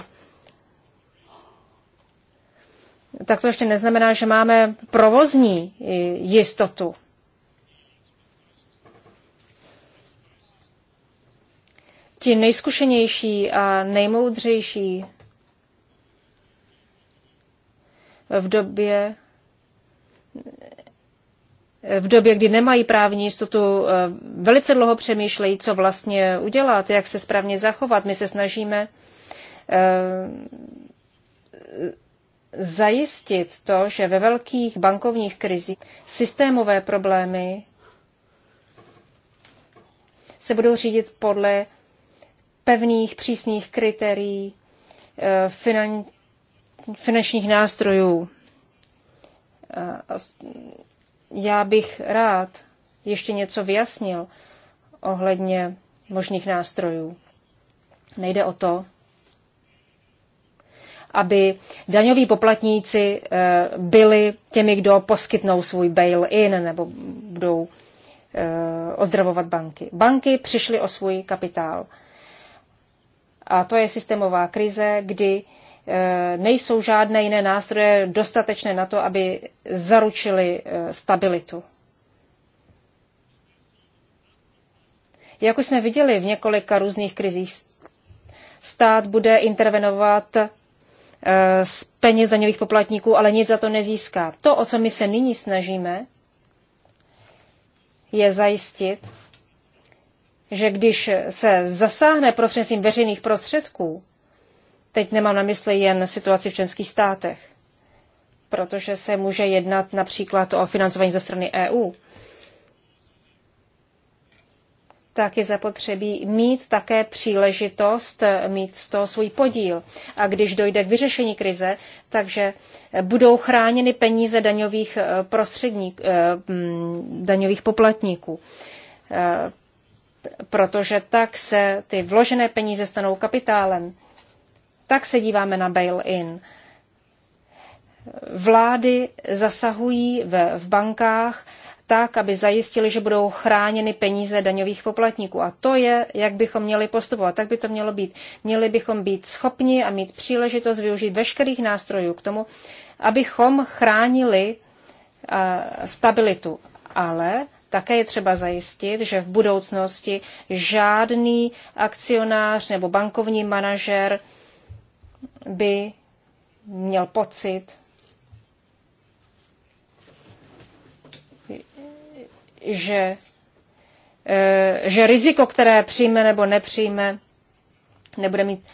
Speaker 4: tak to ještě neznamená, že máme provozní eh, jistotu. Ti nejzkušenější a nejmoudřejší v době v době, kdy nemají právní jistotu, eh, velice dlouho přemýšlejí, co vlastně udělat, jak se správně zachovat. My se snažíme eh, zajistit to, že ve velkých bankovních krizích systémové problémy se budou řídit podle pevných, přísných kritérií eh, finančních nástrojů já bych rád ještě něco vyjasnil ohledně možných nástrojů. Nejde o to, aby daňoví poplatníci eh, byli těmi, kdo poskytnou svůj bail-in nebo budou eh, ozdravovat banky. Banky přišly o svůj kapitál. A to je systémová krize, kdy Eh, nejsou žádné jiné nástroje dostatečné na to, aby zaručili eh, stabilitu. Jak už jsme viděli v několika různých krizích, stát bude intervenovat eh, z peněz daňových poplatníků, ale nic za to nezíská. To, o co my se nyní snažíme, je zajistit, že když se zasáhne prostřednictvím veřejných prostředků, Teď nemám na mysli jen situaci v členských státech, protože se může jednat například o financování ze strany EU. Tak je zapotřebí mít také příležitost mít z toho svůj podíl. A když dojde k vyřešení krize, takže budou chráněny peníze daňových, eh, prostředník, eh, mm, daňových poplatníků eh, protože tak se ty vložené peníze stanou kapitálem. Tak se díváme na bail-in. Vlády zasahují v, v bankách tak, aby zajistili, že budou chráněny peníze daňových poplatníků. A to je, jak bychom měli postupovat. Tak by to mělo být. Měli bychom být schopni a mít příležitost využít veškerých nástrojů k tomu, abychom chránili stabilitu. Ale také je třeba zajistit, že v budoucnosti žádný akcionář nebo bankovní manažer by měl pocit, že, eh, že riziko, které přijme nebo nepřijme, nebude mít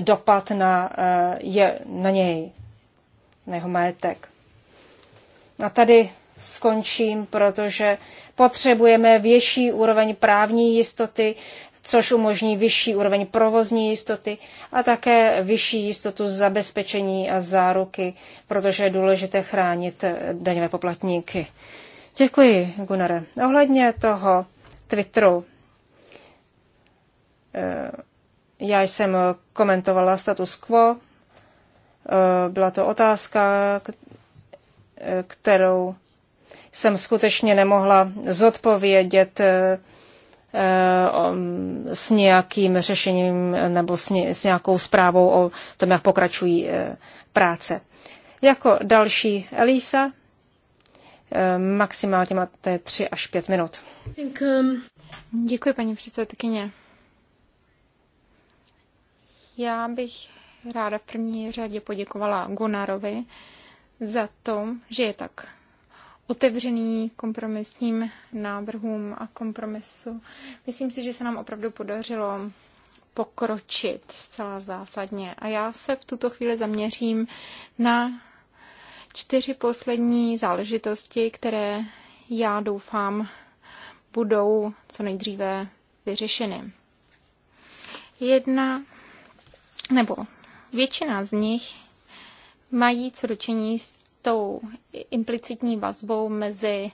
Speaker 4: dopad na, eh, je, na něj, na jeho majetek. A tady skončím, protože potřebujeme větší úroveň právní jistoty, což umožní vyšší úroveň provozní jistoty a také vyšší jistotu zabezpečení a záruky, protože je důležité chránit daňové poplatníky. Děkuji, Gunare. Ohledně toho Twitteru, eh, já jsem komentovala status quo, eh, byla to otázka, eh, kterou jsem skutečně nemohla zodpovědět Eh, s nějakým řešením nebo s nějakou zprávou o tom, jak pokračují eh, práce. Jako další Elisa, eh, maximálně máte 3 až 5
Speaker 5: minut. Um, Děkuji, paní předsedkyně. Já bych ráda v první řadě poděkovala Gunarovi za to, že je tak otevřený kompromisním návrhům a kompromisu. Myslím si, že se nám opravdu podařilo pokročit zcela zásadně. A já se v tuto chvíli zaměřím na čtyři poslední záležitosti, které já doufám budou co nejdříve vyřešeny. Jedna nebo většina z nich mají co dočení s tou implicitní vazbou mezi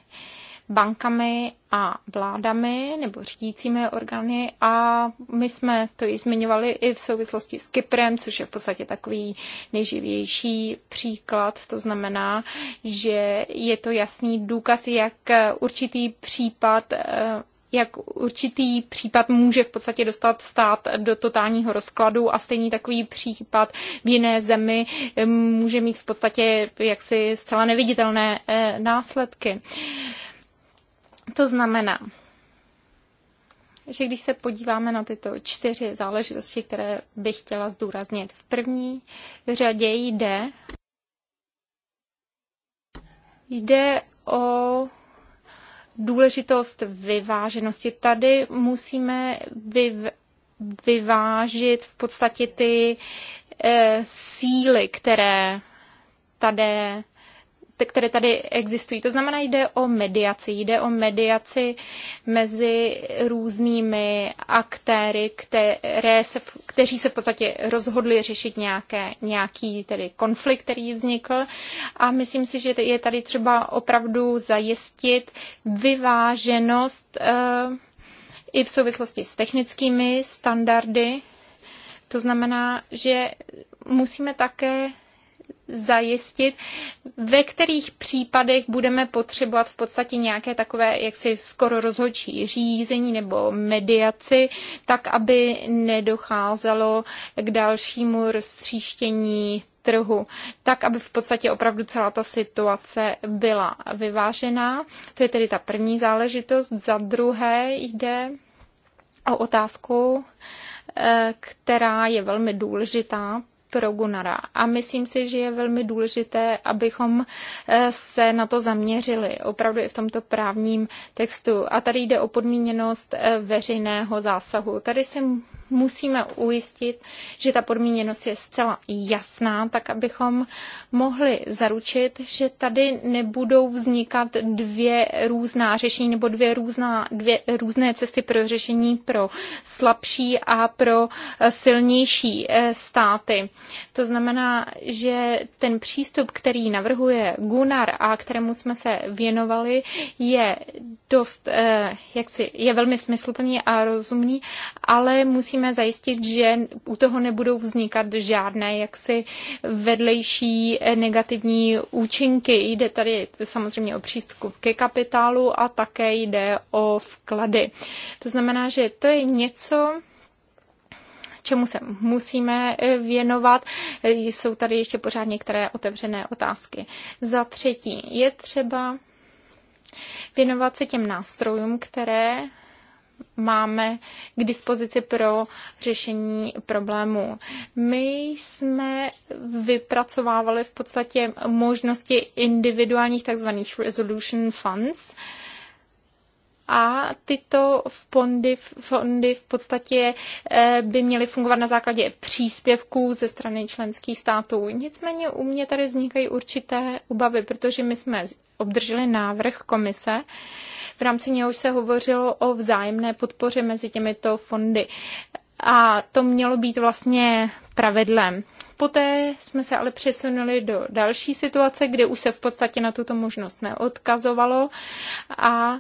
Speaker 5: bankami a vládami nebo řídícími orgány a my jsme to i zmiňovali i v souvislosti s Kyprem, což je v podstatě takový nejživější příklad. To znamená, že je to jasný důkaz, jak určitý případ eh, jak určitý případ může v podstatě dostat stát do totálního rozkladu a stejný takový případ v jiné zemi eh, může mít v podstatě jaksi zcela neviditelné eh, následky. To znamená, že když se podíváme na tyto čtyři záležitosti, které bych chtěla zdůraznit, v první řadě jde jde o důležitost vyváženosti. Tady musíme vyv- vyvážit v podstatě ty e, síly, které tady které tady existují. To znamená, jde o mediaci. Jde o mediaci mezi různými aktéry, které se, kteří se v podstatě rozhodli řešit nějaké, nějaký tedy konflikt, který vznikl. A myslím si, že je tady třeba opravdu zajistit vyváženost eh, i v souvislosti s technickými standardy. To znamená, že musíme také zajistit, ve kterých případech budeme potřebovat v podstatě nějaké takové jak si skoro rozhodčí řízení nebo mediaci, tak aby nedocházelo k dalšímu roztříštění trhu, tak aby v podstatě opravdu celá ta situace byla vyvážená. To je tedy ta první záležitost. Za druhé jde o otázku, eh, která je velmi důležitá pro Gunara. A myslím si, že je velmi důležité, abychom eh, se na to zaměřili, opravdu i v tomto právním textu. A tady jde o podmíněnost eh, veřejného zásahu. Tady si musíme ujistit, že ta podmíněnost je zcela jasná, tak abychom mohli zaručit, že tady nebudou vznikat dvě různá řešení nebo dvě, různá, dvě různé cesty pro řešení pro slabší a pro eh, silnější eh, státy. To znamená, že ten přístup, který navrhuje Gunnar a kterému jsme se věnovali, je dost, eh, jak si je velmi smysluplný a rozumný, ale musíme musíme zajistit, že u toho nebudou vznikat žádné jaksi vedlejší eh, negativní účinky. Jde tady samozřejmě o přístup ke kapitálu a také jde o vklady. To znamená, že to je něco, čemu se musíme eh, věnovat. Eh, jsou tady ještě pořád některé otevřené otázky. Za třetí, je třeba věnovat se těm nástrojům, které máme k dispozici pro řešení problémů. My jsme vypracovávali v podstatě možnosti individuálních takzvaných resolution funds, a tyto fondy, fondy v podstatě eh, by měly fungovat na základě příspěvků ze strany členských států. Nicméně u mě tady vznikají určité obavy, protože my jsme obdrželi návrh komise, v rámci něhož se hovořilo o vzájemné podpoře mezi těmito fondy. A to mělo být vlastně pravidlem. Poté jsme se ale přesunuli do další situace, kde už se v podstatě na tuto možnost neodkazovalo a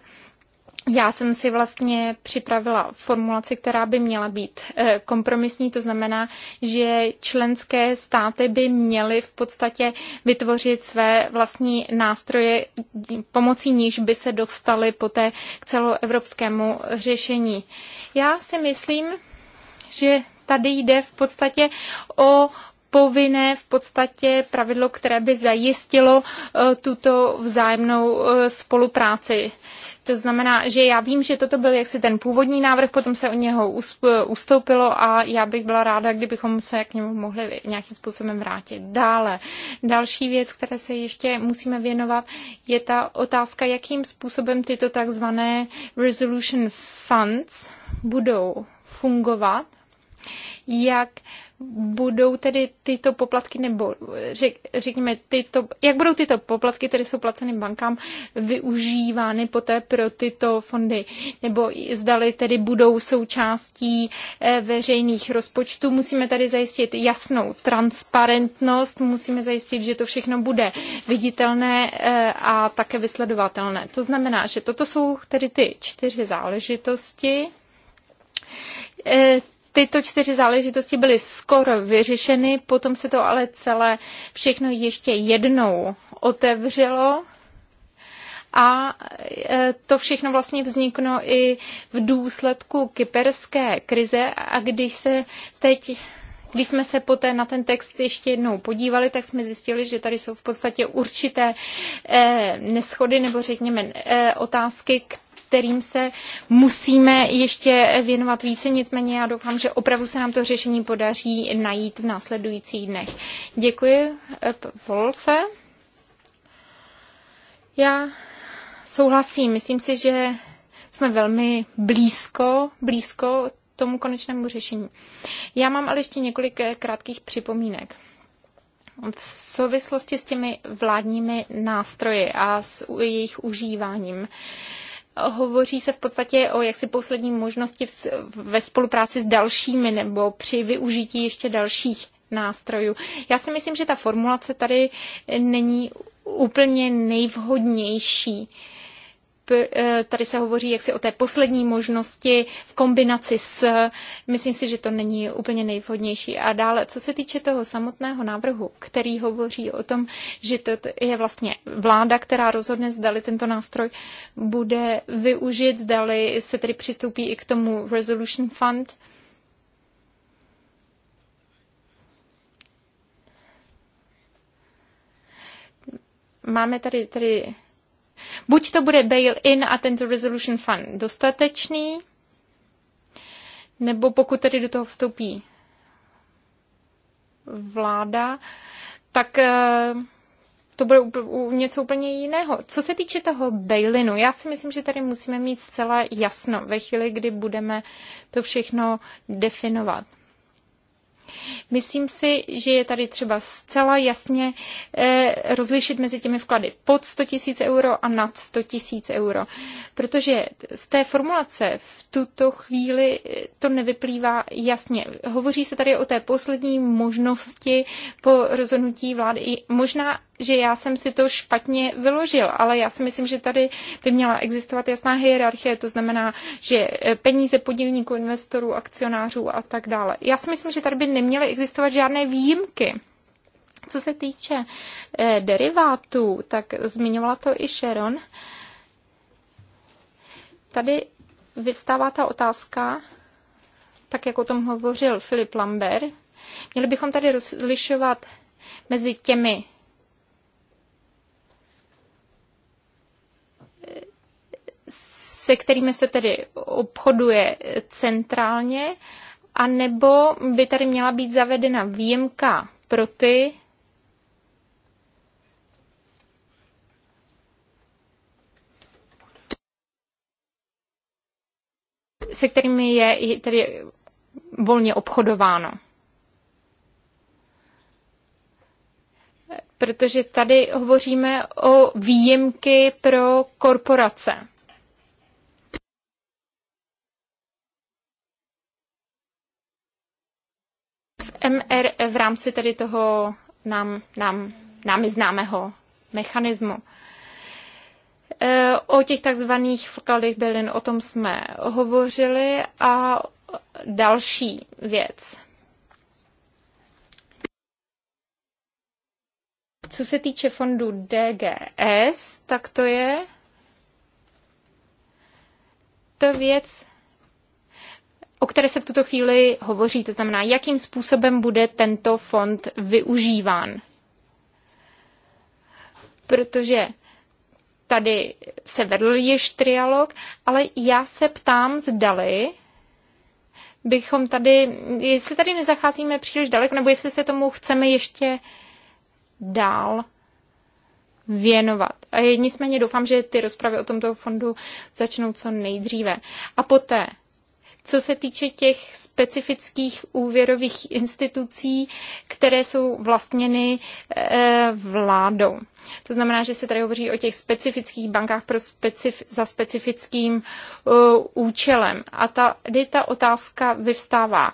Speaker 5: já jsem si vlastně připravila formulaci, která by měla být eh, kompromisní, to znamená, že členské státy by měly v podstatě vytvořit své vlastní nástroje, pomocí níž by se dostaly poté k celoevropskému řešení. Já si myslím, že tady jde v podstatě o povinné v podstatě pravidlo, které by zajistilo e, tuto vzájemnou e, spolupráci. To znamená, že já vím, že toto byl jaksi ten původní návrh, potom se od něho e, ustoupilo a já bych byla ráda, kdybychom se k němu mohli nějakým způsobem vrátit. Dále, další věc, které se ještě musíme věnovat, je ta otázka, jakým způsobem tyto takzvané resolution funds budou fungovat jak budou tedy tyto poplatky, nebo řek, řekněme, tyto, jak budou tyto poplatky, které jsou placeny bankám, využívány poté pro tyto fondy, nebo zdali tedy budou součástí eh, veřejných rozpočtů. Musíme tady zajistit jasnou transparentnost, musíme zajistit, že to všechno bude viditelné eh, a také vysledovatelné. To znamená, že toto jsou tedy ty čtyři záležitosti eh, tyto čtyři záležitosti byly skoro vyřešeny, potom se to ale celé všechno ještě jednou otevřelo a e, to všechno vlastně vzniklo i v důsledku kyperské krize a když se teď když jsme se poté na ten text ještě jednou podívali, tak jsme zjistili, že tady jsou v podstatě určité eh, neschody nebo řekněme eh, otázky, kterým se musíme ještě věnovat více, nicméně já doufám, že opravdu se nám to řešení podaří najít v následujících dnech. Děkuji, eh, Wolfe. Já souhlasím, myslím si, že jsme velmi blízko, blízko tomu konečnému řešení. Já mám ale ještě několik eh, krátkých připomínek. V souvislosti s těmi vládními nástroji a s jejich užíváním hovoří se v podstatě o jaksi poslední možnosti ve spolupráci s dalšími nebo při využití ještě dalších nástrojů. Já si myslím, že ta formulace tady není úplně nejvhodnější. Uh, Eh, tady se hovoří jaksi o té poslední možnosti v kombinaci s, myslím si, že to není úplně nejvhodnější. A dále, co se týče toho samotného návrhu, který hovoří o tom, že to je vlastně vláda, která rozhodne, zdali tento nástroj bude využit, zdali se tedy přistoupí i k tomu Resolution Fund, Máme tady, tady Buď to bude bail-in a tento resolution fund dostatečný, nebo pokud tedy do toho vstoupí vláda, tak eh, to bude něco úplně jiného. Co se týče toho bailinu, já si myslím, že tady musíme mít zcela jasno ve chvíli, kdy budeme to všechno definovat. Myslím si, že je tady třeba zcela jasně eh, rozlišit mezi těmi vklady pod 100 tisíc euro a nad 100 tisíc euro. Protože z té formulace v tuto chvíli eh, to nevyplývá jasně. Hovoří se tady o té poslední možnosti po rozhodnutí vlády. Možná že já jsem si to špatně vyložil, ale já si myslím, že tady by měla existovat jasná hierarchie, to znamená, že eh, peníze podílníků, investorů, akcionářů a tak dále. Já si myslím, že tady by neměly existovat žádné výjimky. Co se týče eh, derivátů, tak zmiňovala to i Sharon. Tady vyvstává ta otázka, tak jak o tom hovořil Filip Lambert, měli bychom tady rozlišovat mezi těmi se kterými se tedy obchoduje centrálně, anebo by tady měla být zavedena výjimka pro ty, se kterými je tedy volně obchodováno. Protože tady hovoříme o výjimky pro korporace. MR v rámci tedy toho nám, nám, námi známého mechanismu. E, o těch takzvaných vkladech bylin, o tom jsme hovořili a další věc. Co se týče fondu DGS, tak to je to věc, o které se v tuto chvíli hovoří, to znamená, jakým způsobem bude tento fond využíván. Protože tady se vedl již trialog, ale já se ptám, zdali bychom tady, jestli tady nezacházíme příliš daleko, nebo jestli se tomu chceme ještě dál věnovat. A nicméně doufám, že ty rozpravy o tomto fondu začnou co nejdříve. A poté co se týče těch specifických úvěrových institucí, které jsou vlastněny eh, vládou. To znamená, že se tady hovoří o těch specifických bankách pro specif- za specifickým eh, účelem. A tady ta otázka vyvstává.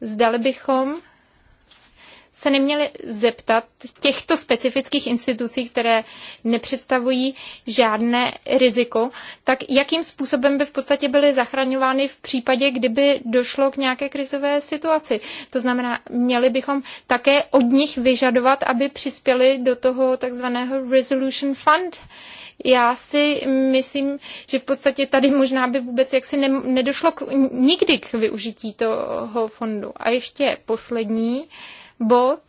Speaker 5: Zdali bychom se neměli zeptat těchto specifických institucí, které nepředstavují žádné riziko, tak jakým způsobem by v podstatě byly zachraňovány v případě, kdyby došlo k nějaké krizové situaci. To znamená, měli bychom také od nich vyžadovat, aby přispěli do toho takzvaného Resolution Fund, já si myslím, že v podstatě tady možná by vůbec jaksi ne, nedošlo k, nikdy k využití toho fondu. A ještě poslední bod,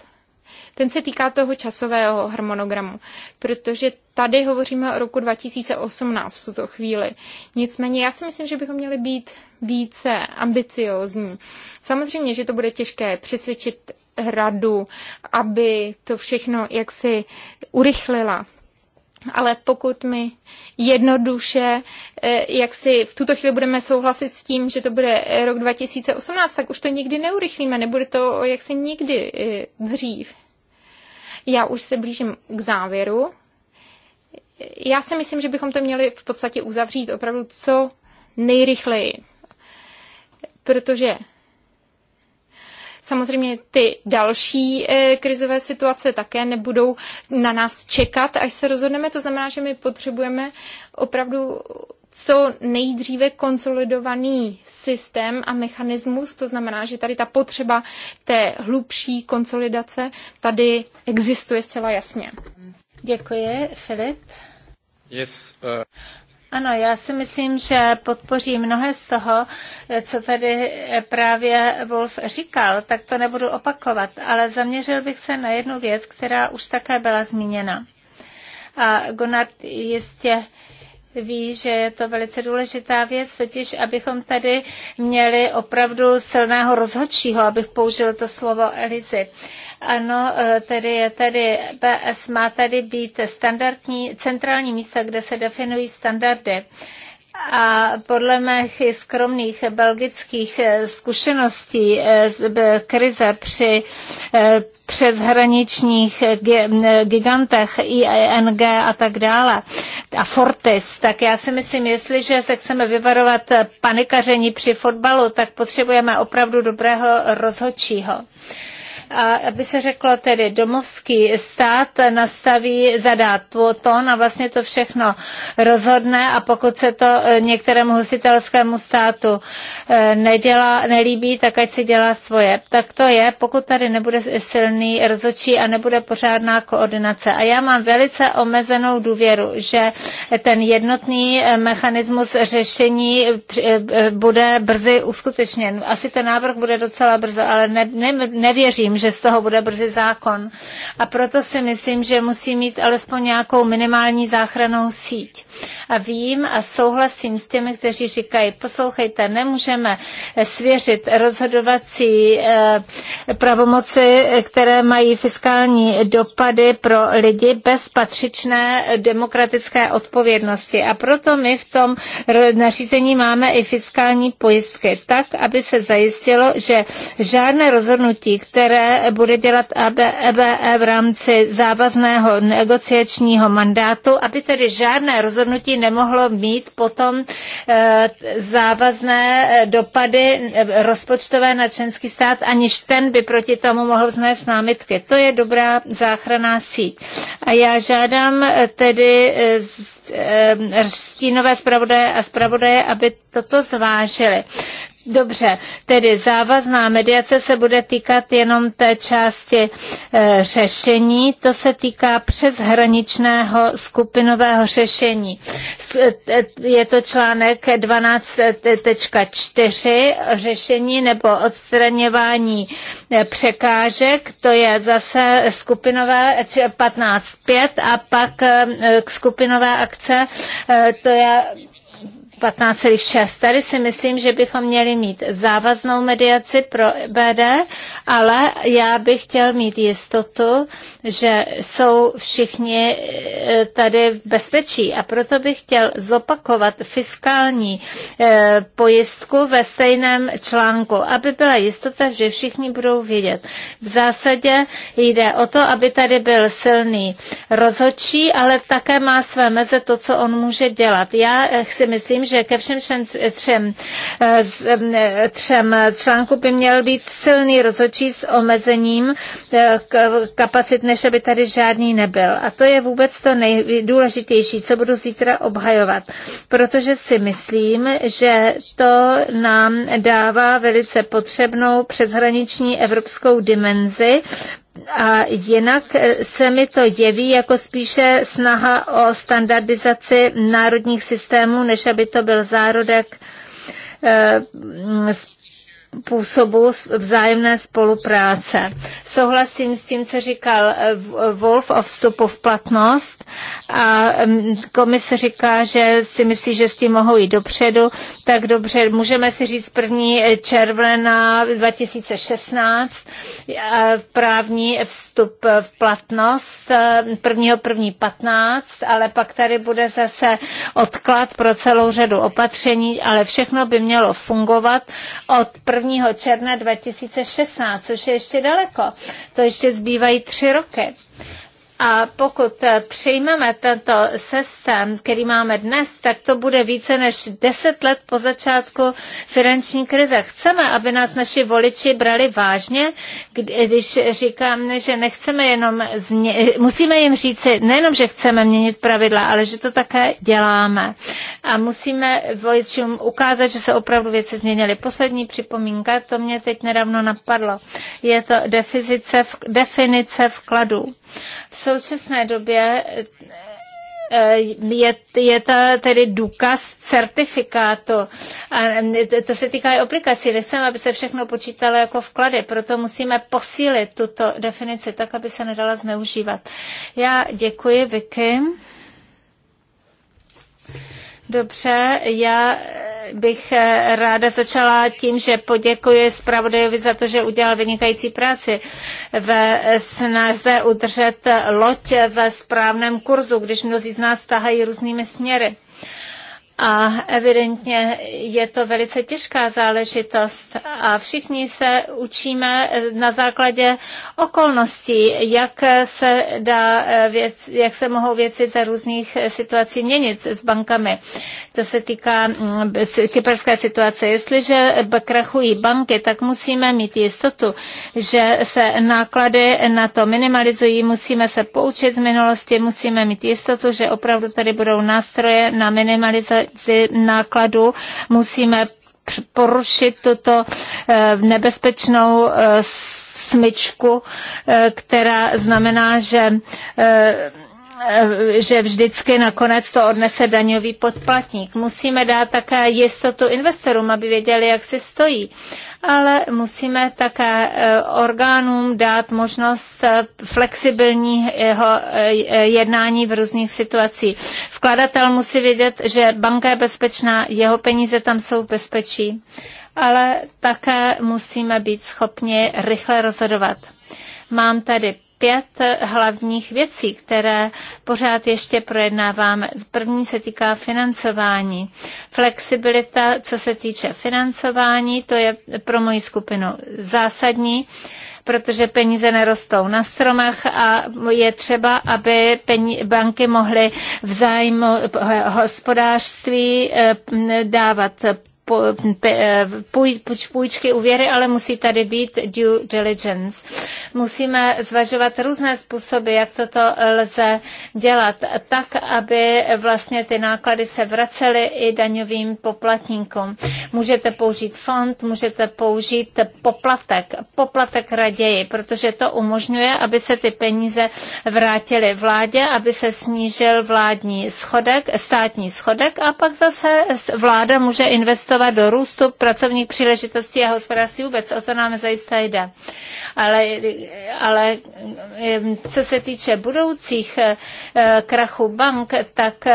Speaker 5: ten se týká toho časového harmonogramu, protože tady hovoříme o roku 2018 v tuto chvíli. Nicméně já si myslím, že bychom měli být více ambiciozní. Samozřejmě, že to bude těžké přesvědčit radu, aby to všechno jaksi urychlila ale pokud my jednoduše, eh, jak si v tuto chvíli budeme souhlasit s tím, že to bude eh, rok 2018, tak už to nikdy neurychlíme, nebude to jak si nikdy eh, dřív. Já už se blížím k závěru. Já si myslím, že bychom to měli v podstatě uzavřít opravdu co nejrychleji, protože Samozřejmě ty další e, krizové situace také nebudou na nás čekat, až se rozhodneme. To znamená, že my potřebujeme opravdu co nejdříve konsolidovaný systém a mechanismus, to znamená, že tady ta potřeba té hlubší konsolidace tady existuje zcela jasně.
Speaker 3: Děkuji, Filip. Yes, uh... Ano, já si myslím, že podpoří mnohé z toho, co tady právě Wolf říkal, tak to nebudu opakovat, ale zaměřil bych se na jednu věc, která už také byla zmíněna. A Gunnar jistě ví, že je to velice důležitá věc, totiž abychom tady měli opravdu silného rozhodčího, abych použil to slovo Elizy. Ano, eh, tedy je tady, BS má tady být standardní, centrální místa, kde se definují standardy. A podle mých skromných belgických eh, zkušeností eh, krize při eh, přeshraničních gigantech ING a tak dále a Fortis, tak já si myslím, jestliže se chceme vyvarovat panikaření při fotbalu, tak potřebujeme opravdu dobrého rozhodčího. A aby se řeklo tedy, domovský stát nastaví, zadá tón a vlastně to všechno rozhodne a pokud se to eh, některému husitelskému státu eh, nedělá, nelíbí, tak ať si dělá svoje. Tak to je, pokud tady nebude silný rozočí a nebude pořádná koordinace. A já mám velice omezenou důvěru, že ten jednotný eh, mechanismus řešení bude brzy uskutečněn. Asi ten návrh bude docela brzo, ale ne, ne, nevěřím, že z toho bude brzy zákon. A proto si myslím, že musí mít alespoň nějakou minimální záchranou síť. A vím a souhlasím s těmi, kteří říkají, poslouchejte, nemůžeme svěřit rozhodovací eh, pravomoci, které mají fiskální dopady pro lidi bez patřičné demokratické odpovědnosti. A proto my v tom nařízení máme i fiskální pojistky, tak, aby se zajistilo, že žádné rozhodnutí, které bude dělat EBE e v rámci závazného negociačního mandátu, aby tedy žádné rozhodnutí nemohlo mít potom e, závazné e, dopady rozpočtové na členský stát, aniž ten by proti tomu mohl vznést námitky. To je dobrá záchranná síť. A já žádám tedy stínové zpravodaje a zpravodaje, aby toto zvážili. Dobře, tedy závazná mediace se bude týkat jenom té části e, řešení, to se týká přeshraničného skupinového řešení. E, je to článek 12.4 e, řešení nebo odstraňování e, překážek, to je zase skupinové 15.5 a pak e, skupinové akce, e, to je 15,6. Tady si myslím, že bychom měli mít závaznou mediaci pro BD, ale já bych chtěl mít jistotu, že jsou všichni eh, tady v bezpečí a proto bych chtěl zopakovat fiskální eh, pojistku ve stejném článku, aby byla jistota, že všichni budou vědět. V zásadě jde o to, aby tady byl silný rozhodčí, ale také má své meze to, co on může dělat. Já eh, si myslím, že že ke všem třem, třem eh, článku by měl být silný rozhodčí s omezením eh, kapacit, než aby tady žádný nebyl. A to je vůbec to nejdůležitější, co budu zítra obhajovat, protože si myslím, že to nám dává velice potřebnou přeshraniční evropskou dimenzi, a jinak eh, se mi to jeví jako spíše snaha o standardizaci národních systémů, než aby to byl zárodek eh, působu vzájemné spolupráce. Souhlasím s tím, co říkal eh, Wolf o vstupu v platnost a mm, komise říká, že si myslí, že s tím mohou jít dopředu, tak dobře, můžeme si říct první eh, června 2016 eh, právní vstup v platnost 1.1.15, 15, ale pak tady bude zase odklad pro celou řadu opatření, ale všechno by mělo fungovat od 1. 1. června 2016, což je ještě daleko. To ještě zbývají tři roky. A pokud eh, přejmeme tento systém, který máme dnes, tak to bude více než 10 let po začátku finanční krize. Chceme, aby nás naši voliči brali vážně, když říkáme, že nechceme jenom, změ- musíme jim říci nejenom, že chceme měnit pravidla, ale že to také děláme. A musíme voličům ukázat, že se opravdu věci změnily. Poslední připomínka, to mě teď nedávno napadlo, je to definice, definice vkladů. V současné době eh, je, je to tedy důkaz certifikátu. A to se týká i aplikací. Nechceme, aby se všechno počítalo jako vklady, proto musíme posílit tuto definici tak, aby se nedala zneužívat. Já děkuji, Vicky. Dobře, já eh, bych eh, ráda začala tím, že poděkuji zpravodajovi za to, že udělal vynikající práci ve snaze udržet loď ve správném kurzu, když mnozí z nás tahají různými směry. A evidentně je to velice těžká záležitost a všichni se učíme na základě okolností, jak se, dá eh, věc, jak se mohou věci za různých situací měnit s bankami. To se týká mm, kyperské situace. Jestliže krachují banky, tak musíme mít jistotu, že se náklady na to minimalizují, musíme se poučit z minulosti, musíme mít jistotu, že opravdu tady budou nástroje na minimalizaci analýzy nákladu musíme porušit tuto eh, nebezpečnou eh, smyčku, eh, která znamená, že Eh, že vždycky nakonec to odnese daňový podplatník. Musíme dát také jistotu investorům, aby věděli, jak se stojí. Ale musíme také eh, orgánům dát možnost eh, flexibilního jednání v různých situacích. Vkladatel musí vědět, že banka je bezpečná, jeho peníze tam jsou bezpečí, ale také musíme být schopni rychle rozhodovat. Mám tady pět hlavních věcí, které pořád ještě projednáváme. První se týká financování. Flexibilita, co se týče financování, to je pro moji skupinu zásadní protože peníze nerostou na stromech a je třeba, aby banky mohly v zájmu hospodářství eh, dávat Eh, půjčky, úvěry, ale musí tady být due diligence. Musíme zvažovat různé způsoby, jak toto lze dělat, tak, aby vlastně ty náklady se vracely i daňovým poplatníkům. Můžete použít fond, můžete použít poplatek, poplatek raději, protože to umožňuje, aby se ty peníze vrátily vládě, aby se snížil vládní schodek, státní schodek a pak zase vláda může investovat investovat do růstu pracovních příležitostí a hospodářství vůbec. O to nám zajistá jde. Ale, ale co se týče budoucích eh, krachů bank, tak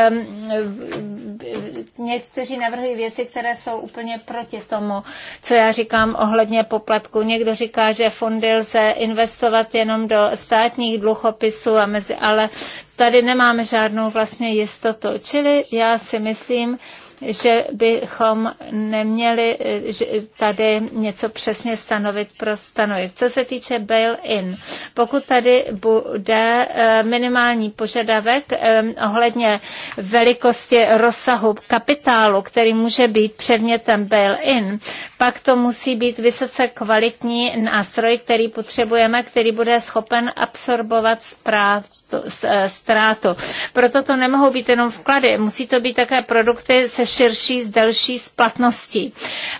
Speaker 3: někteří navrhují věci, které jsou úplně proti tomu, co já říkám ohledně poplatku. Někdo říká, že fondy lze investovat jenom do státních dluhopisů, a mezi, ale tady nemáme žádnou vlastně jistotu. Čili já si myslím, že bychom neměli eh, tady něco přesně stanovit pro stanovit. Co se týče bail-in, pokud tady bude eh, minimální požadavek eh, ohledně velikosti rozsahu kapitálu, který může být předmětem bail-in, pak to musí být vysoce kvalitní nástroj, který potřebujeme, který bude schopen absorbovat zpráv Eh, ztrátu. Proto to nemohou být jenom vklady, musí to být také produkty se širší, s delší splatností.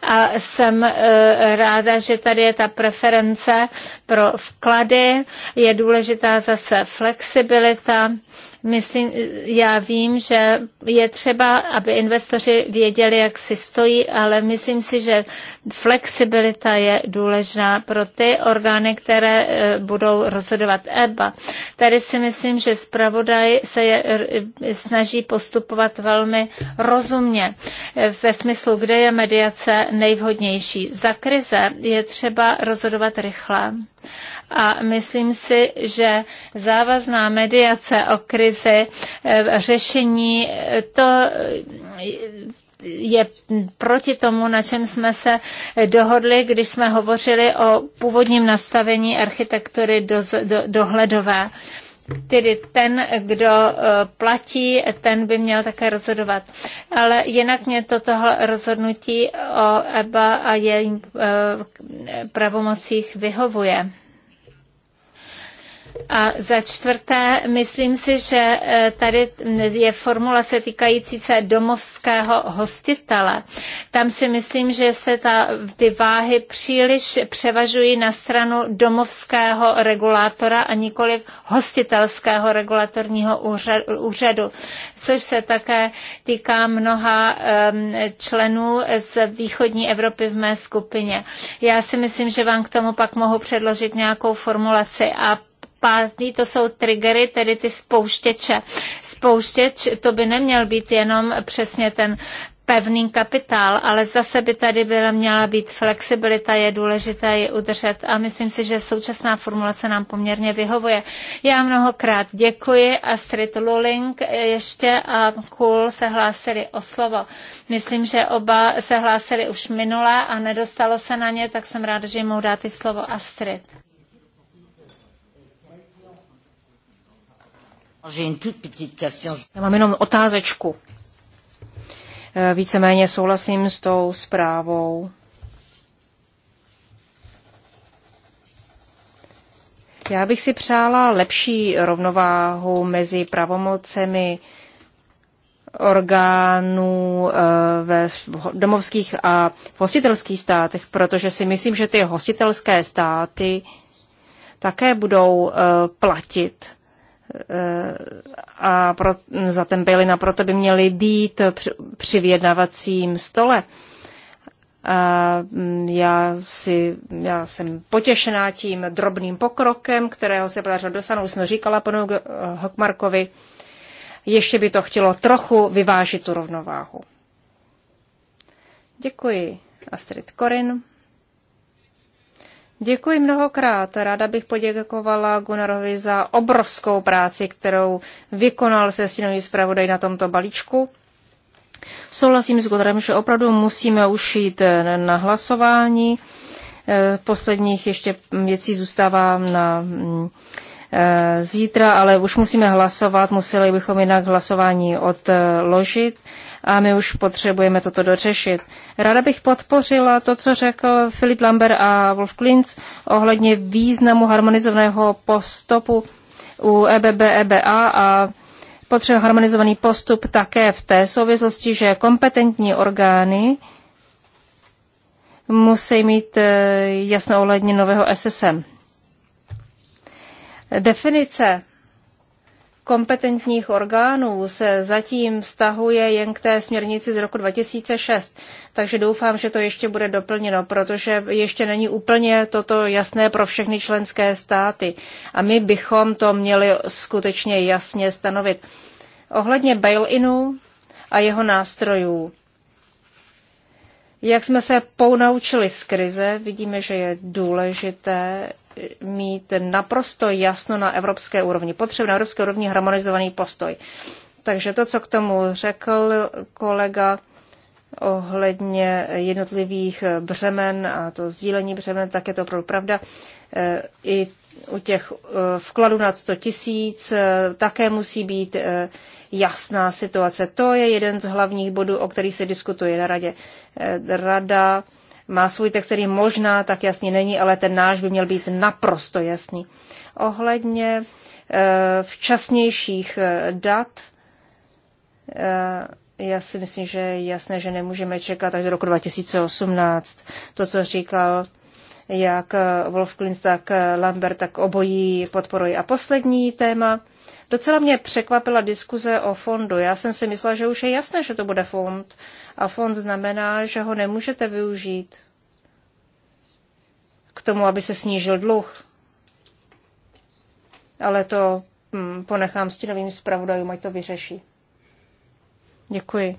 Speaker 3: A jsem eh, ráda, že tady je ta preference pro vklady, je důležitá zase flexibilita, Myslím, já vím, že je třeba, aby investoři věděli, jak si stojí, ale myslím si, že flexibilita je důležitá pro ty orgány, které eh, budou rozhodovat EBA. Tady si myslím, že zpravodaj se je, eh, snaží postupovat velmi rozumně eh, ve smyslu, kde je mediace nejvhodnější. Za krize je třeba rozhodovat rychle a myslím si, že závazná mediace o krizi, e, řešení, e, to je proti tomu, na čem jsme se dohodli, když jsme hovořili o původním nastavení architektury do, do, dohledové. Tedy ten, kdo e, platí, ten by měl také rozhodovat. Ale jinak mě toto rozhodnutí o EBA a jejím pravomocích vyhovuje. A za čtvrté, myslím si, že e, tady je formulace týkající se domovského hostitele. Tam si myslím, že se ta, ty váhy příliš převažují na stranu domovského regulátora a nikoli hostitelského regulatorního úřadu, což se také týká mnoha členů z východní Evropy v mé skupině. Já si myslím, že vám k tomu pak mohu předložit nějakou formulaci. A pázní, to jsou triggery, tedy ty spouštěče. Spouštěč to by neměl být jenom přesně ten pevný kapitál, ale zase by tady byla, měla být flexibilita, je důležité ji udržet a myslím si, že současná formulace nám poměrně vyhovuje. Já mnohokrát děkuji a Astrid Luling ještě a Kul se hlásili o slovo. Myslím, že oba se hlásili už minule a nedostalo se na ně, tak jsem ráda, že jim mohu dát i slovo Astrid. Já
Speaker 4: mám jenom otázečku. Eh, víceméně souhlasím s tou zprávou. Já bych si přála lepší rovnováhu mezi pravomocemi orgánů eh, ve domovských a hostitelských státech, protože si myslím, že ty hostitelské státy také budou eh, platit Eh, a pro, za ten bylina proto by měli být při, při vyjednavacím stole. A mm, já, si, já jsem potěšená tím drobným pokrokem, kterého se podařilo dosáhnout. jsem říkala panu eh, Hokmarkovi, ještě by to chtělo trochu vyvážit tu rovnováhu. Děkuji, Astrid Korin. Děkuji mnohokrát. Ráda bych poděkovala Gunnarovi za obrovskou práci, kterou vykonal se stínový zpravodaj na tomto balíčku. Souhlasím s Gunnarem, že opravdu musíme ušít na hlasování. Eh, posledních ještě věcí zůstává na mm, Eh, zítra, ale už musíme hlasovat, museli bychom jinak hlasování odložit a my už potřebujeme toto dořešit. Ráda bych podpořila to, co řekl Filip Lambert a Wolf Klintz ohledně významu harmonizovaného postupu u EBB, EBA a potřebuje harmonizovaný postup také v té souvislosti, že kompetentní orgány musí mít eh, jasnou ohledně nového SSM. Definice kompetentních orgánů se zatím vztahuje jen k té směrnici z roku 2006, takže doufám, že to ještě bude doplněno, protože ještě není úplně toto jasné pro všechny členské státy a my bychom to měli skutečně jasně stanovit. Ohledně bail-inu a jeho nástrojů. Jak jsme se pounaučili z krize, vidíme, že je důležité mít naprosto jasno na evropské úrovni. Potřebuje na evropské úrovni harmonizovaný postoj. Takže to, co k tomu řekl kolega ohledně jednotlivých břemen a to sdílení břemen, tak je to opravdu pravda. E, I u těch e, vkladů nad 100 tisíc e, také musí být jasná situace. To je jeden z hlavních bodů, o který se diskutuje na radě. Rada má svůj text, který možná tak jasný není, ale ten náš by měl být naprosto jasný. Ohledně eh, včasnějších eh, dat, eh, já si myslím, že je jasné, že nemůžeme čekat až do roku 2018. To, co říkal jak Wolf Klins, tak Lambert, tak obojí podporují. A poslední téma, Docela mě překvapila diskuze o fondu. Já jsem si myslela, že už je jasné, že to bude fond. A fond znamená, že ho nemůžete využít k tomu, aby se snížil dluh. Ale to hm, ponechám stínovým zpravodajům, ať to vyřeší. Děkuji.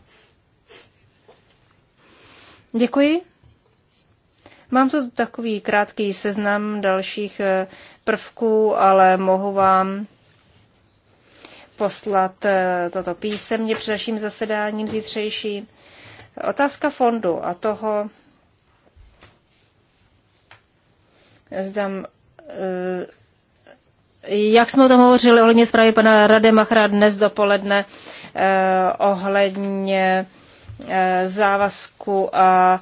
Speaker 4: Děkuji. Mám tu takový krátký seznam dalších eh, prvků, ale mohu vám poslat eh, toto písemně před naším zasedáním zítřejší. Otázka fondu a toho, zdám, eh, jak jsme o tom hovořili ohledně zprávy pana Machra dnes dopoledne eh, ohledně závazku a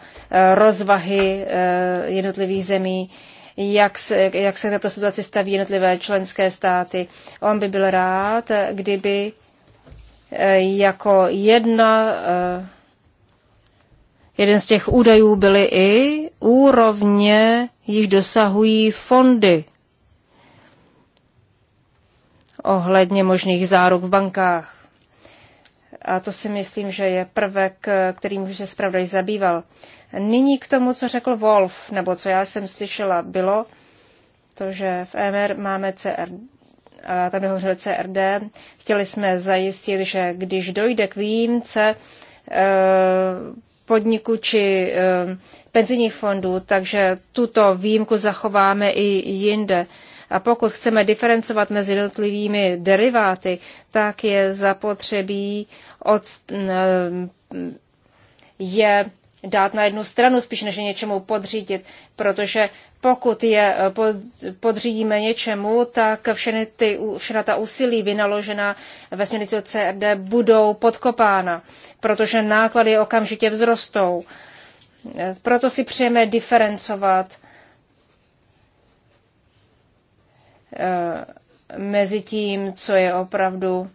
Speaker 4: rozvahy jednotlivých zemí jak se, jak se na to situaci staví jednotlivé členské státy. On by byl rád, kdyby eh, jako jedna, eh, jeden z těch údajů byly i úrovně, již dosahují fondy ohledně možných záruk v bankách. A to si myslím, že je prvek, eh, kterým už se zpravodaj zabýval. Nyní k tomu, co řekl Wolf, nebo co já jsem slyšela, bylo to, že v MR máme CR, a tam hovořil CRD. Chtěli jsme zajistit, že když dojde k výjimce e, podniku či e, penzijních fondů, takže tuto výjimku zachováme i jinde. A pokud chceme diferencovat mezi jednotlivými deriváty, tak je zapotřebí od, e, je dát na jednu stranu, spíš než něčemu podřídit, protože pokud je eh, pod, podřídíme něčemu, tak všechny ty, všechna ta úsilí vynaložená ve směrnici o CRD budou podkopána, protože náklady okamžitě vzrostou. Eh, proto si přejeme diferencovat eh, mezi tím, co je opravdu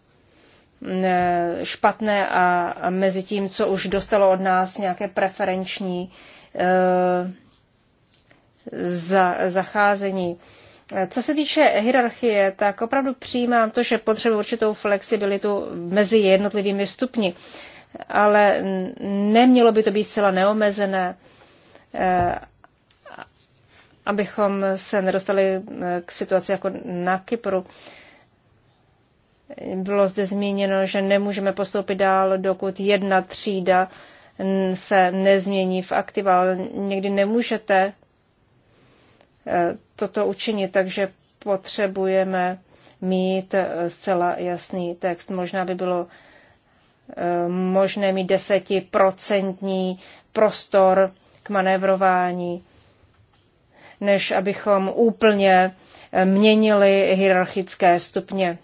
Speaker 4: Eh, špatné a mezi tím, co už dostalo od nás nějaké preferenční eh, zacházení. Eh, co se týče hierarchie, tak opravdu přijímám to, že potřebuje určitou flexibilitu mezi jednotlivými stupni, ale nemělo by to být zcela neomezené, abychom se nedostali k situaci jako na Kypru. Bylo zde zmíněno, že nemůžeme postoupit dál, dokud jedna třída se nezmění v aktiva, ale někdy nemůžete eh, toto učinit, takže potřebujeme mít eh, zcela jasný text. Možná by bylo eh, možné mít desetiprocentní prostor k manévrování, než abychom úplně měnili hierarchické stupně.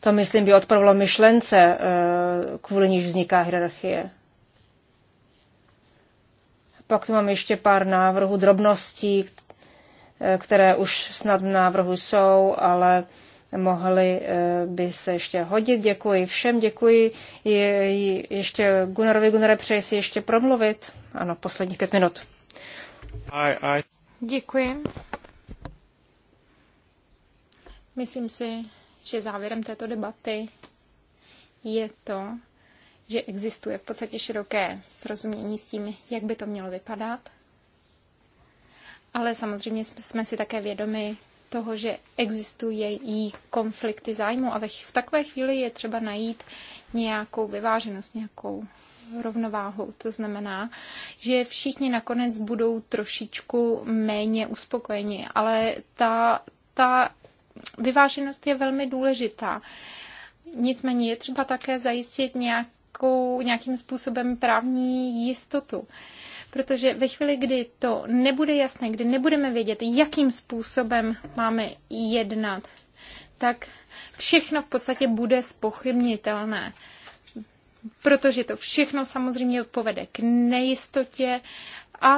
Speaker 4: To, myslím, by odpravilo myšlence, eh, kvůli níž vzniká hierarchie. Pak tu mám ještě pár návrhů, drobností, eh, které už snad v návrhu jsou, ale mohly eh, by se ještě hodit. Děkuji všem, děkuji. Je, ještě Gunnarovi. Gunnare, přeji si ještě promluvit. Ano, posledních pět minut.
Speaker 2: I, I...
Speaker 5: Děkuji. Myslím si, že závěrem této debaty je to, že existuje v podstatě široké srozumění s tím, jak by to mělo vypadat. Ale samozřejmě jsme si také vědomi toho, že existují i konflikty zájmu a v takové chvíli je třeba najít nějakou vyváženost, nějakou rovnováhu. To znamená, že všichni nakonec budou trošičku méně uspokojeni, ale ta, ta vyváženost je velmi důležitá. Nicméně je třeba také zajistit nějakou, nějakým způsobem právní jistotu. Protože ve chvíli, kdy to nebude jasné, kdy nebudeme vědět, jakým způsobem máme jednat, tak všechno v podstatě bude spochybnitelné protože to všechno samozřejmě povede k nejistotě a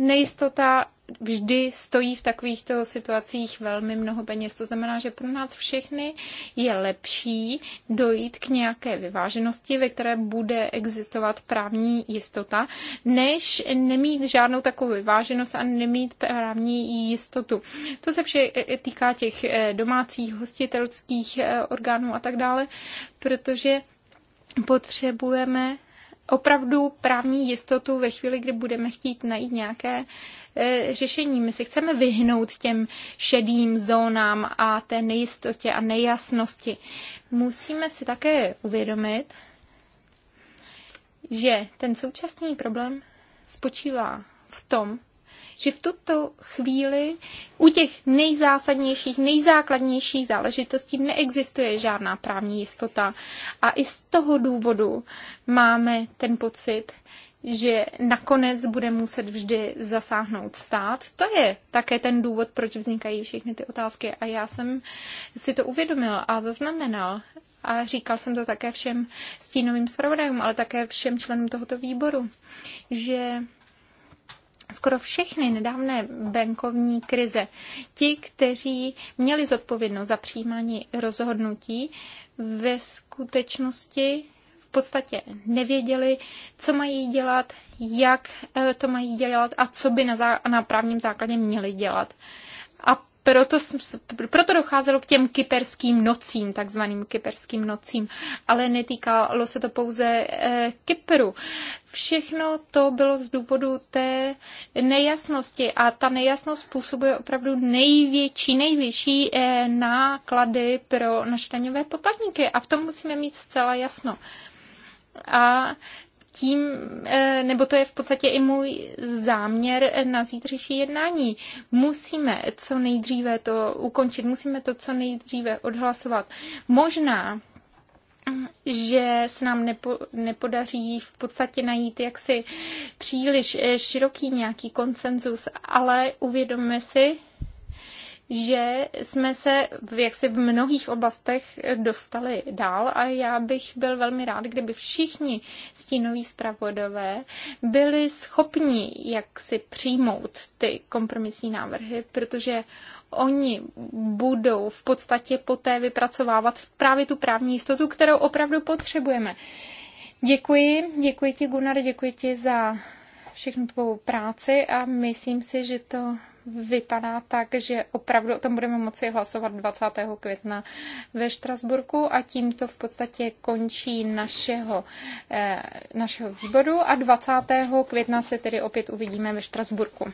Speaker 5: nejistota vždy stojí v takovýchto situacích velmi mnoho peněz. To znamená, že pro nás všechny je lepší dojít k nějaké vyváženosti, ve které bude existovat právní jistota, než nemít žádnou takovou vyváženost a nemít právní jistotu. To se vše e, e, týká těch e, domácích, hostitelských orgánů a tak dále, protože potřebujeme opravdu právní jistotu ve chvíli, kdy budeme chtít najít nějaké e, řešení. My se chceme vyhnout těm šedým zónám a té nejistotě a nejasnosti. Musíme si také uvědomit, že ten současný problém spočívá v tom, že v tuto chvíli u těch nejzásadnějších, nejzákladnějších záležitostí neexistuje žádná právní jistota. A i z toho důvodu máme ten pocit, že nakonec bude muset vždy zasáhnout stát. To je také ten důvod, proč vznikají všechny ty otázky. A já jsem si to uvědomil a zaznamenal. A říkal jsem to také všem stínovým zpravodajům, ale také všem členům tohoto výboru, že skoro všechny nedávné bankovní krize. Ti, kteří měli zodpovědnost za přijímání rozhodnutí, ve skutečnosti v podstatě nevěděli, co mají dělat, jak eh, to mají dělat a co by na, na právním základě měli dělat. A proto, proto docházelo k těm kyperským nocím, takzvaným kyperským nocím. Ale netýkalo se to pouze eh, Kypru. Všechno to bylo z důvodu té nejasnosti a ta nejasnost způsobuje opravdu největší, největší eh, náklady pro naše daňové poplatníky a v tom musíme mít zcela jasno. A tím, eh, nebo to je v podstatě i můj záměr na zítřejší jednání. Musíme co nejdříve to ukončit, musíme to co nejdříve odhlasovat. Možná že se nám nepo, nepodaří v podstatě najít jaksi příliš eh, široký nějaký konsenzus, ale uvědomme si, že jsme se v, jaksi v mnohých oblastech dostali dál a já bych byl velmi rád, kdyby všichni stínoví zpravodové byli schopni jaksi přijmout ty kompromisní návrhy, protože oni budou v podstatě poté vypracovávat právě tu právní jistotu, kterou opravdu potřebujeme. Děkuji, děkuji ti Gunnar, děkuji ti za všechnu tvou práci a myslím si, že to vypadá tak, že opravdu o tom budeme moci hlasovat 20. května ve Štrasburku a tímto v podstatě končí našeho, eh, našeho výboru a 20. května se tedy opět uvidíme ve Štrasburku.